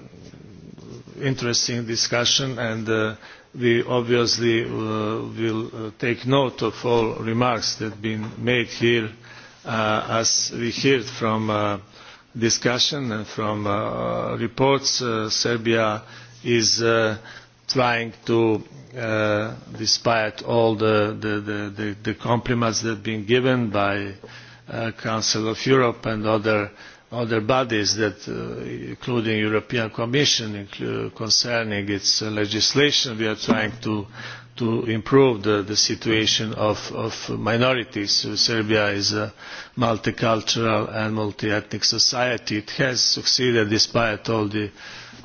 interesting discussion and uh, we obviously uh, will uh, take note of all remarks that have been made here uh, as we heard from uh, discussion and from uh, reports uh, Serbia is uh, trying to uh, despite all the, the, the, the, the compliments that have been given by uh, Council of Europe and other uh, other bodies that, uh, including European Commission, concerning its uh, legislation, we are trying to to improve the, the situation of, of minorities. So Serbia is a multicultural and multi-ethnic society. It has succeeded despite all the,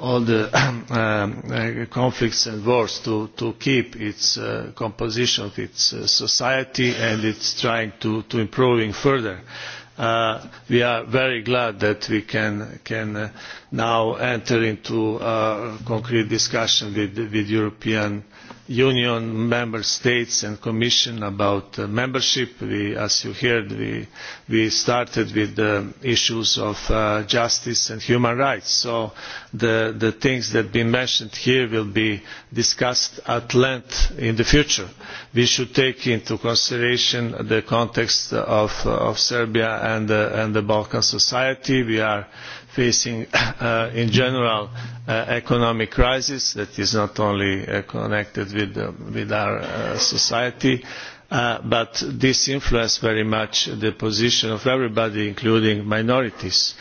all the um, uh, conflicts and wars to, to keep its uh, composition of its uh, society and it's trying to, to improving further. Uh, uh, we are very glad that we can, can uh, now enter into a concrete discussion with, with European Union member states and Commission about uh, membership. We, as you heard, we, we started with the issues of uh, justice and human rights. So the, the things that have been mentioned here will be discussed at length in the future. We should take into consideration the context of, of Serbia and, uh, and the Balkan society. We are facing uh, in general uh, economic crisis that is not only uh, connected with, uh, with our uh, society, uh, but this influenced very much the position of everybody, including minorities.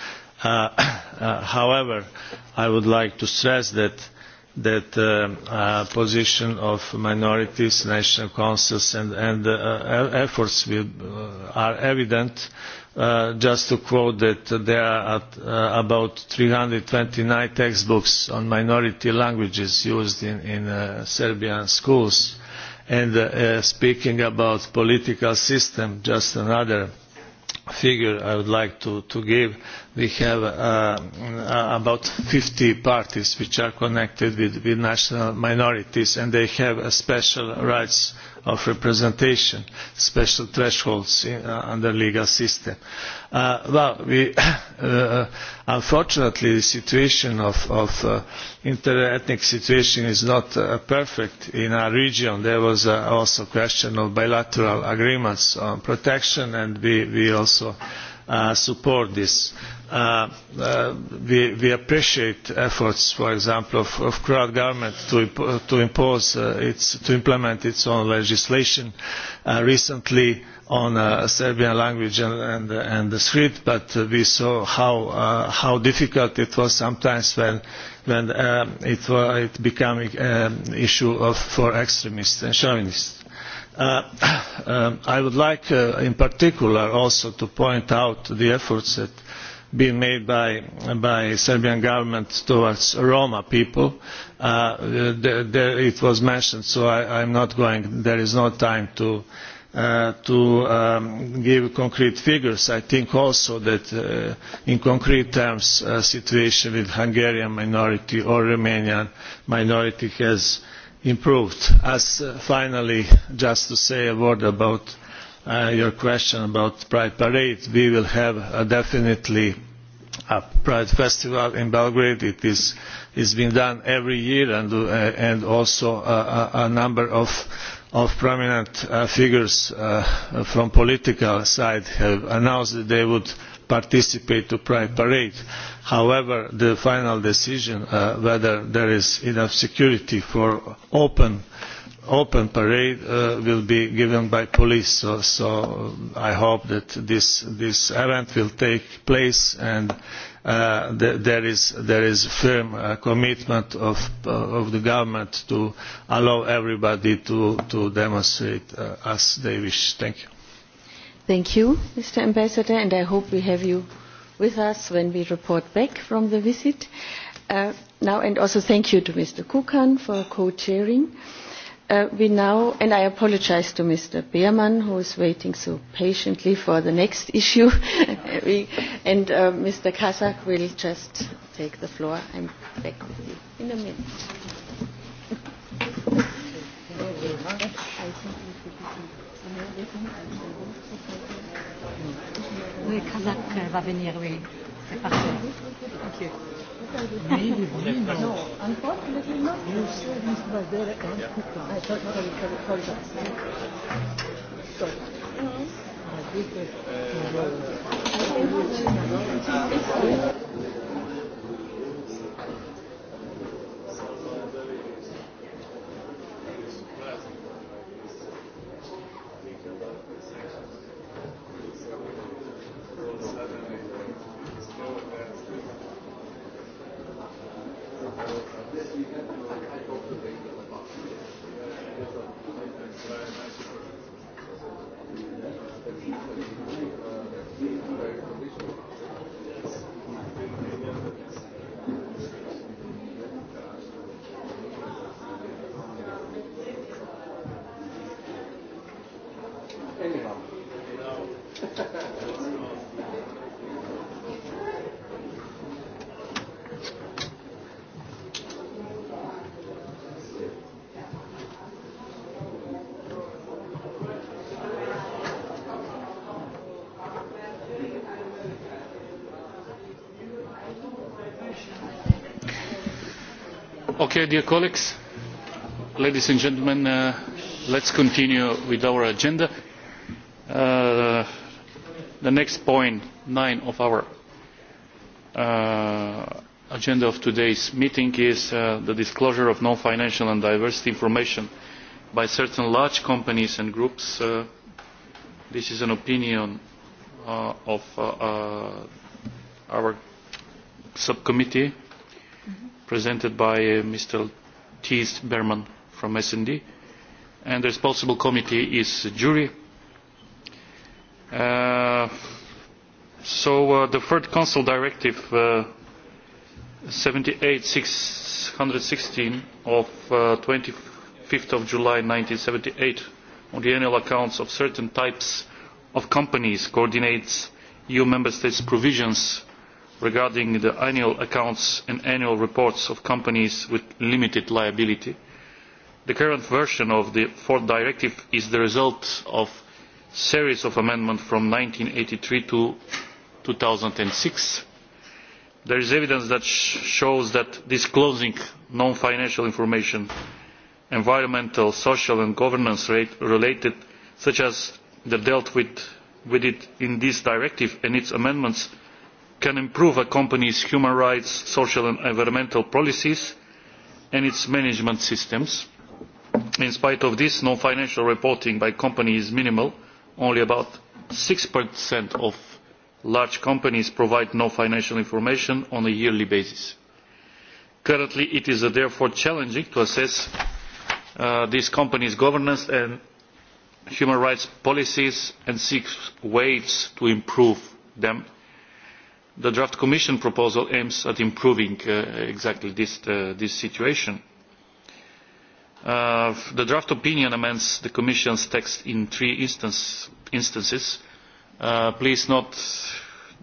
Uh, uh, however, I would like to stress that that uh, uh, position of minorities, national councils and, and uh, e-, efforts will, uh, are evident Uh, just to quote that there are at, uh, about 329 textbooks on minority languages used in, in uh, Serbian schools. And uh, uh, speaking about political system, just another figure I would like to, to give. We have uh, uh about 50 parties which are connected with, with national minorities and they have a special rights of representation, special thresholds in, uh, under legal system. Uh, well, we, uh, unfortunately, the situation of, of uh, inter-ethnic situation is not uh, perfect in our region. There was uh, also question of bilateral agreements on protection, and we, we also Uh, support this. Uh, uh, we, we appreciate efforts, for example, of, of crowd government to, imp to impose uh, its, to implement its own legislation. Uh, recently, on uh, Serbian language and, and, and the script, but uh, we saw how, uh, how difficult it was sometimes when, when um, it, uh, it became an um, issue of, for extremists and chauvinists. Uh, um, I would like uh, in particular also to point out the efforts that been made by by Serbian government towards Roma people. Uh, it was mentioned, so I, I'm not going. There is no time to uh, to um, give concrete figures. I think also that uh, in concrete terms, uh, situation with Hungarian minority or Romanian minority has improved. As uh, finally, just to say a word about uh, your question about Pride Parade, we will have a uh, definitely a Pride Festival in Belgrade. It is it's been done every year and, uh, and also a, a, a number of, of prominent uh, figures uh, from political side have announced that they would participate to Pride Parade. However, the final decision uh, whether there is enough security for open open parade uh, will be given by police. So, so I hope that this, this event will take place and uh, th there is there is firm uh, commitment of uh, of the government to allow everybody to to demonstrate uh, as they wish. Thank you. Thank you, Mr. Ambassador, and I hope we have you with us when we report back from the visit. Uh, now, and also thank you to Mr. Kukan for co-chairing. Uh, we now, and I apologize to Mr. Beerman, who is waiting so patiently for the next issue. we, and uh, Mr. Kasak will just take the floor. I'm back with you in a minute. Thank you very much. I think we should be Oui, Kazakh va venir, oui. C'est parfait. Ok. No, unfortunately not. You said Okay, dear colleagues, ladies and gentlemen, uh, let's continue with our agenda. Uh, the next point, nine of our uh, agenda of today's meeting is uh, the disclosure of non-financial and diversity information by certain large companies and groups. Uh, this is an opinion uh, of uh, uh, our subcommittee presented by uh, Mr. Thies Berman from S&D, and the responsible committee is the jury. Uh, so uh, the third council directive uh, 78616 of uh, 25th of July 1978 on the annual accounts of certain types of companies coordinates EU member states provisions regarding the annual accounts and annual reports of companies with limited liability. The current version of the fourth directive is the result of a series of amendments from eighty three to two thousand six. There is evidence that sh shows that disclosing non-financial information, environmental, social and governance rate related, such as the dealt with, with it in this directive and its amendments, can improve a company's human rights, social and environmental policies and its management systems. In spite of this, non-financial reporting by companies is minimal. Only about percent of large companies provide no financial information on a yearly basis. Currently, it is uh, therefore challenging to assess uh, these companies' governance and human rights policies and seek ways to improve them the draft Commission proposal aims at improving uh, exactly this, uh, this situation. Uh, the draft opinion amends the Commission's text in three instance, instances. Uh, please note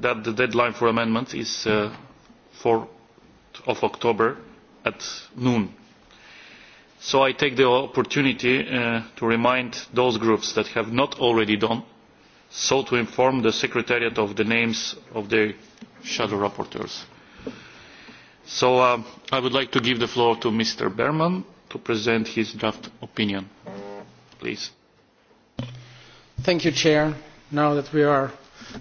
that the deadline for amendment is uh, 4th of October at noon. So I take the opportunity uh, to remind those groups that have not already done so to inform the Secretariat of the names of their shadow rapporteurs. So uh, I would like to give the floor to Mr. Berman to present his draft opinion. Please. Thank you, Chair. Now that we are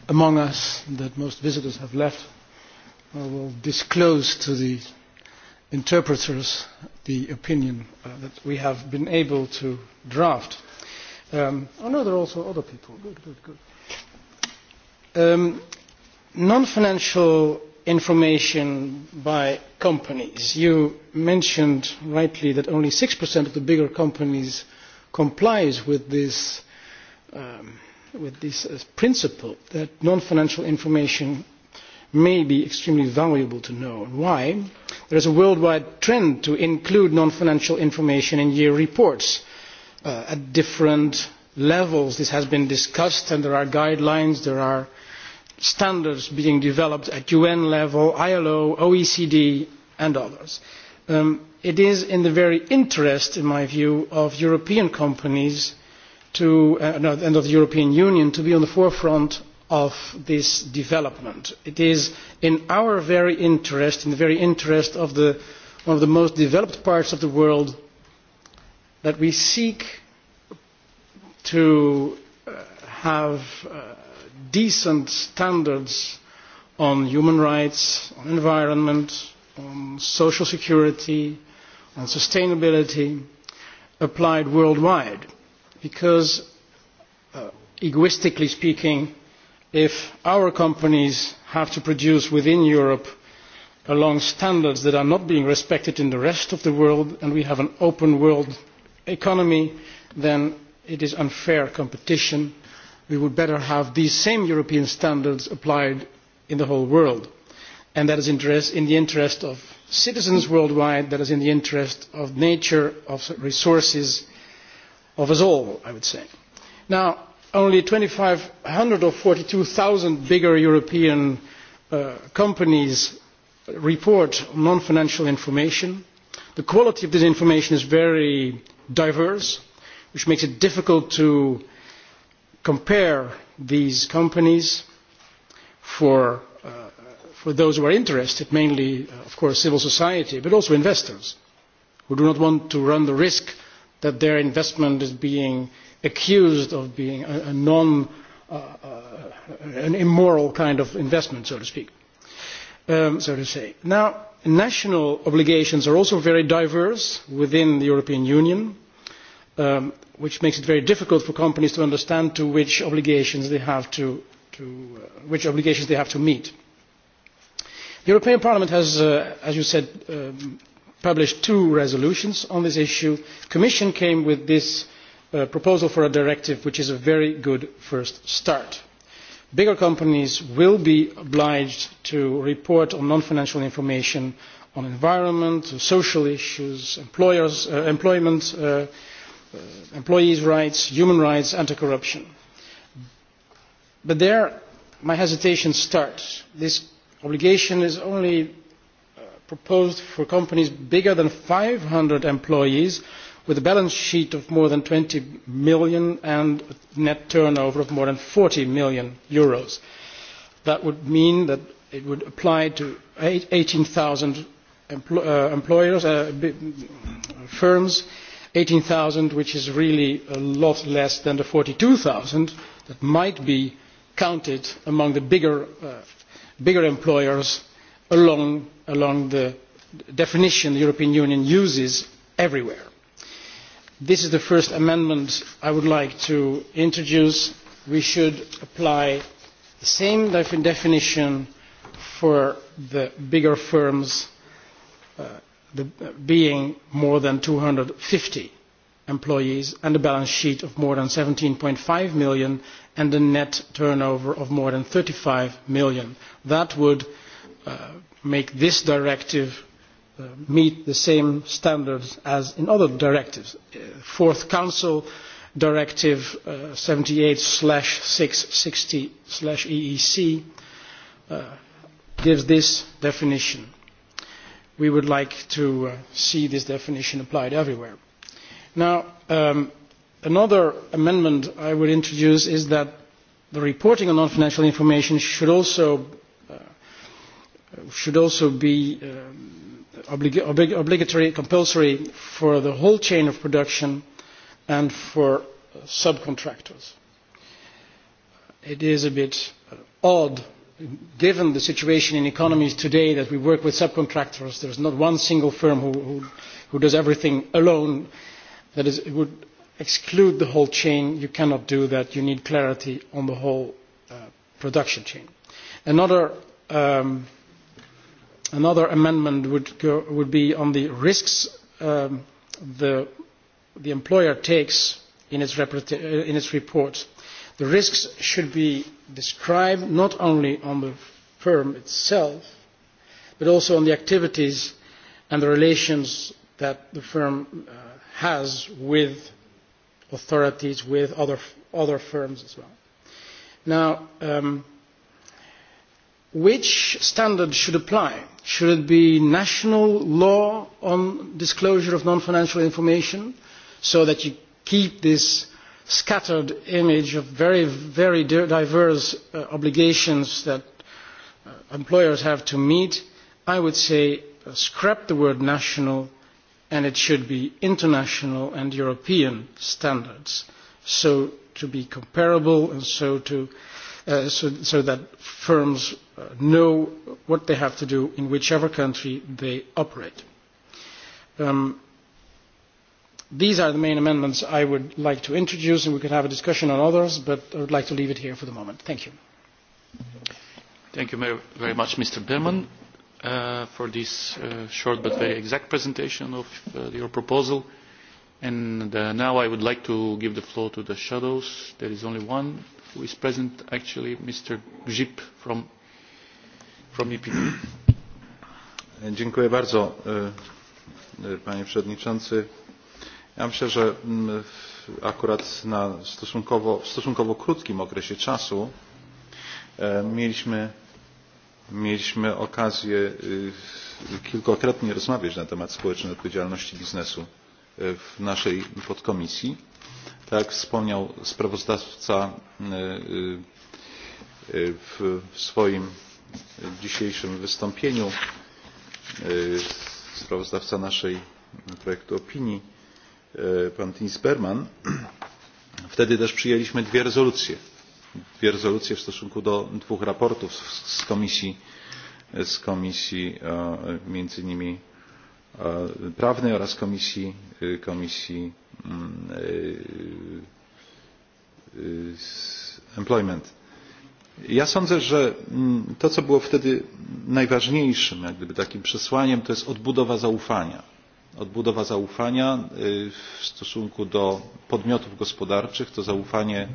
among us, that most visitors have left, I will disclose to the interpreters the opinion uh, that we have been able to draft. Um, oh no, there are also other people. Good, good, good. Um, non-financial information by companies. You mentioned rightly that only 6% of the bigger companies complies with this, um, with this uh, principle that non-financial information may be extremely valuable to know. Why? There is a worldwide trend to include non-financial information in year reports uh, at different levels. This has been discussed and there are guidelines, there are standards being developed at UN level, ILO, OECD and others. Um, it is in the very interest, in my view, of European companies to, uh, and of the European Union to be on the forefront of this development. It is in our very interest, in the very interest of the, one of the most developed parts of the world, that we seek to uh, have uh, decent standards on human rights, on environment, on social security, on sustainability applied worldwide. Because, uh, egoistically speaking, if our companies have to produce within Europe along standards that are not being respected in the rest of the world and we have an open world economy, then it is unfair competition we would better have these same European standards applied in the whole world. And that is interest, in the interest of citizens worldwide, that is in the interest of nature, of resources, of us all, I would say. Now, only 2,500 or 42,000 bigger European uh, companies report non-financial information. The quality of this information is very diverse, which makes it difficult to compare these companies for, uh, for those who are interested, mainly, uh, of course, civil society, but also investors who do not want to run the risk that their investment is being accused of being a, a non, uh, uh, an immoral kind of investment, so to speak, um, so to say. Now, national obligations are also very diverse within the European Union um, which makes it very difficult for companies to understand to which obligations they have to, to uh, which obligations they have to meet. The European Parliament has, uh, as you said, um, published two resolutions on this issue. The Commission came with this uh, proposal for a directive, which is a very good first start. Bigger companies will be obliged to report on non-financial information on environment, social issues, employers, uh, employment uh, Uh, employees' rights, human rights, anti-corruption. But there, my hesitation starts. This obligation is only uh, proposed for companies bigger than 500 employees with a balance sheet of more than 20 million and a net turnover of more than 40 million euros. That would mean that it would apply to 18,000 empl uh, employers, uh, firms, 18,000, which is really a lot less than the 42,000 that might be counted among the bigger, uh, bigger employers along, along the definition the European Union uses everywhere. This is the first amendment I would like to introduce. We should apply the same definition for the bigger firms uh, the, uh, being more than 250 employees and a balance sheet of more than 17.5 million and a net turnover of more than 35 million. That would uh, make this directive uh, meet the same standards as in other directives. Uh, fourth Council Directive uh, 78-660-EEC e e uh, gives this definition we would like to uh, see this definition applied everywhere. Now, um, another amendment I would introduce is that the reporting on non-financial information should also, uh, should also be um, oblig oblig obligatory, compulsory for the whole chain of production and for uh, subcontractors. It is a bit uh, odd given the situation in economies today that we work with subcontractors, there's not one single firm who, who, who does everything alone. That is, it would exclude the whole chain. You cannot do that. You need clarity on the whole uh, production chain. Another, um, another amendment would, go, would be on the risks um, the, the employer takes in its, uh, in its report. The risks should be describe not only on the firm itself, but also on the activities and the relations that the firm uh, has with authorities, with other, other firms as well. Now, um, which standard should apply? Should it be national law on disclosure of non-financial information so that you keep this scattered image of very, very diverse uh, obligations that uh, employers have to meet, I would say uh, scrap the word national and it should be international and European standards. So to be comparable and so, to, uh, so, so that firms uh, know what they have to do in whichever country they operate. Um, These are the main amendments I would like to introduce, and we could have a discussion on others, but I would like to leave it here for the moment. Thank you. Thank you very much, Mr. Berman, uh, for this uh, short but very exact presentation of uh, your proposal. And uh, now I would like to give the floor to the shadows. There is only one who is present, actually, Mr. Gzip from, from EPP. Dziękuję bardzo, e, e, panie przewodniczący Ja myślę, że mm, akurat na stosunkowo, w stosunkowo krótkim okresie czasu e, mieliśmy, mieliśmy okazję kilkokrotnie rozmawiać na temat społecznej odpowiedzialności biznesu e, w naszej podkomisji. Tak jak wspomniał sprawozdawca e, w swoim dzisiejszym wystąpieniu, sprawozdawca naszej projektu opinii, E, pan Tinsperman, wtedy też przyjęliśmy dwie rezolucje. Dwie rezolucje w stosunku do dwóch raportów z komisji, z komisji e, między innymi e, prawnej oraz komisji, komisji mm, employment. Ja sądzę, że mm, to, co było wtedy najważniejszym, jak gdyby takim przesłaniem, to jest odbudowa zaufania odbudowa zaufania w stosunku do podmiotów gospodarczych, to zaufanie,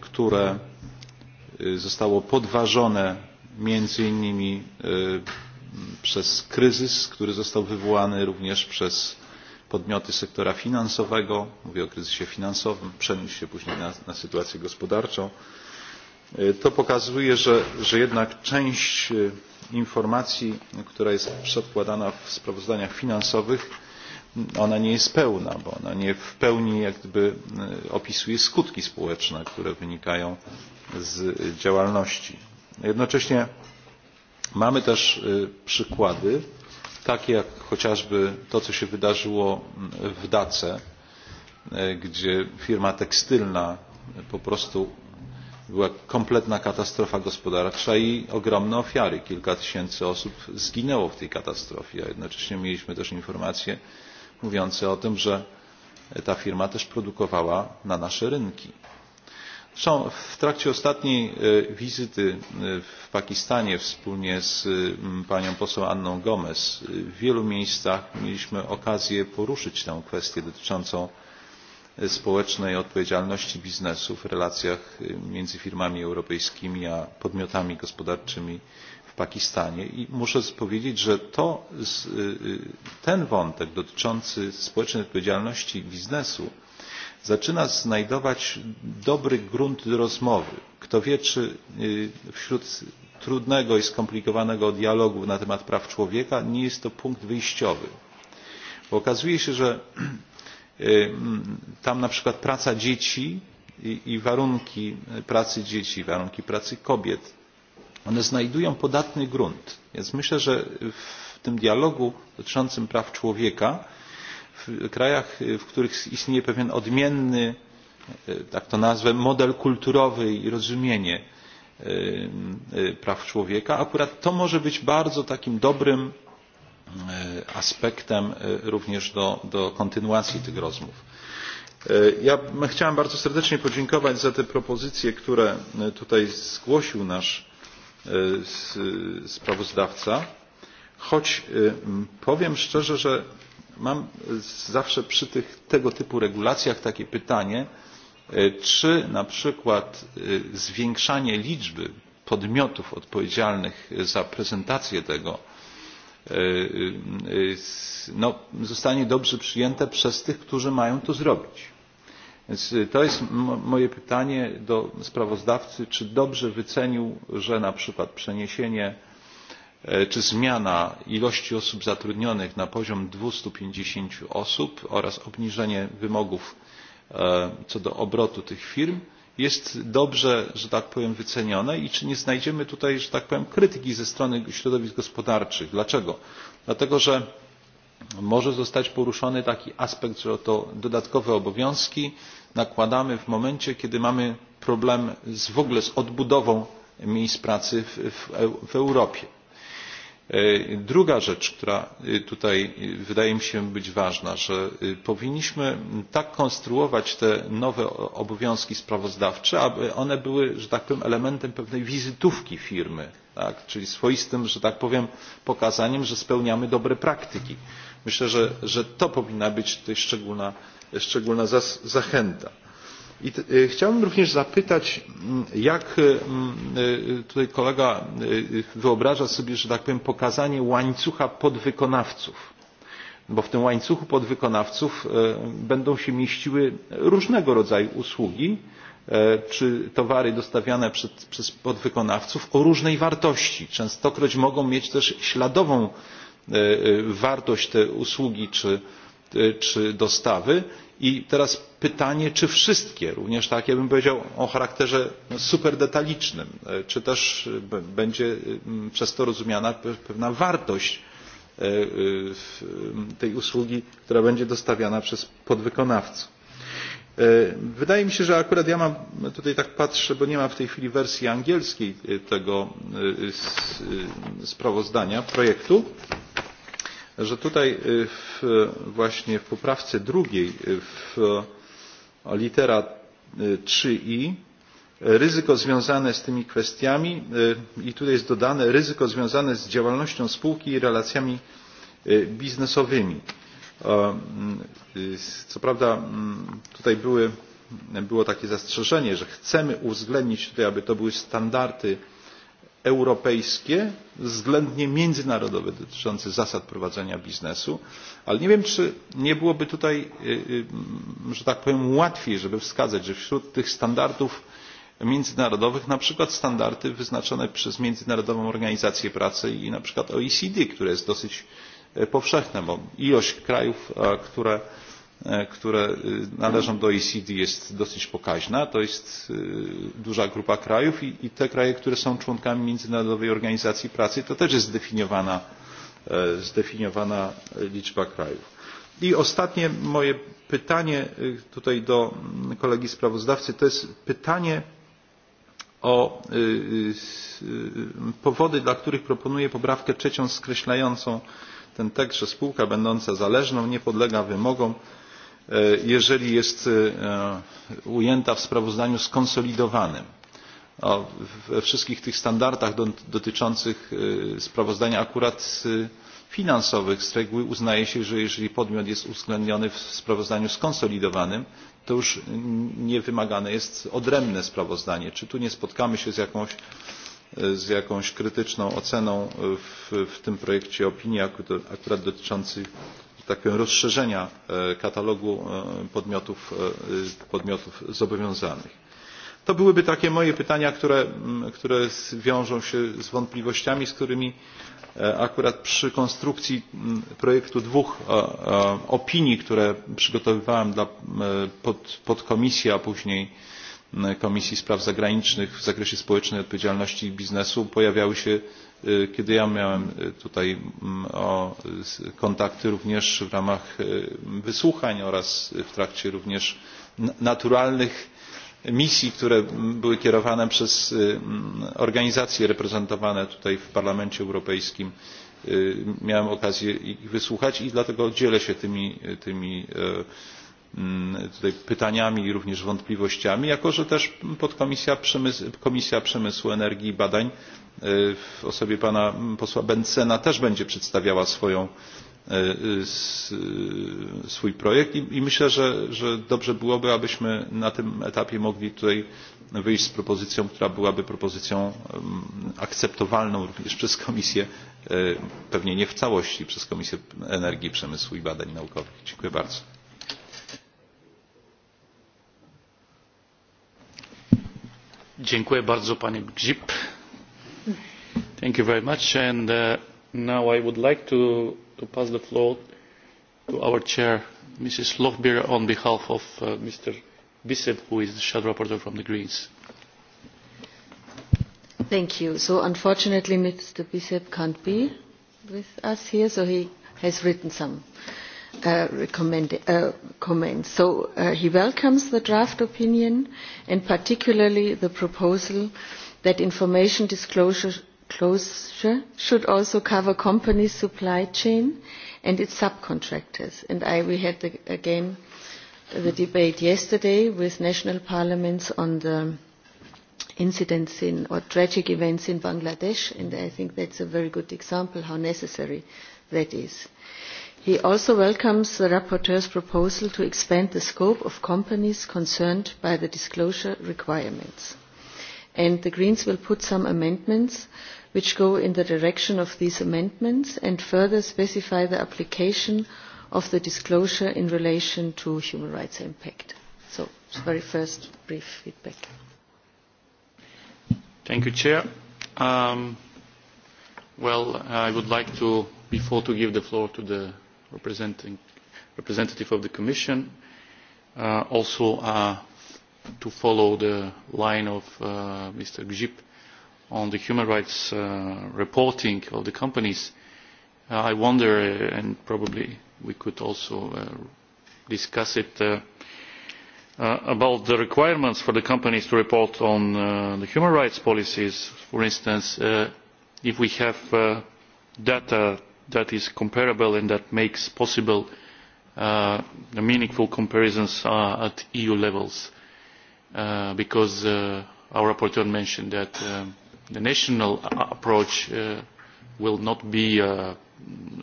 które zostało podważone między innymi przez kryzys, który został wywołany również przez podmioty sektora finansowego, mówię o kryzysie finansowym, przeniósł się później na, na sytuację gospodarczą. E, to pokazuje, że, że jednak część e, informacji, która jest przedkładana w sprawozdaniach finansowych, ona nie jest pełna, bo ona nie w pełni gdyby e, opisuje skutki społeczne, które wynikają z działalności. Jednocześnie mamy też przykłady, takie jak chociażby to, co się wydarzyło mm, w Dace, gdzie firma tekstylna po prostu Była kompletna katastrofa gospodarcza i ogromne ofiary. Kilka tysięcy osób zginęło w tej katastrofie, a jednocześnie mieliśmy też informacje mówiące o tym, że ta firma też produkowała na nasze rynki. Zresztą w trakcie ostatniej e, wizyty e, w Pakistanie wspólnie z panią poseł Anną Gomez w wielu miejscach mieliśmy okazję poruszyć tę kwestię dotyczącą społecznej odpowiedzialności biznesu w relacjach między firmami europejskimi a podmiotami gospodarczymi w Pakistanie. I muszę powiedzieć, że to, ten wątek dotyczący społecznej odpowiedzialności biznesu zaczyna znajdować dobry grunt do rozmowy. Kto wie, czy wśród trudnego i skomplikowanego dialogu na temat praw człowieka nie jest to punkt wyjściowy. Bo okazuje się, że Mm, tam na przykład praca dzieci i, i warunki pracy dzieci, warunki pracy kobiet, one znajdują podatny grunt. Więc myślę, że w tym dialogu dotyczącym praw człowieka, w krajach, w których istnieje pewien odmienny, e, tak to nazwę, model kulturowy i rozumienie e, e, praw człowieka, akurat to może być bardzo takim dobrym E, aspektem e, również do, do kontynuacji tych rozmów. E, ja chciałem bardzo serdecznie podziękować za te propozycje, które tutaj zgłosił nasz sprawozdawca, choć powiem szczerze, że mam zawsze przy tych, tego typu regulacjach takie pytanie, czy na przykład zwiększanie liczby podmiotów odpowiedzialnych za prezentację tego E, e, e, no, zostanie dobrze przyjęte przez tych, którzy mają to zrobić. Więc to jest moje pytanie do sprawozdawcy, czy dobrze wycenił, że na przykład przeniesienie czy zmiana ilości osób zatrudnionych na poziom 250 osób oraz obniżenie wymogów co do obrotu tych firm jest dobrze, że tak powiem, wycenione i czy nie znajdziemy tutaj, że tak powiem, krytyki ze strony środowisk gospodarczych. Dlaczego? Dlatego, że może zostać poruszony taki aspekt, że to dodatkowe obowiązki nakładamy w momencie, kiedy mamy problem z, w ogóle z odbudową miejsc pracy w, w, w Europie. E, druga rzecz, która e, tutaj wydaje mi się być ważna, że e, powinniśmy tak konstruować te nowe obowiązki sprawozdawcze, aby one były, że tak powiem, elementem pewnej wizytówki firmy, tak? czyli swoistym, że tak powiem, pokazaniem, że spełniamy dobre praktyki. Myślę, że, że to powinna być tutaj szczególna, szczególna zachęta. I e, chciałbym również zapytać, mm, jak e, mm, e, tutaj kolega wyobraża sobie, że tak powiem, pokazanie łańcucha podwykonawców, bo w tym łańcuchu podwykonawców będą się mieściły różnego rodzaju usługi czy towary dostawiane przed, przez podwykonawców o różnej wartości. Częstokroć mogą mieć też śladową wartość te usługi czy E, czy dostawy. I teraz pytanie, czy wszystkie, również takie bym powiedział o charakterze superdetalicznym, e, czy też będzie przez to rozumiana pewna wartość e, tej usługi, która będzie dostawiana przez podwykonawców. Wydaje mi się, że akurat ja mam tutaj tak patrzę, bo nie ma w tej chwili wersji angielskiej tego sprawozdania, projektu że tutaj w, właśnie w poprawce drugiej w litera 3i ryzyko związane z tymi kwestiami i tutaj jest dodane ryzyko związane z działalnością spółki i relacjami biznesowymi. Co prawda mm, tutaj były, było takie zastrzeżenie, że chcemy uwzględnić tutaj, aby to były standardy europejskie, względnie międzynarodowe dotyczące zasad prowadzenia biznesu, ale nie wiem, czy nie byłoby tutaj, że tak powiem, łatwiej, żeby wskazać, że wśród tych standardów międzynarodowych, na przykład standardy wyznaczone przez Międzynarodową Organizację Pracy i na przykład OECD, które jest dosyć e, powszechne, bo ilość krajów, które E, które e, należą do ECD jest dosyć pokaźna. To jest e, duża grupa krajów i, te kraje, które są członkami Międzynarodowej Organizacji Pracy, to też jest zdefiniowana, zdefiniowana liczba krajów. I ostatnie moje pytanie tutaj do mm, kolegi sprawozdawcy to jest pytanie o powody, dla których proponuję poprawkę trzecią skreślającą ten tekst, że spółka będąca zależną nie podlega wymogom E, jeżeli jest e, ujęta w sprawozdaniu skonsolidowanym we wszystkich tych standardach dotyczących e, sprawozdania akurat finansowych z reguły uznaje się, że jeżeli podmiot jest uwzględniony w sprawozdaniu skonsolidowanym, to już nie wymagane jest odrębne sprawozdanie. Czy tu nie spotkamy się z jakąś, z jakąś krytyczną oceną w, w tym projekcie opinii akurat dotyczącej tak powiem, rozszerzenia e, katalogu e, podmiotów, e, podmiotów zobowiązanych. To byłyby takie moje pytania, które, które wiążą się z wątpliwościami, z którymi akurat przy konstrukcji projektu dwóch opinii, które przygotowywałem dla pod, podkomisji, a później Komisji Spraw Zagranicznych w zakresie społecznej odpowiedzialności biznesu pojawiały się kiedy ja miałem tutaj o kontakty również w ramach wysłuchań oraz w trakcie również naturalnych misji, które były kierowane przez organizacje reprezentowane tutaj w Parlamencie Europejskim. Miałem okazję ich wysłuchać i dlatego dzielę się tymi, tymi e, Mm, tutaj pytaniami i również wątpliwościami, jako że też podkomisja przemysłu, Komisja Przemysłu Energii i Badań w osobie pana posła Bencena też będzie przedstawiała swoją, swój projekt i, i myślę, że, że dobrze byłoby, abyśmy na tym etapie mogli tutaj wyjść z propozycją, która byłaby propozycją mm, akceptowalną również przez Komisję, pewnie nie w całości, przez Komisję Energii, Przemysłu i Badań Naukowych. Dziękuję bardzo. Dziękuję bardzo Panie Grzyb. Thank you very much. And uh, now I would like to, to pass the floor to our chair, Mrs. Lochbier, on behalf of uh, Mr. Bissett, who is the shadow rapporteur from the Greens. Thank you. So unfortunately, Mr. Bissett can't be with us here, so he has written some uh, recommend, uh, comments. So uh, he welcomes the draft opinion and particularly the proposal that information disclosure closure should also cover companies' supply chain and its subcontractors. And I, we had the, again the debate yesterday with national parliaments on the incidents in or tragic events in Bangladesh, and I think that's a very good example how necessary that is. He also welcomes the rapporteur's proposal to expand the scope of companies concerned by the disclosure requirements. And the Greens will put some amendments which go in the direction of these amendments and further specify the application of the disclosure in relation to human rights impact. So, very first brief feedback. Thank you, Chair. Um, well, I would like to, before to give the floor to the representing, representative of the Commission, uh, also uh, to follow the line of uh, Mr. Gjip on the human rights uh, reporting of the companies. Uh, I wonder, uh, and probably we could also uh, discuss it, uh, uh, about the requirements for the companies to report on uh, the human rights policies, for instance, uh, if we have uh, data that is comparable and that makes possible uh, the meaningful comparisons uh, at EU levels uh, because uh, our rapporteur mentioned that uh, the national approach uh, will not be uh,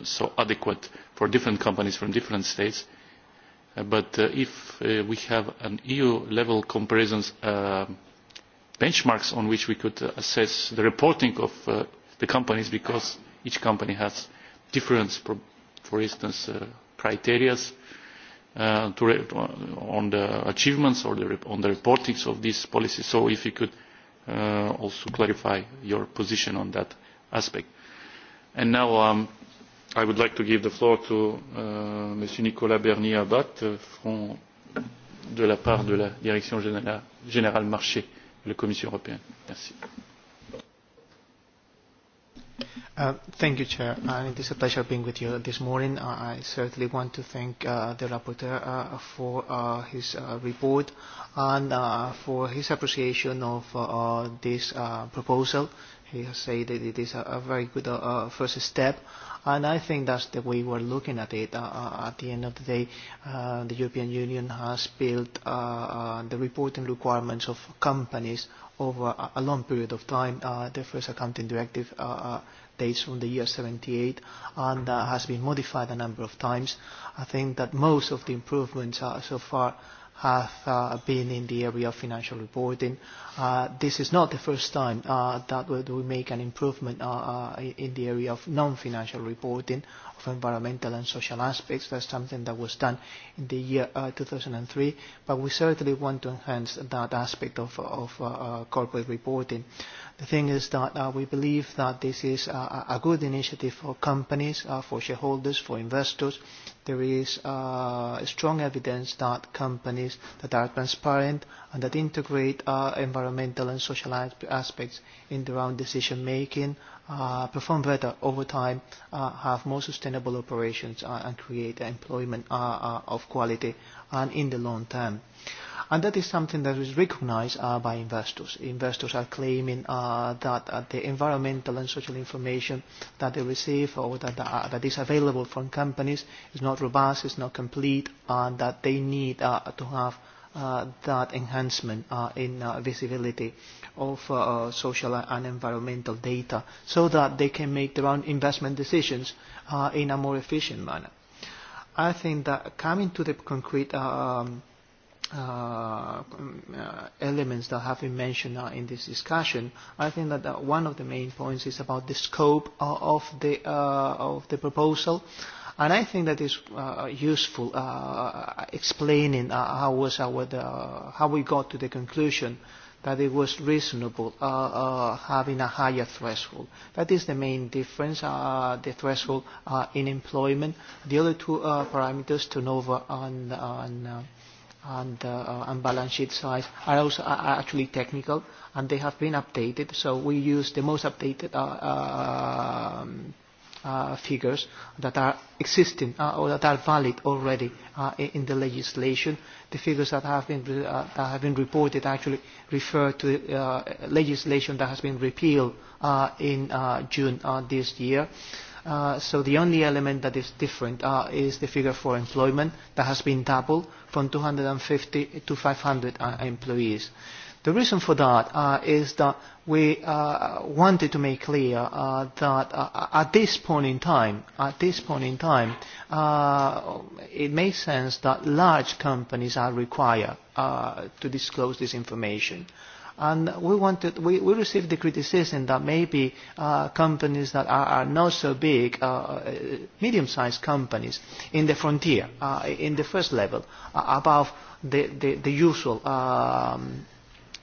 so adequate for different companies from different states. Uh, but uh, if uh, we have an EU-level comparisons uh, benchmarks on which we could uh, assess the reporting of uh, the companies because each company has different, for instance, uh, criteria uh, to re on the achievements or the on the reportings of these policies. So if you could uh, also clarify your position on that aspect. And now um, I would like to give the floor to uh, Monsieur Nicolas Bernier-Abat uh, from de la part de la Direction Générale Marché de la Commission européenne. Merci. Uh, thank you, Chair. Uh, it is a pleasure being with you this morning. Uh, I certainly want to thank uh, the rapporteur uh, for uh, his uh, report and uh, for his appreciation of uh, this uh, proposal. He has said that it is a, a very good uh, uh, first step, and I think that's the way we're looking at it. Uh, uh, at the end of the day, uh, the European Union has built uh, uh, the reporting requirements of companies over a, a long period of time. Uh, the first accounting directive uh, uh, dates from the year 78 and uh, has been modified a number of times. I think that most of the improvements uh, so far have uh, been in the area of financial reporting. Uh, this is not the first time uh, that we make an improvement uh, uh, in the area of non-financial reporting for environmental and social aspects. That's something that was done in the year uh, 2003, but we certainly want to enhance that aspect of, of uh, uh, corporate reporting. The thing is that uh, we believe that this is uh, a good initiative for companies, uh, for shareholders, for investors. There is uh, strong evidence that companies that are transparent and that integrate uh, environmental and social aspects in their own decision making uh, perform better over time, uh, have more sustainable operations uh, and create employment uh, uh, of quality and in the long term. And that is something that is recognized uh, by investors. Investors are claiming uh, that uh, the environmental and social information that they receive or that, uh, that is available from companies is not robust, is not complete, and that they need uh, to have uh, that enhancement uh, in uh, visibility of uh, social and environmental data so that they can make their own investment decisions uh, in a more efficient manner. I think that coming to the concrete um, uh, uh elements that have been mentioned uh, in this discussion, I think that uh, one of the main points is about the scope uh, of, the, uh, of the proposal. And I think that is uh, useful uh, uh, explaining uh, how, was our, the, how we got to the conclusion that it was reasonable uh, uh, having a higher threshold. That is the main difference, uh, the threshold uh, in employment. The other two uh, parameters, turnover and, and, uh, and, uh, uh and balance sheet size, are, also, are actually technical and they have been updated. So we use the most updated uh, uh, uh, figures that are existing uh, or that are valid already uh, in the legislation. The figures that have been, uh, that have been reported actually refer to the uh, legislation that has been repealed uh, in uh, June uh, this year. Uh, so the only element that is different uh, is the figure for employment that has been doubled from 250 to 500 uh, employees. The reason for that uh, is that we uh, wanted to make clear uh, that uh, at this point in time, at this point in time, uh, it makes sense that large companies are required uh, to disclose this information. And we, wanted, we, we received the criticism that maybe uh, companies that are, are not so big, uh, medium-sized companies in the frontier, uh, in the first level, uh, above the, the, the usual um,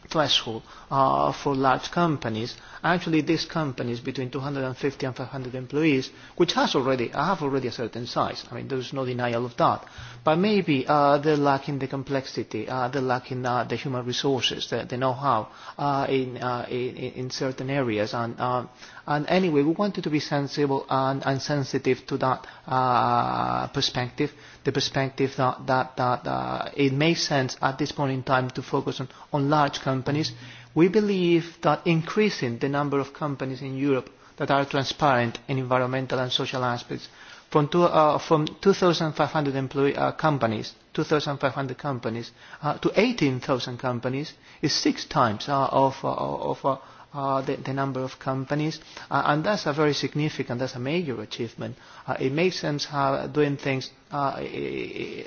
threshold uh, for large companies. Actually, these companies between 250 and 500 employees, which has already have already a certain size. I mean, there is no denial of that. But maybe uh, they're lacking the complexity, uh, they're lacking uh, the human resources, the, the know-how uh, in, uh, in, in certain areas, and uh, And anyway, we wanted to be sensible and, and sensitive to that uh, perspective, the perspective that, that, that uh, it makes sense at this point in time to focus on, on large companies. We believe that increasing the number of companies in Europe that are transparent in environmental and social aspects from, two, uh, from 2,500 employee, uh, companies, 2,500 companies uh, to 18,000 companies is six times uh, of, uh, of uh, uh, the, the number of companies, uh, and that's a very significant, that's a major achievement. Uh, it makes sense how doing things uh,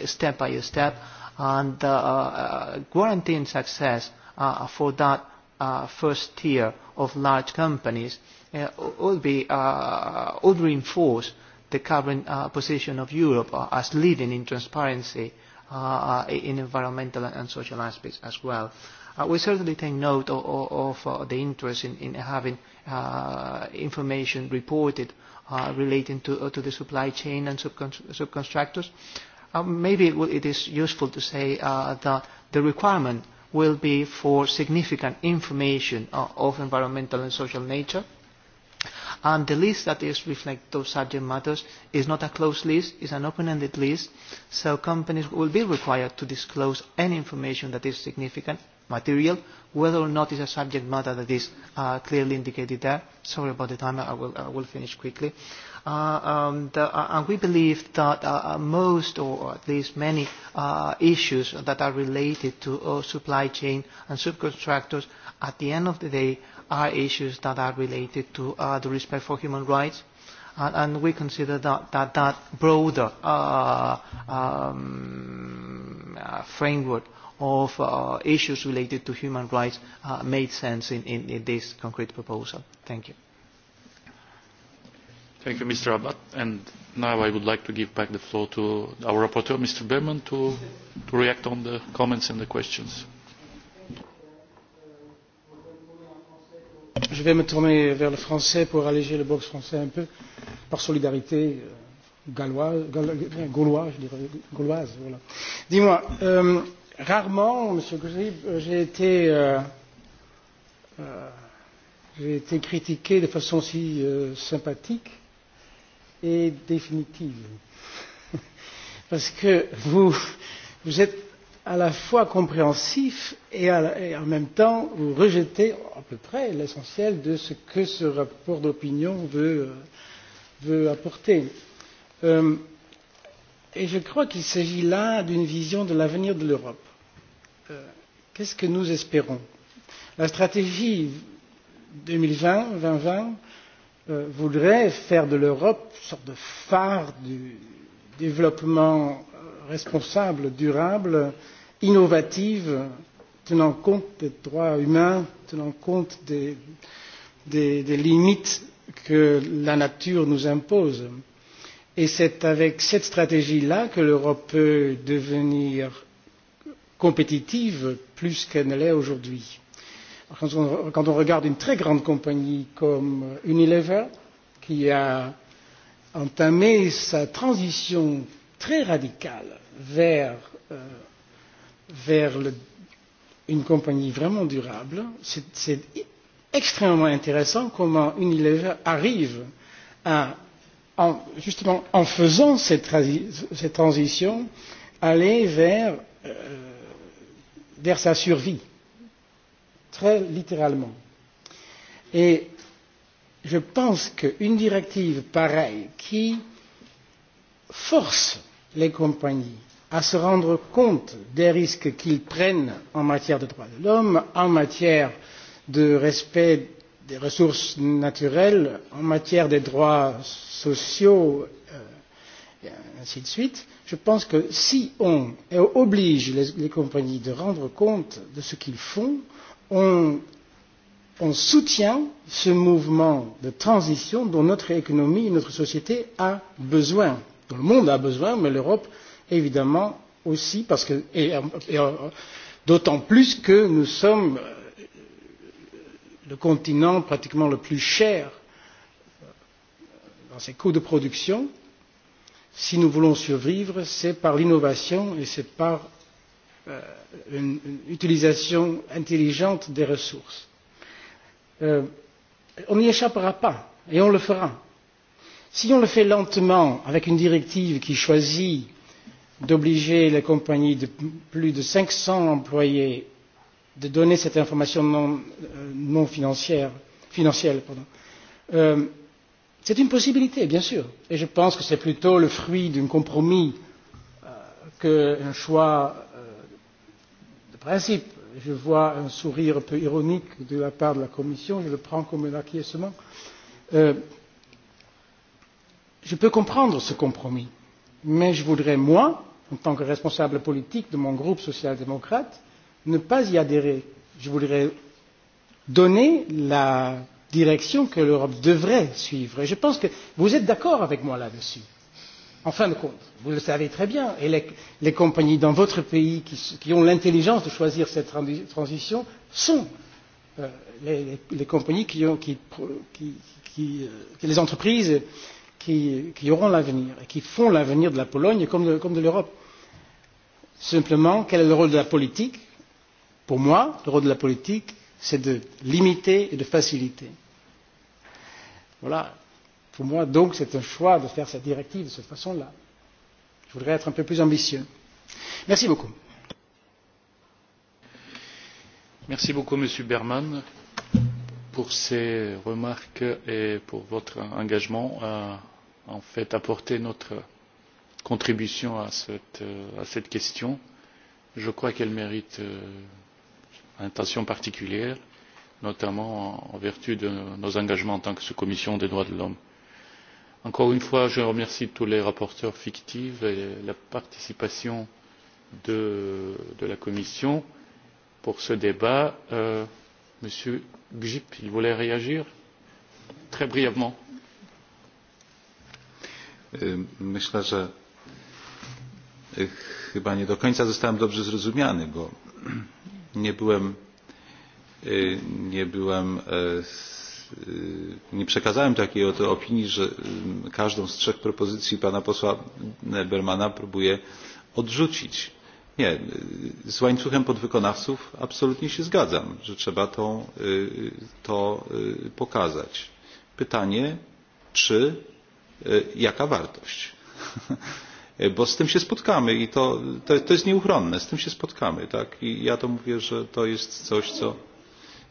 step by step and uh, uh, guaranteeing success uh, for that uh, first tier of large companies uh, would, be, uh, would reinforce the current uh, position of Europe uh, as leading in transparency uh, uh in environmental and social aspects as well. Uh, we certainly take note of, of, of uh, the interest in, in having uh, information reported uh, relating to, uh, to the supply chain and subcon subcontractors. Uh, maybe it, will, it is useful to say uh, that the requirement will be for significant information uh, of environmental and social nature. And the list that is reflect those subject matters is not a closed list, it's an open-ended list, so companies will be required to disclose any information that is significant material, whether or not it's a subject matter that is uh, clearly indicated there. Sorry about the time, I will, I will finish quickly. Uh, and, um, uh, and we believe that uh, uh most, or at least many, uh, issues that are related to uh, supply chain and subcontractors, at the end of the day, are issues that are related to uh, the respect for human rights, and, and we consider that that, that broader uh, um, uh, framework of uh, issues related to human rights uh, made sense in, in, in this concrete proposal. Thank you. Thank you, Mr. Abbott. And now I would like to give back the floor to our rapporteur, Mr. Berman, to, to react on the comments and the questions. Je vais me tourner vers le français pour alléger le box français un peu, par solidarité euh, galloise, gauloise, je dirais, gauloise. Voilà. Dis-moi, euh, rarement, M. Grib, euh, j'ai été, euh, euh, été critiqué de façon si euh, sympathique et définitive. Parce que vous, vous êtes à la fois compréhensif et, à et en même temps vous rejetez à peu près l'essentiel de ce que ce rapport d'opinion veut, euh, veut apporter. Euh, Et je crois qu'il s'agit là d'une vision de l'avenir de l'Europe. Euh, Qu'est-ce que nous espérons La stratégie 2020-2020 euh, voudrait faire de l'Europe une sorte de phare du développement responsable, durable, innovative, tenant compte des droits humains, tenant compte des, des, des limites que la nature nous impose. Euh, Et c'est avec cette stratégie-là que l'Europe peut devenir compétitive plus qu'elle ne l'est aujourd'hui. Quand on, quand on regarde une très grande compagnie comme Unilever, qui a entamé sa transition très radicale vers, euh, vers le, une compagnie vraiment durable, c'est extrêmement intéressant comment Unilever arrive à en, justement en faisant cette, tra cette transition, aller vers, euh, vers sa survie, très littéralement. Et je pense qu'une directive pareille qui force les compagnies à se rendre compte des risques qu'ils prennent en matière de droits de l'homme, en matière de respect des ressources naturelles, en matière des droits sociaux, euh, et ainsi de suite, je pense que si on oblige les, les compagnies de rendre compte de ce qu'ils font, on, on soutient ce mouvement de transition dont notre économie et notre société a besoin. Tout le monde a besoin, mais l'Europe, évidemment, aussi, parce que, et, et, et d'autant plus que nous sommes le continent pratiquement le plus cher euh, dans ses coûts de production, si nous voulons survivre, c'est par l'innovation et c'est par euh, une, une utilisation intelligente des ressources. Euh, on n'y échappera pas et on le fera. Si on le fait lentement avec une directive qui choisit d'obliger les compagnies de plus de 500 employés de donner cette information non, euh, non financière, financière. Pardon. Euh, c'est une possibilité, bien sûr, et je pense que c'est plutôt le fruit d'un compromis euh, qu'un choix euh, de principe. Je vois un sourire un peu ironique de la part de la Commission, je le prends comme un acquiescement. Euh, je peux comprendre ce compromis, mais je voudrais, moi, en tant que responsable politique de mon groupe social-démocrate, ne pas y adhérer. Je voudrais donner la direction que l'Europe devrait suivre. Et je pense que vous êtes d'accord avec moi là-dessus. En fin de compte, vous le savez très bien, et les, les compagnies dans votre pays qui, qui ont l'intelligence de choisir cette transition sont euh, les, les compagnies qui ont, qui, qui, qui, euh, les entreprises qui, qui auront l'avenir et qui font l'avenir de la Pologne comme de, comme de l'Europe. Simplement, quel est le rôle de la politique Pour moi, le rôle de la politique, c'est de limiter et de faciliter. Voilà. Pour moi, donc, c'est un choix de faire cette directive de cette façon-là. Je voudrais être un peu plus ambitieux. Merci beaucoup. Merci beaucoup, Monsieur Berman, pour ces remarques et pour votre engagement à en fait apporter notre contribution à cette, à cette question. Je crois qu'elle mérite euh, une attention particulière, notamment en vertu de nos engagements en tant que sous-commission des droits de l'homme. Encore une fois, je remercie tous les rapporteurs fictifs et la participation de, de la Commission pour ce débat. Euh, Monsieur Gjip, il voulait réagir très brièvement. Euh, myślę, że e, chyba nie do końca zostałem dobrze zrozumiany, bo nie byłem, nie byłem, nie przekazałem takiej oto opinii, że każdą z trzech propozycji pana posła Bermana próbuje odrzucić. Nie, z łańcuchem podwykonawców absolutnie się zgadzam, że trzeba to, to pokazać. Pytanie, czy jaka wartość? E, bo z tym się spotkamy i to, to, to jest nieuchronne, z tym się spotkamy, tak? I ja to mówię, że to jest coś, co,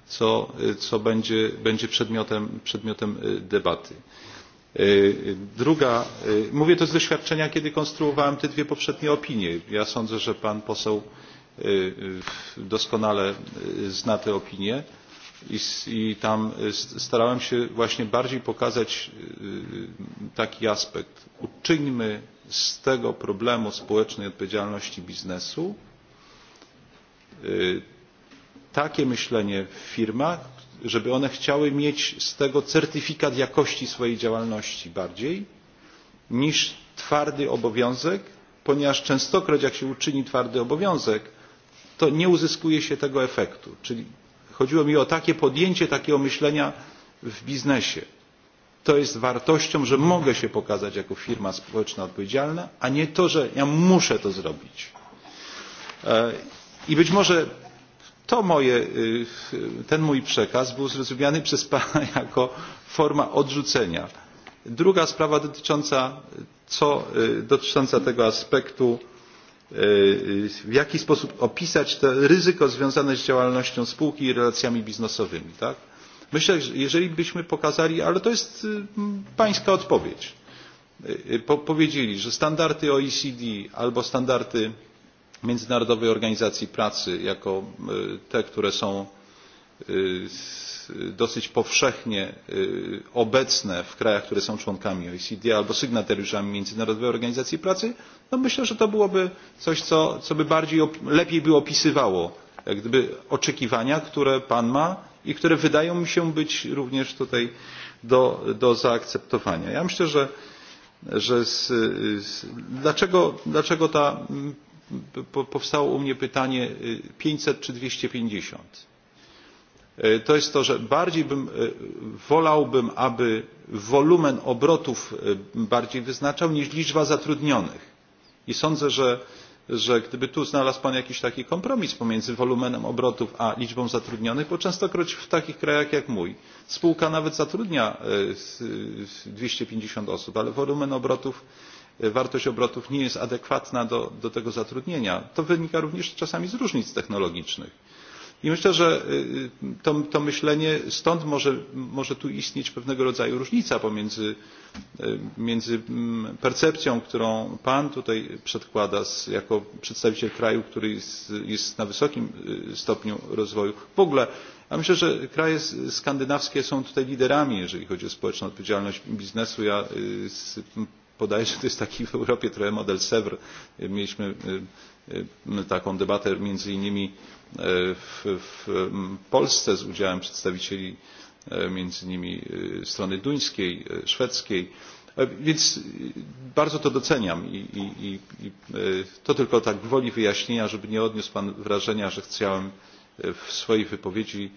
co, co będzie, będzie przedmiotem, przedmiotem e, debaty. E, druga, mówię to z doświadczenia, kiedy konstruowałem te dwie poprzednie opinie. Ja sądzę, że pan poseł doskonale zna te opinie i, i tam e, starałem się właśnie bardziej pokazać e, taki aspekt. Uczyńmy z tego problemu społecznej odpowiedzialności biznesu e, takie myślenie w firmach, żeby one chciały mieć z tego certyfikat jakości swojej działalności bardziej niż twardy obowiązek, ponieważ częstokroć jak się uczyni twardy obowiązek, to nie uzyskuje się tego efektu. Czyli Chodziło mi o takie podjęcie takiego myślenia w biznesie. To jest wartością, że mogę się pokazać jako firma społeczna odpowiedzialna, a nie to, że ja muszę to zrobić. E, I być może to moje, ten mój przekaz był zrozumiany przez Pana jako forma odrzucenia. Druga sprawa dotycząca, co, dotycząca tego aspektu E, w jaki sposób opisać to ryzyko związane z działalnością spółki i relacjami biznesowymi. Tak? Myślę, że jeżeli byśmy pokazali, ale to jest pańska odpowiedź, po, powiedzieli, że standardy OECD albo standardy Międzynarodowej Organizacji Pracy jako te, które są dosyć powszechnie obecne w krajach, które są członkami OECD albo sygnatariuszami Międzynarodowej Organizacji Pracy, no myślę, że to byłoby coś, co, co by bardziej, lepiej by opisywało jak gdyby oczekiwania, które Pan ma i które wydają mi się być również tutaj do, do zaakceptowania. Ja myślę, że, że z, z, dlaczego, dlaczego ta, powstało u mnie pytanie 500 czy 250? E, to jest to, że bardziej e, wolałbym, aby wolumen obrotów e, bardziej wyznaczał niż liczba zatrudnionych. I sądzę, że, że gdyby tu znalazł Pan jakiś taki kompromis pomiędzy wolumenem obrotów a liczbą zatrudnionych, bo częstokroć w takich krajach jak mój spółka nawet zatrudnia dwieście pięćdziesiąt osób, ale wolumen obrotów wartość obrotów nie jest adekwatna do tego zatrudnienia. To wynika również czasami z różnic technologicznych I myślę, że to, to myślenie, stąd może, może tu istnieć pewnego rodzaju różnica pomiędzy między mm, percepcją, którą Pan tutaj przedkłada z, jako przedstawiciel kraju, który jest, jest na wysokim stopniu rozwoju. W ogóle, ja myślę, że kraje skandynawskie są tutaj liderami, jeżeli chodzi o społeczną odpowiedzialność biznesu. Ja z, podaję, że to jest taki w Europie trochę model Sewr. Mieliśmy taką debatę między innymi e, w, w Polsce z udziałem przedstawicieli e, między innymi e, strony duńskiej, szwedzkiej. Więc bardzo to doceniam i, i, i, i to tylko tak woli wyjaśnienia, żeby nie odniósł Pan wrażenia, że chciałem w swojej wypowiedzi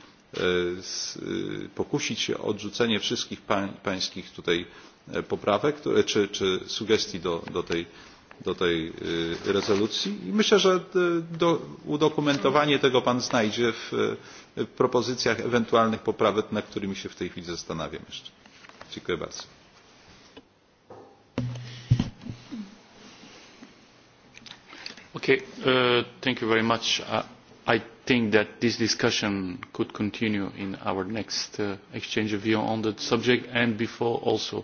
pokusić się o odrzucenie wszystkich pań, pańskich tutaj poprawek czy, czy sugestii do, do tej do tej rezolucji i myślę, że do, udokumentowanie tego Pan znajdzie w propozycjach ewentualnych poprawek, nad którymi się w tej chwili zastanawiam jeszcze. Dziękuję bardzo. Okay, uh, thank you very much. Uh, I think that this discussion could continue in our next uh, exchange of view on the subject and before also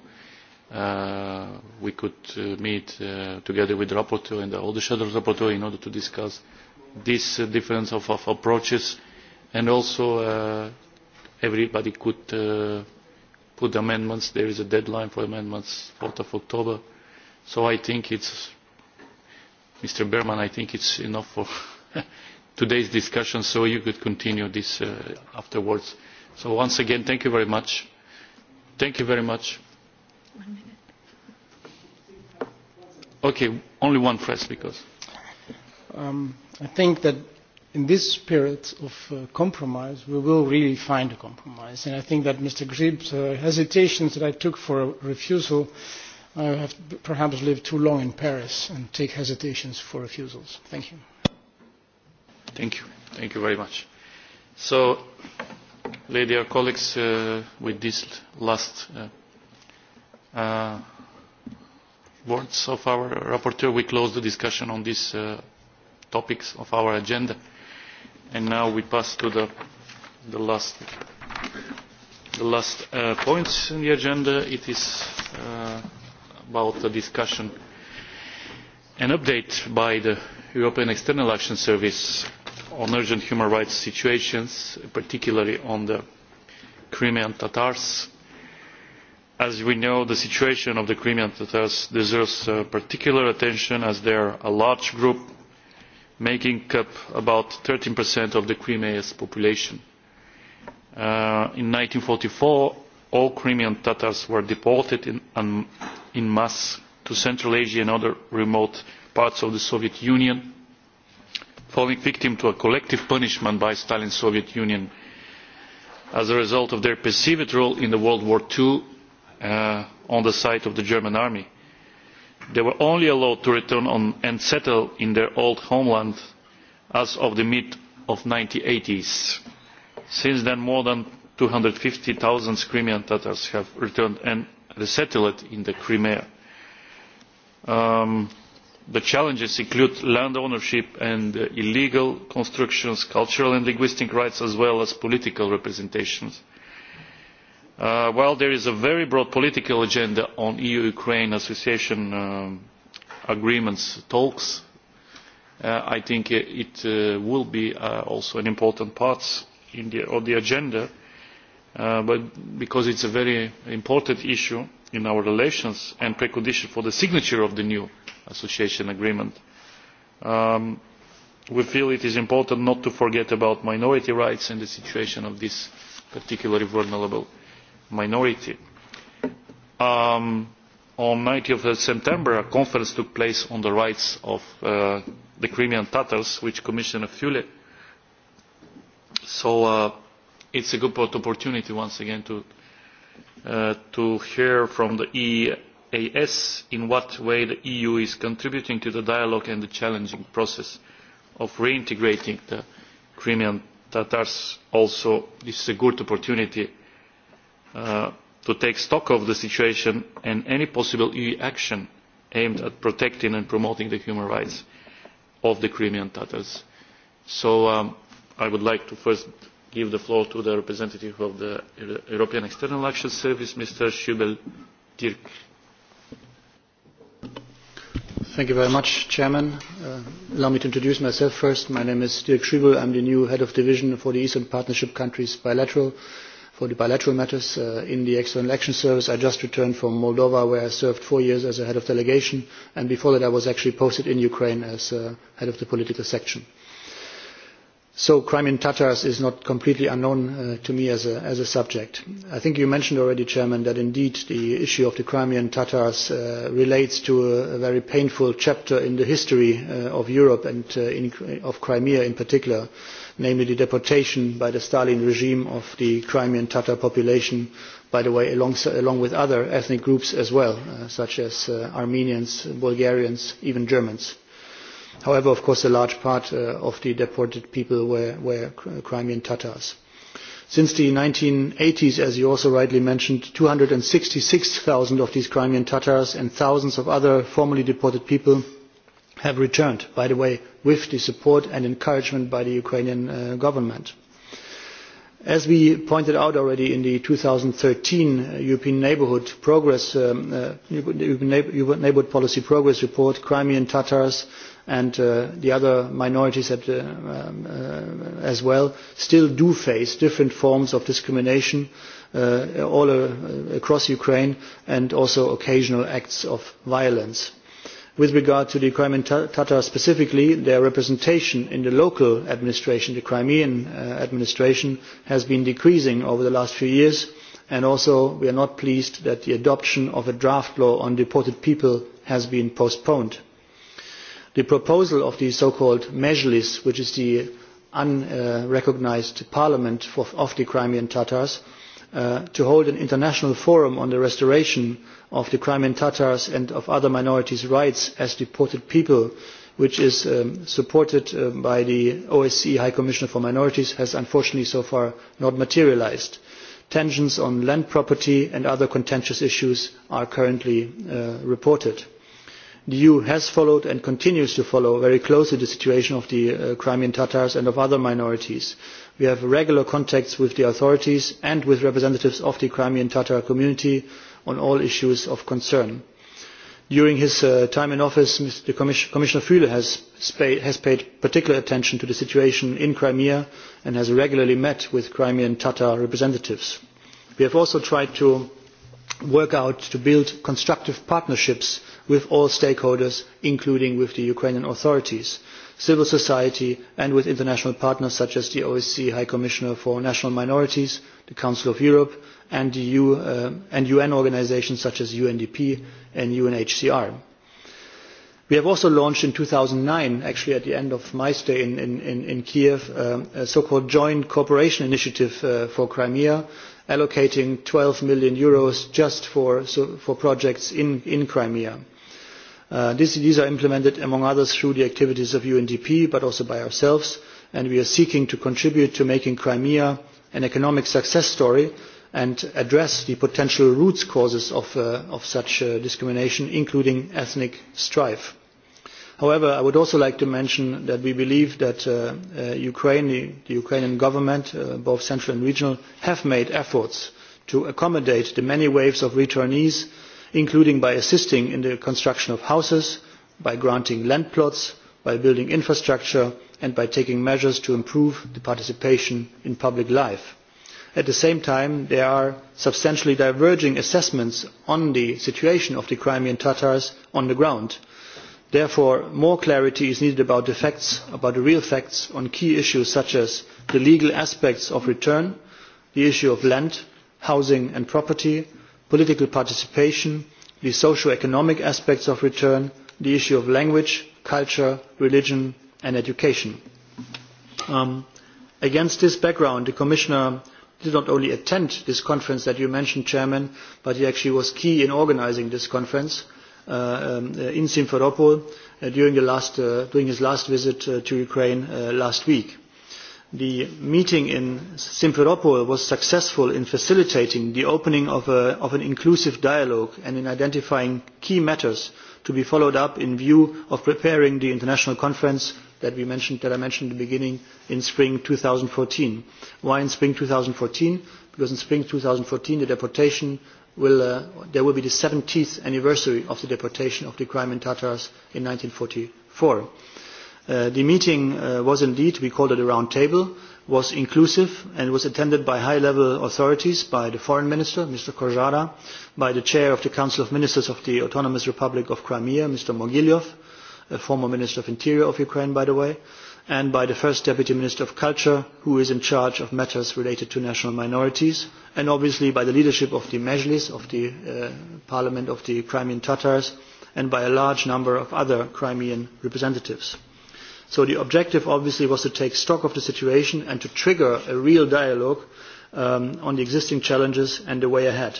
uh, we could uh, meet uh, together with the rapporteur and all the shadow rapporteur in order to discuss this uh, difference of, of approaches and also uh, everybody could uh, put amendments. There is a deadline for amendments, 4th of October. So I think it's, Mr. Berman, I think it's enough for today's discussion so you could continue this uh, afterwards. So once again, thank you very much. Thank you very much Okay, only one phrase because. Um, I think that in this spirit of uh, compromise, we will really find a compromise. And I think that Mr. Grieb's uh, hesitations that I took for a refusal, I uh, have perhaps lived too long in Paris and take hesitations for refusals. Thank you. Thank you. Thank you very much. So, ladies and colleagues, uh, with this last uh, uh, words of our rapporteur, we close the discussion on these uh, topics of our agenda. And now we pass to the, the last, the last uh, points in the agenda. It is uh, about the discussion, an update by the European External Action Service on urgent human rights situations, particularly on the Crimean Tatars As we know, the situation of the Crimean Tatars deserves uh, particular attention as they are a large group making up about 13% of the Crimea's population. Uh, in 1944, all Crimean Tatars were deported in, um, in mass to Central Asia and other remote parts of the Soviet Union, falling victim to a collective punishment by Stalin's Soviet Union as a result of their perceived role in the World War II uh, on the side of the German army. They were only allowed to return on and settle in their old homeland as of the mid of 1980s. Since then, more than 250,000 Crimean Tatars have returned and resettled in the Crimea. Um, the challenges include land ownership and illegal constructions, cultural and linguistic rights, as well as political representations Uh, While there is a very broad political agenda on EU-Ukraine association um, agreements talks. Uh, I think it uh, will be also an important part of the agenda, because but because a very important issue in our relations and precondition for the signature of the new association agreement. Um, we feel it is important not to forget about minority rights and the situation of these particularly vulnerable minority. Um, on 19 September, a conference took place on the rights of uh, the Crimean Tatars, which Commissioner Fule. So uh, it's a good opportunity once again to, uh, to hear from the EAS in what way the EU is contributing to the dialogue and the challenging process of reintegrating the Crimean Tatars. Also, this is a good opportunity Uh, to take stock of the situation and any possible EU action aimed at protecting and promoting the human rights of the Crimean Tatars. So um, I would like to first give the floor to the representative of the European External Action Service, Mr. Schubel Dirk. Thank you very much, Chairman. Uh, allow me to introduce myself first. My name is Dirk Schubel. I'm the new head of division for the Eastern Partnership Countries Bilateral for the bilateral matters uh, in the External Action Service. I just returned from Moldova where I served four years as a head of delegation and before that I was actually posted in Ukraine as uh, head of the political section. So Crimean Tatars is not completely unknown uh, to me as a, as a subject. I think you mentioned already, Chairman, that indeed the issue of the Crimean Tatars uh, relates to a, a very painful chapter in the history uh, of Europe and uh, in, of Crimea in particular. Uh, namely the deportation by the Stalin regime of the Crimean Tatar population, by the way, along, along with other ethnic groups as well, uh, such as uh, Armenians, Bulgarians, even Germans. However, of course, a large part uh, of the deported people were, were Crimean Tatars. Since the 1980s, as you also rightly mentioned, 266,000 of these Crimean Tatars and thousands of other formerly deported people have returned, by the way, with the support and encouragement by the Ukrainian uh, government. As we pointed out already in the 2013 uh, European Neighbourhood Progress, um, uh, European Neighbourhood Policy Progress Report, Crimean Tatars and uh, the other minorities at, uh, um, uh, as well still do face different forms of discrimination uh, all uh, across Ukraine and also occasional acts of violence. With regard to the Crimean Tatars specifically, their representation in the local administration, the Crimean uh, administration, has been decreasing over the last few years, and also we are not pleased that the adoption of a draft law on deported people has been postponed. The proposal of the so-called Mejlis, which is the unrecognized uh, parliament for, of the Crimean Tatars, Uh, to hold an international forum on the restoration of the Crimean Tatars and of other minorities' rights as deported people, which is um, supported uh, by the OSCE High Commissioner for Minorities, has unfortunately so far not materialized. Tensions on land property and other contentious issues are currently uh, reported. The EU has followed and continues to follow very closely the situation of the uh, Crimean Tatars and of other minorities We have regular contacts with the authorities and with representatives of the Crimean Tatar community on all issues of concern. During his uh, time in office, Mr. Commissioner Fühle has, has paid particular attention to the situation in Crimea and has regularly met with Crimean Tatar representatives. We have also tried to work out to build constructive partnerships with all stakeholders, including with the Ukrainian authorities civil society and with international partners such as the OSCE High Commissioner for National Minorities, the Council of Europe, and, the EU, uh, and UN organizations such as UNDP and UNHCR. We have also launched in 2009, actually at the end of my stay in, in, in, Kiev, uh, a so-called joint cooperation initiative uh, for Crimea, allocating 12 million euros just for, so, for projects in, in Crimea. Uh, this, these are implemented, among others, through the activities of UNDP, but also by ourselves, and we are seeking to contribute to making Crimea an economic success story and address the potential root causes of, uh, of such uh, discrimination, including ethnic strife. However, I would also like to mention that we believe that uh, uh, Ukraine, the, the Ukrainian government, uh, both central and regional, have made efforts to accommodate the many waves of returnees including by assisting in the construction of houses, by granting land plots, by building infrastructure, and by taking measures to improve the participation in public life. At the same time, there are substantially diverging assessments on the situation of the Crimean Tatars on the ground. Therefore, more clarity is needed about the facts, about the real facts on key issues such as the legal aspects of return, the issue of land, housing and property, political participation, the socio-economic aspects of return, the issue of language, culture, religion and education. Um, against this background, the Commissioner did not only attend this conference that you mentioned, Chairman, but he actually was key in organizing this conference uh, um, uh, in Simferopol uh, during, the last, uh, during his last visit uh, to Ukraine uh, last week. The meeting in Simferopol was successful in facilitating the opening of, a, of an inclusive dialogue and in identifying key matters to be followed up in view of preparing the international conference that we mentioned that I mentioned at the beginning in spring 2014. Why in spring 2014? Because in spring 2014 the deportation will uh, there will be the 70th anniversary of the deportation of the Crimean Tatars in 1944. Uh, the meeting uh, was indeed, we called it a round table, was inclusive and was attended by high-level authorities, by the foreign minister, Mr. Korzara, by the chair of the Council of Ministers of the Autonomous Republic of Crimea, Mr. Mogilyov, a former minister of interior of Ukraine, by the way, and by the first deputy minister of culture, who is in charge of matters related to national minorities, and obviously by the leadership of the Mejlis, of the uh, parliament of the Crimean Tatars, and by a large number of other Crimean representatives. So the objective obviously was to take stock of the situation and to trigger a real dialogue um, on the existing challenges and the way ahead.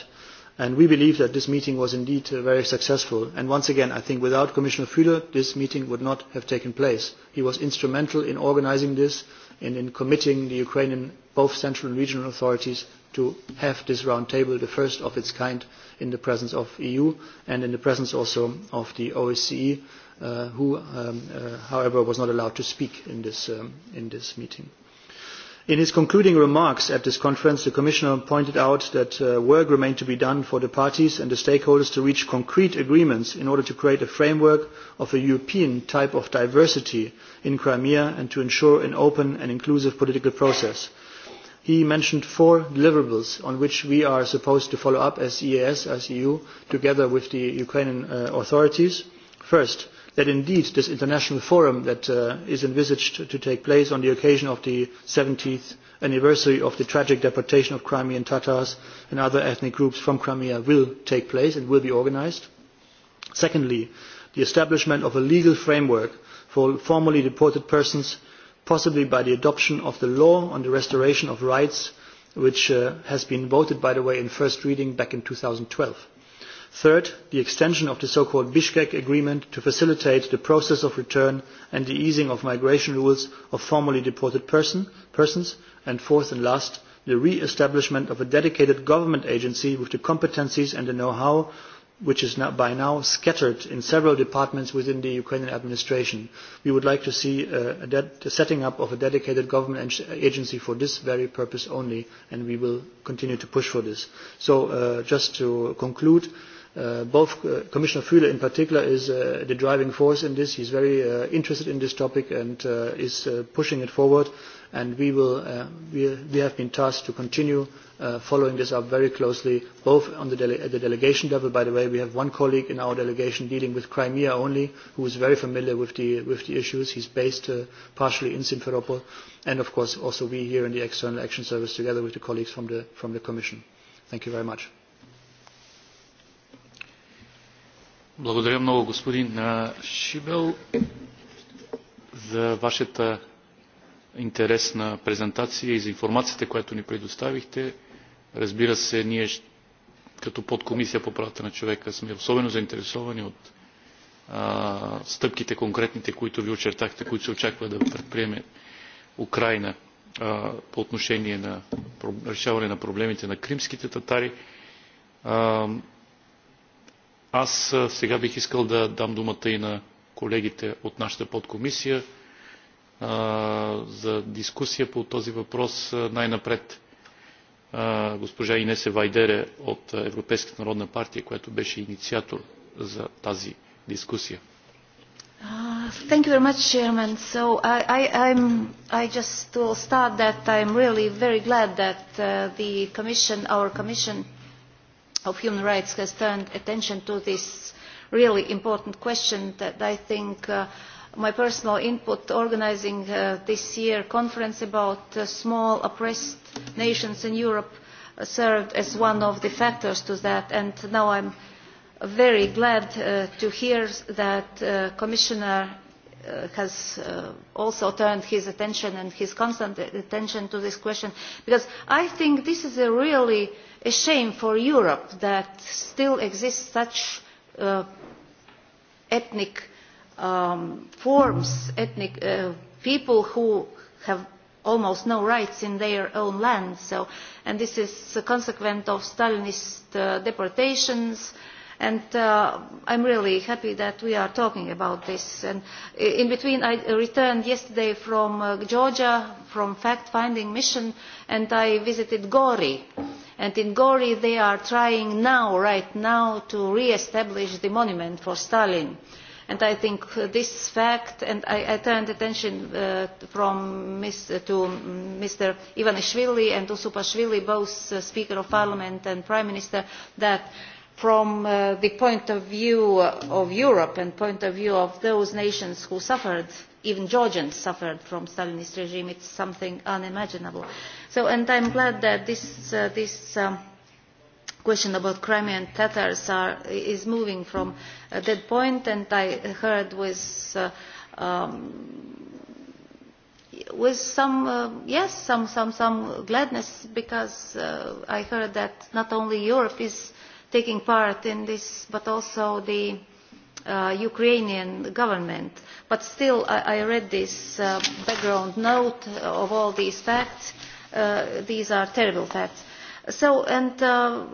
And we believe that this meeting was indeed uh, very successful. And once again, I think without Commissioner Fühle, this meeting would not have taken place. He was instrumental in organizing this and in committing the Ukrainian, both central and regional authorities, to have this round table, the first of its kind, in the presence of EU and in the presence also of the OSCE uh, who, um, uh, however, was not allowed to speak in this, um, in this meeting. In his concluding remarks at this conference, the Commissioner pointed out that uh, work remained to be done for the parties and the stakeholders to reach concrete agreements in order to create a framework of a European type of diversity in Crimea and to ensure an open and inclusive political process. He mentioned four deliverables on which we are supposed to follow up as EAS, as EU, together with the Ukrainian uh, authorities. First, that indeed this international forum that uh, is envisaged to take place on the occasion of the 70th anniversary of the tragic deportation of Crimean Tatars and other ethnic groups from Crimea will take place and will be organized. Secondly, the establishment of a legal framework for formerly deported persons, possibly by the adoption of the law on the restoration of rights, which uh, has been voted, by the way, in first reading back in 2012. Third, the extension of the so-called Bishkek Agreement to facilitate the process of return and the easing of migration rules of formerly deported person, persons. And fourth and last, the re-establishment of a dedicated government agency with the competencies and the know-how which is now, by now scattered in several departments within the Ukrainian administration. We would like to see uh, the setting up of a dedicated government agency for this very purpose only, and we will continue to push for this. So uh, just to conclude, Uh, both uh, Commissioner Fühle in particular is uh, the driving force in this. He's very uh, interested in this topic and uh, is uh, pushing it forward. And we, will, uh, we, we have been tasked to continue uh, following this up very closely, both on the dele at the delegation level. By the way, we have one colleague in our delegation dealing with Crimea only, who is very familiar with the, with the issues. He's based uh, partially in Simferopol. And of course, also we here in the External Action Service, together with the colleagues from the, from the Commission. Thank you very much. Благодаря много, господин Шибел, за вашата интересна презентация и за информацията, която ни предоставихте. Разбира се, ние като подкомисия по правата на човека сме особено заинтересовани от а, стъпките конкретните, които ви очертахте, които се очаква да предприеме Украина а, по отношение на решаване на проблемите на кримските татари. А, Аз сега бих искал да дам думата и на колегите от нашата подкомисия за дискусия по този въпрос най-напред госпожа Инесе Вайдере от Европейската народна партия, която беше инициатор за тази дискусия. Uh, thank you very much, Chairman. So I, I, I'm, I just will start that I'm really very glad that uh, the Commission, our Commission, of Human Rights has turned attention to this really important question that I think uh, my personal input organizing uh, this year conference about uh, small oppressed nations in Europe uh, served as one of the factors to that and now I'm very glad uh, to hear that uh, Commissioner uh, has uh, also turned his attention and his constant attention to this question because I think this is a really uh, a shame for Europe that still exists such uh, ethnic um, forms, ethnic uh, people who have almost no rights in their own land. So, and this is a consequence of Stalinist uh, deportations. And uh, I'm really happy that we are talking about this. And in between, I returned yesterday from uh, Georgia, from fact-finding mission, and I visited Gori. And in Gori they are trying now, right now, to re-establish the monument for Stalin. And I think this fact, and I, I turned attention uh, from Ms, to Mr. Ivanishvili and Usupashvili, both uh, Speaker of Parliament and Prime Minister, that from uh, the point of view of Europe and point of view of those nations who suffered even Georgians suffered from Stalinist regime. It's something unimaginable. So, and I'm glad that this, uh, this um, question about Crimean Tatars are, is moving from uh, that point, and I heard with, uh, um, with some, uh, yes, some, some, some gladness because uh, I heard that not only Europe is taking part in this, but also the uh, Ukrainian government. But still, I, I read this uh, background note of all these facts. Uh, these are terrible facts. So, and uh,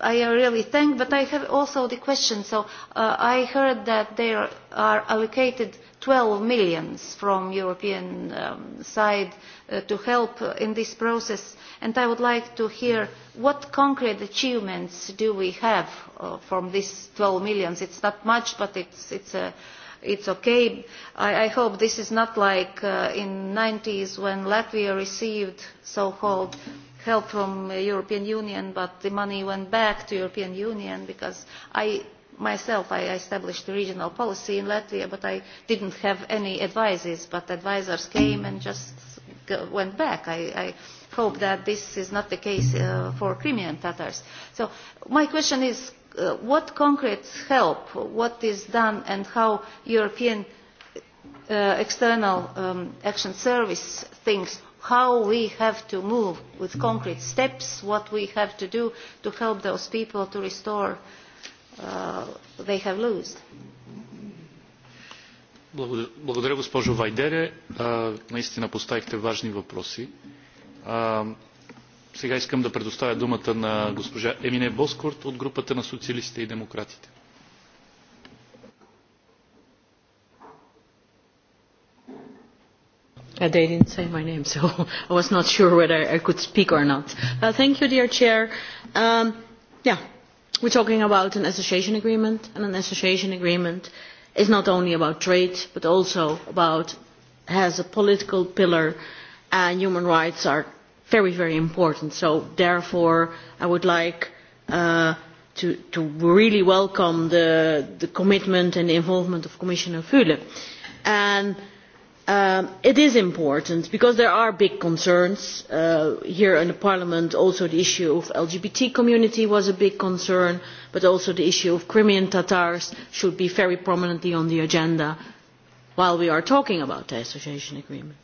I really thank, but I have also the question. So uh, I heard that there are allocated 12 millions from European um, side uh, to help uh, in this process, and I would like to hear what concrete achievements do we have uh, from these 12 millions. It's not much, but it's, it's a it's okay. I, I hope this is not like uh, in 90s when Latvia received so-called help from the European Union, but the money went back to European Union because I myself I established a regional policy in Latvia, but I didn't have any advisors, but advisors came and just went back. I, I hope that this is not the case uh, for Crimean Tatars. So my question is, uh, what concrete help, what is done and how European uh, External um, Action Service thinks how we have to move with concrete steps, what we have to do to help those people to restore uh, they have lost. Благодаря, госпожо Вайдере. Наистина поставихте важни въпроси. Сега искам да предоставя думата на госпожа Емине Боскорт от групата на социалистите и демократите. Uh, they didn't say my name, so I was not sure whether I could speak or not. Uh, thank you, dear Chair. Um, yeah, we're talking about an association agreement, and an association agreement is not only about trade, but also about has a political pillar, and human rights are very, very important. So therefore, I would like uh, to, to really welcome the, the commitment and the involvement of Commissioner Fule. And Um, it is important because there are big concerns uh, here in the Parliament. Also, the issue of LGBT community was a big concern, but also the issue of Crimean Tatars should be very prominently on the agenda while we are talking about the association agreement.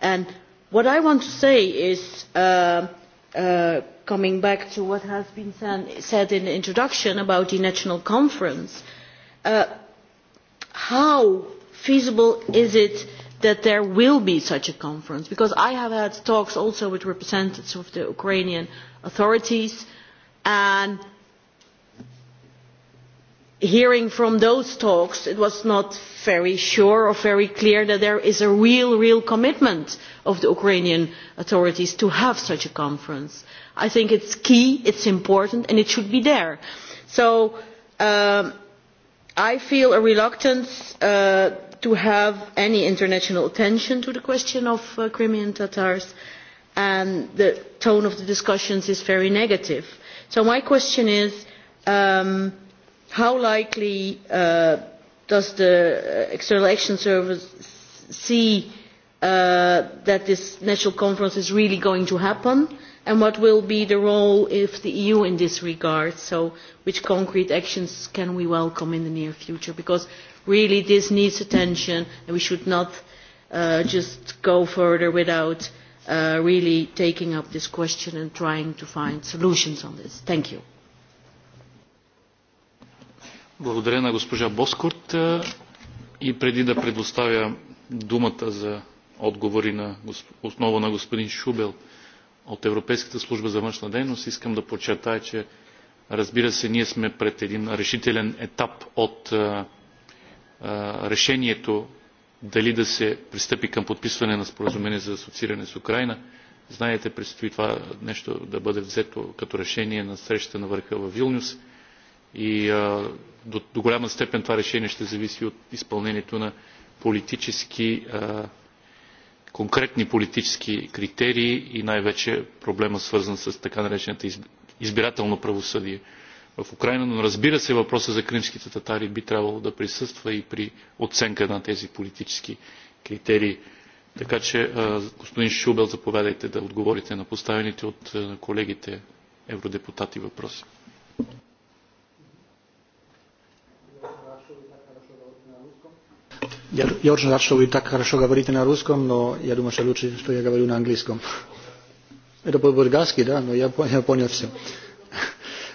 And what I want to say is, uh, uh, coming back to what has been said in the introduction about the national conference, uh, how feasible is it? that there will be such a conference because I have had talks also with representatives of the Ukrainian authorities and hearing from those talks it was not very sure or very clear that there is a real real commitment of the Ukrainian authorities to have such a conference. I think it's key, it's important and it should be there. So um, I feel a reluctance uh, to have any international attention to the question of uh, Crimean Tatars and the tone of the discussions is very negative. So my question is, um, how likely uh, does the uh, External Action Service see uh, that this national conference is really going to happen? And what will be the role of the EU in this regard? So which concrete actions can we welcome in the near future? Because Really, this needs attention, and we should not uh, just go further without uh, really taking up this question and trying to find solutions on this. Thank you. Благодаря на госпожа Боскорт и преди да предоставя думата за отговори на основа на господин Шубел от Европейската служба за външна дейност, искам да подчертая, че разбира се, ние сме пред един решителен етап от решението дали да се пристъпи към подписване на споразумение за асоцииране с Украина. Знаете, предстои това нещо да бъде взето като решение на срещата на върха в Вилнюс и а, до, до голяма степен това решение ще зависи от изпълнението на политически, а, конкретни политически критерии и най-вече проблема свързан с така наречената избирателно правосъдие – в Украина, но разбира се въпроса за кримските татари би трябвало да присъства и при оценка на тези политически критерии. Така че, господин Шубел, заповядайте да отговорите на поставените от колегите евродепутати въпроси. Я, я очень рад, что вы так хорошо говорите на русском, но я думаю, что лучше, что я говорю на английском. Это по-бургаски, да, но я, я понял все. Uh,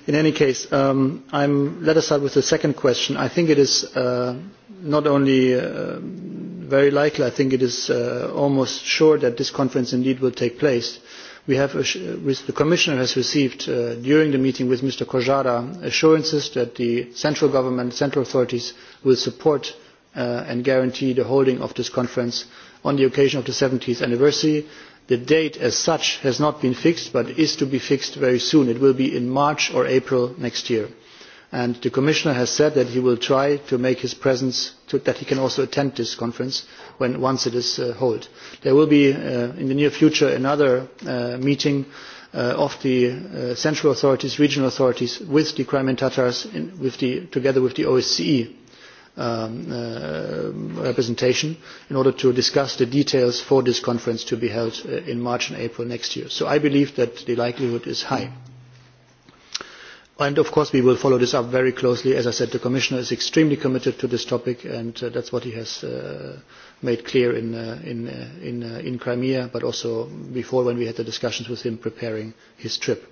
In any case, um, I'm, let us start with the second question. I think it is uh, not only uh, very likely, I think it is uh, almost sure that this conference indeed will take place. We have, uh, the Commissioner has received uh, during the meeting with Mr. Kojara assurances that the central government, central authorities will support uh, and guarantee the holding of this conference on the occasion of the 70th anniversary The date as such has not been fixed but is to be fixed very soon. It will be in March or April next year. And the Commissioner has said that he will try to make his presence, to, that he can also attend this conference when, once it is uh, held. There will be uh, in the near future another uh, meeting uh, of the uh, central authorities, regional authorities with the Crimean Tatars, in, with the, together with the OSCE um, uh, representation in order to discuss the details for this conference to be held uh, in March and April next year. So I believe that the likelihood is high. And of course we will follow this up very closely. As I said, the Commissioner is extremely committed to this topic and uh, that's what he has uh, made clear in, uh, in, uh, in, uh, in Crimea, but also before when we had the discussions with him preparing his trip.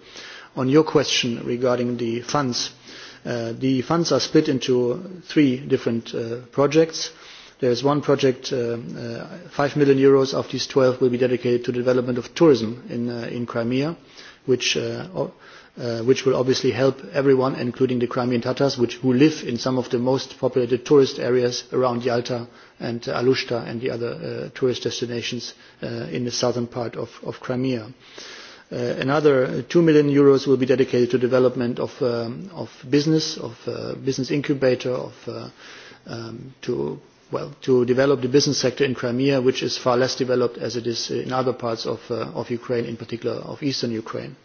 On your question regarding the funds, uh, Uh, the funds are split into three different uh, projects. There is one project, uh, uh, 5 million euros of these 12 will be dedicated to the development of tourism in, uh, in Crimea, which, uh, uh, which will obviously help everyone, including the Crimean Tatars, which, who live in some of the most populated tourist areas around Yalta and uh, Alushta and the other uh, tourist destinations uh, in the southern part of, of Crimea. Uh, Uh, another 2 uh, million euros will be dedicated to development of, um, of business, of uh, business incubator, of, uh, um, to, well, to develop the business sector in Crimea, which is far less developed as it is in other parts of, uh, of Ukraine, in particular of eastern Ukraine.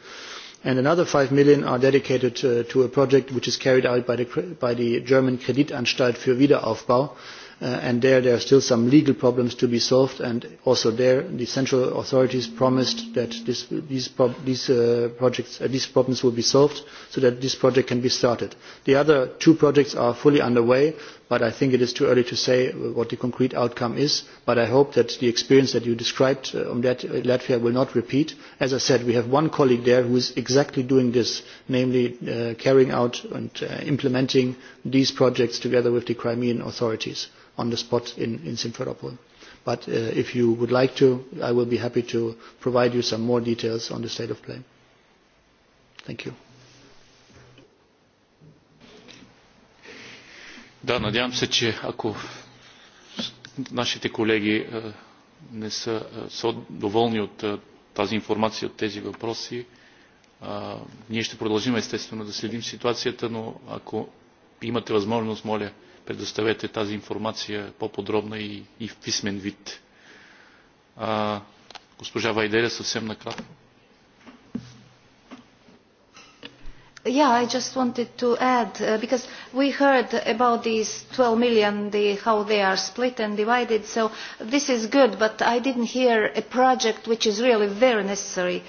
And another 5 million are dedicated uh, to a project which is carried out by the, by the German Kreditanstalt für Wiederaufbau, uh, and there there are still some legal problems to be solved and also there the central authorities promised that this, these, pro these uh, projects uh, these problems will be solved so that this project can be started the other two projects are fully underway but I think it is too early to say what the concrete outcome is, but I hope that the experience that you described uh, on that, uh, Latvia will not repeat. As I said, we have one colleague there who is exactly doing this, namely uh, carrying out and uh, implementing these projects together with the Crimean authorities on the spot in, in Simferopol. But uh, if you would like to, I will be happy to provide you some more details on the state of play. Thank you. Да, надявам се, че ако нашите колеги не са, са доволни от тази информация, от тези въпроси, ние ще продължим естествено да следим ситуацията, но ако имате възможност, моля, предоставете тази информация по-подробна и, и в писмен вид. госпожа Вайделя, съвсем накратко. Yeah, I just wanted to add, uh, because we heard about these 12 million, the, how they are split and divided, so this is good, but I didn't hear a project which is really very necessary,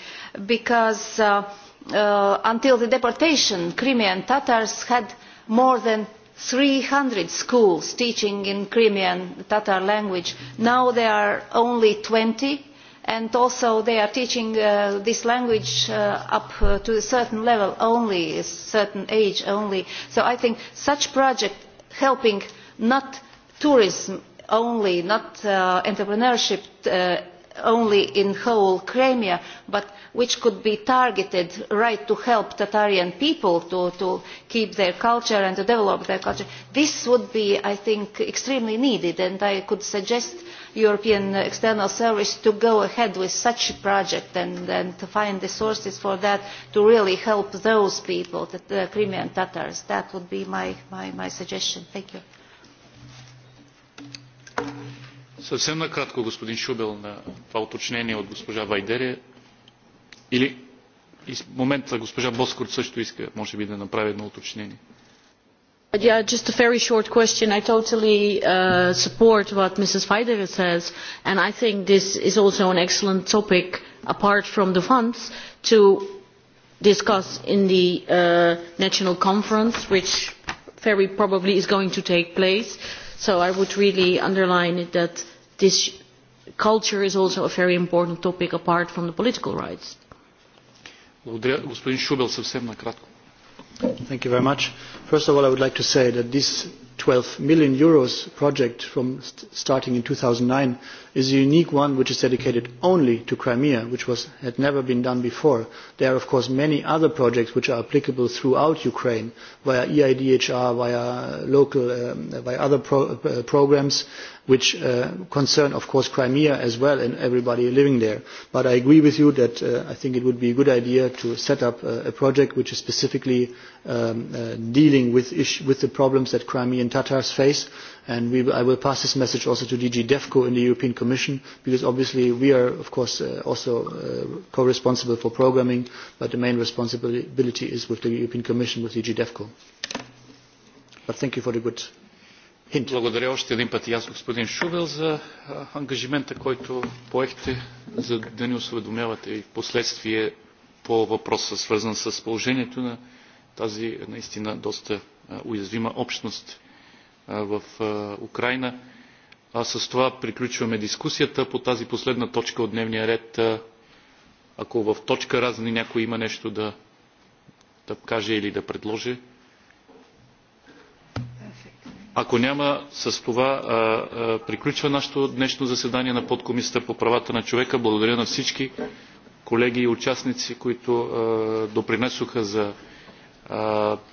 because uh, uh, until the deportation, Crimean Tatars had more than 300 schools teaching in Crimean Tatar language. Now there are only 20 and also they are teaching uh, this language uh, up uh, to a certain level only, a certain age only. So I think such project helping not tourism only, not uh, entrepreneurship uh, only in whole Crimea, but which could be targeted right to help Tatarian people to, to keep their culture and to develop their culture. This would be, I think, extremely needed, and I could suggest European External Service to go ahead with such a project and, and to find the sources for that to really help those people, the, the Crimean Tatars. That would be my, my, my suggestion. Thank you. Совсем накратко, господин Шубел, на това уточнение от госпожа Вайдере. Или в момента госпожа Боскорт също иска, може би, да направи едно уточнение. Yeah, just a very short question. I totally uh, support what Mrs. Feider says, and I think this is also an excellent topic, apart from the funds, to discuss in the uh, national conference, which very probably is going to take place. So I would really underline it that this culture is also a very important topic apart from the political rights. Господин Шубел, Thank you very much. First of all, I would like to say that this 12 million euros project from st starting in 2009 is a unique one which is dedicated only to Crimea, which was, had never been done before. There are, of course, many other projects which are applicable throughout Ukraine via EIDHR, via local, um, via other pro uh, programs, which uh, concern, of course, Crimea as well and everybody living there. But I agree with you that uh, I think it would be a good idea to set up uh, a project which is specifically um, uh, dealing with, with the problems that Crimean Tatars face And we, I will pass this message also to DG DEFCO in the European Commission, because obviously we are, of course, uh, also uh, co-responsible for programming, but the main responsibility is with the European Commission, with DG DEFCO. But thank you for the good hint. Благодаря още един път и аз господин Шувел за ангажимента, който поехте, за да ни осведомявате и последствие по въпроса, свързан с положението на тази наистина доста уязвима общност в Украина. А с това приключваме дискусията по тази последна точка от дневния ред. Ако в точка разни някой има нещо да, да каже или да предложи. Ако няма, с това а, а, приключва нашето днешно заседание на подкомисията по правата на човека. Благодаря на всички колеги и участници, които а, допринесоха за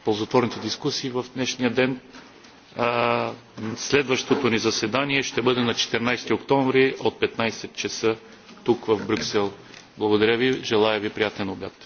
ползотворните дискусии в днешния ден. Следващото ни заседание ще бъде на 14 октомври от 15 часа тук в Брюксел. Благодаря ви, желая ви приятен обяд.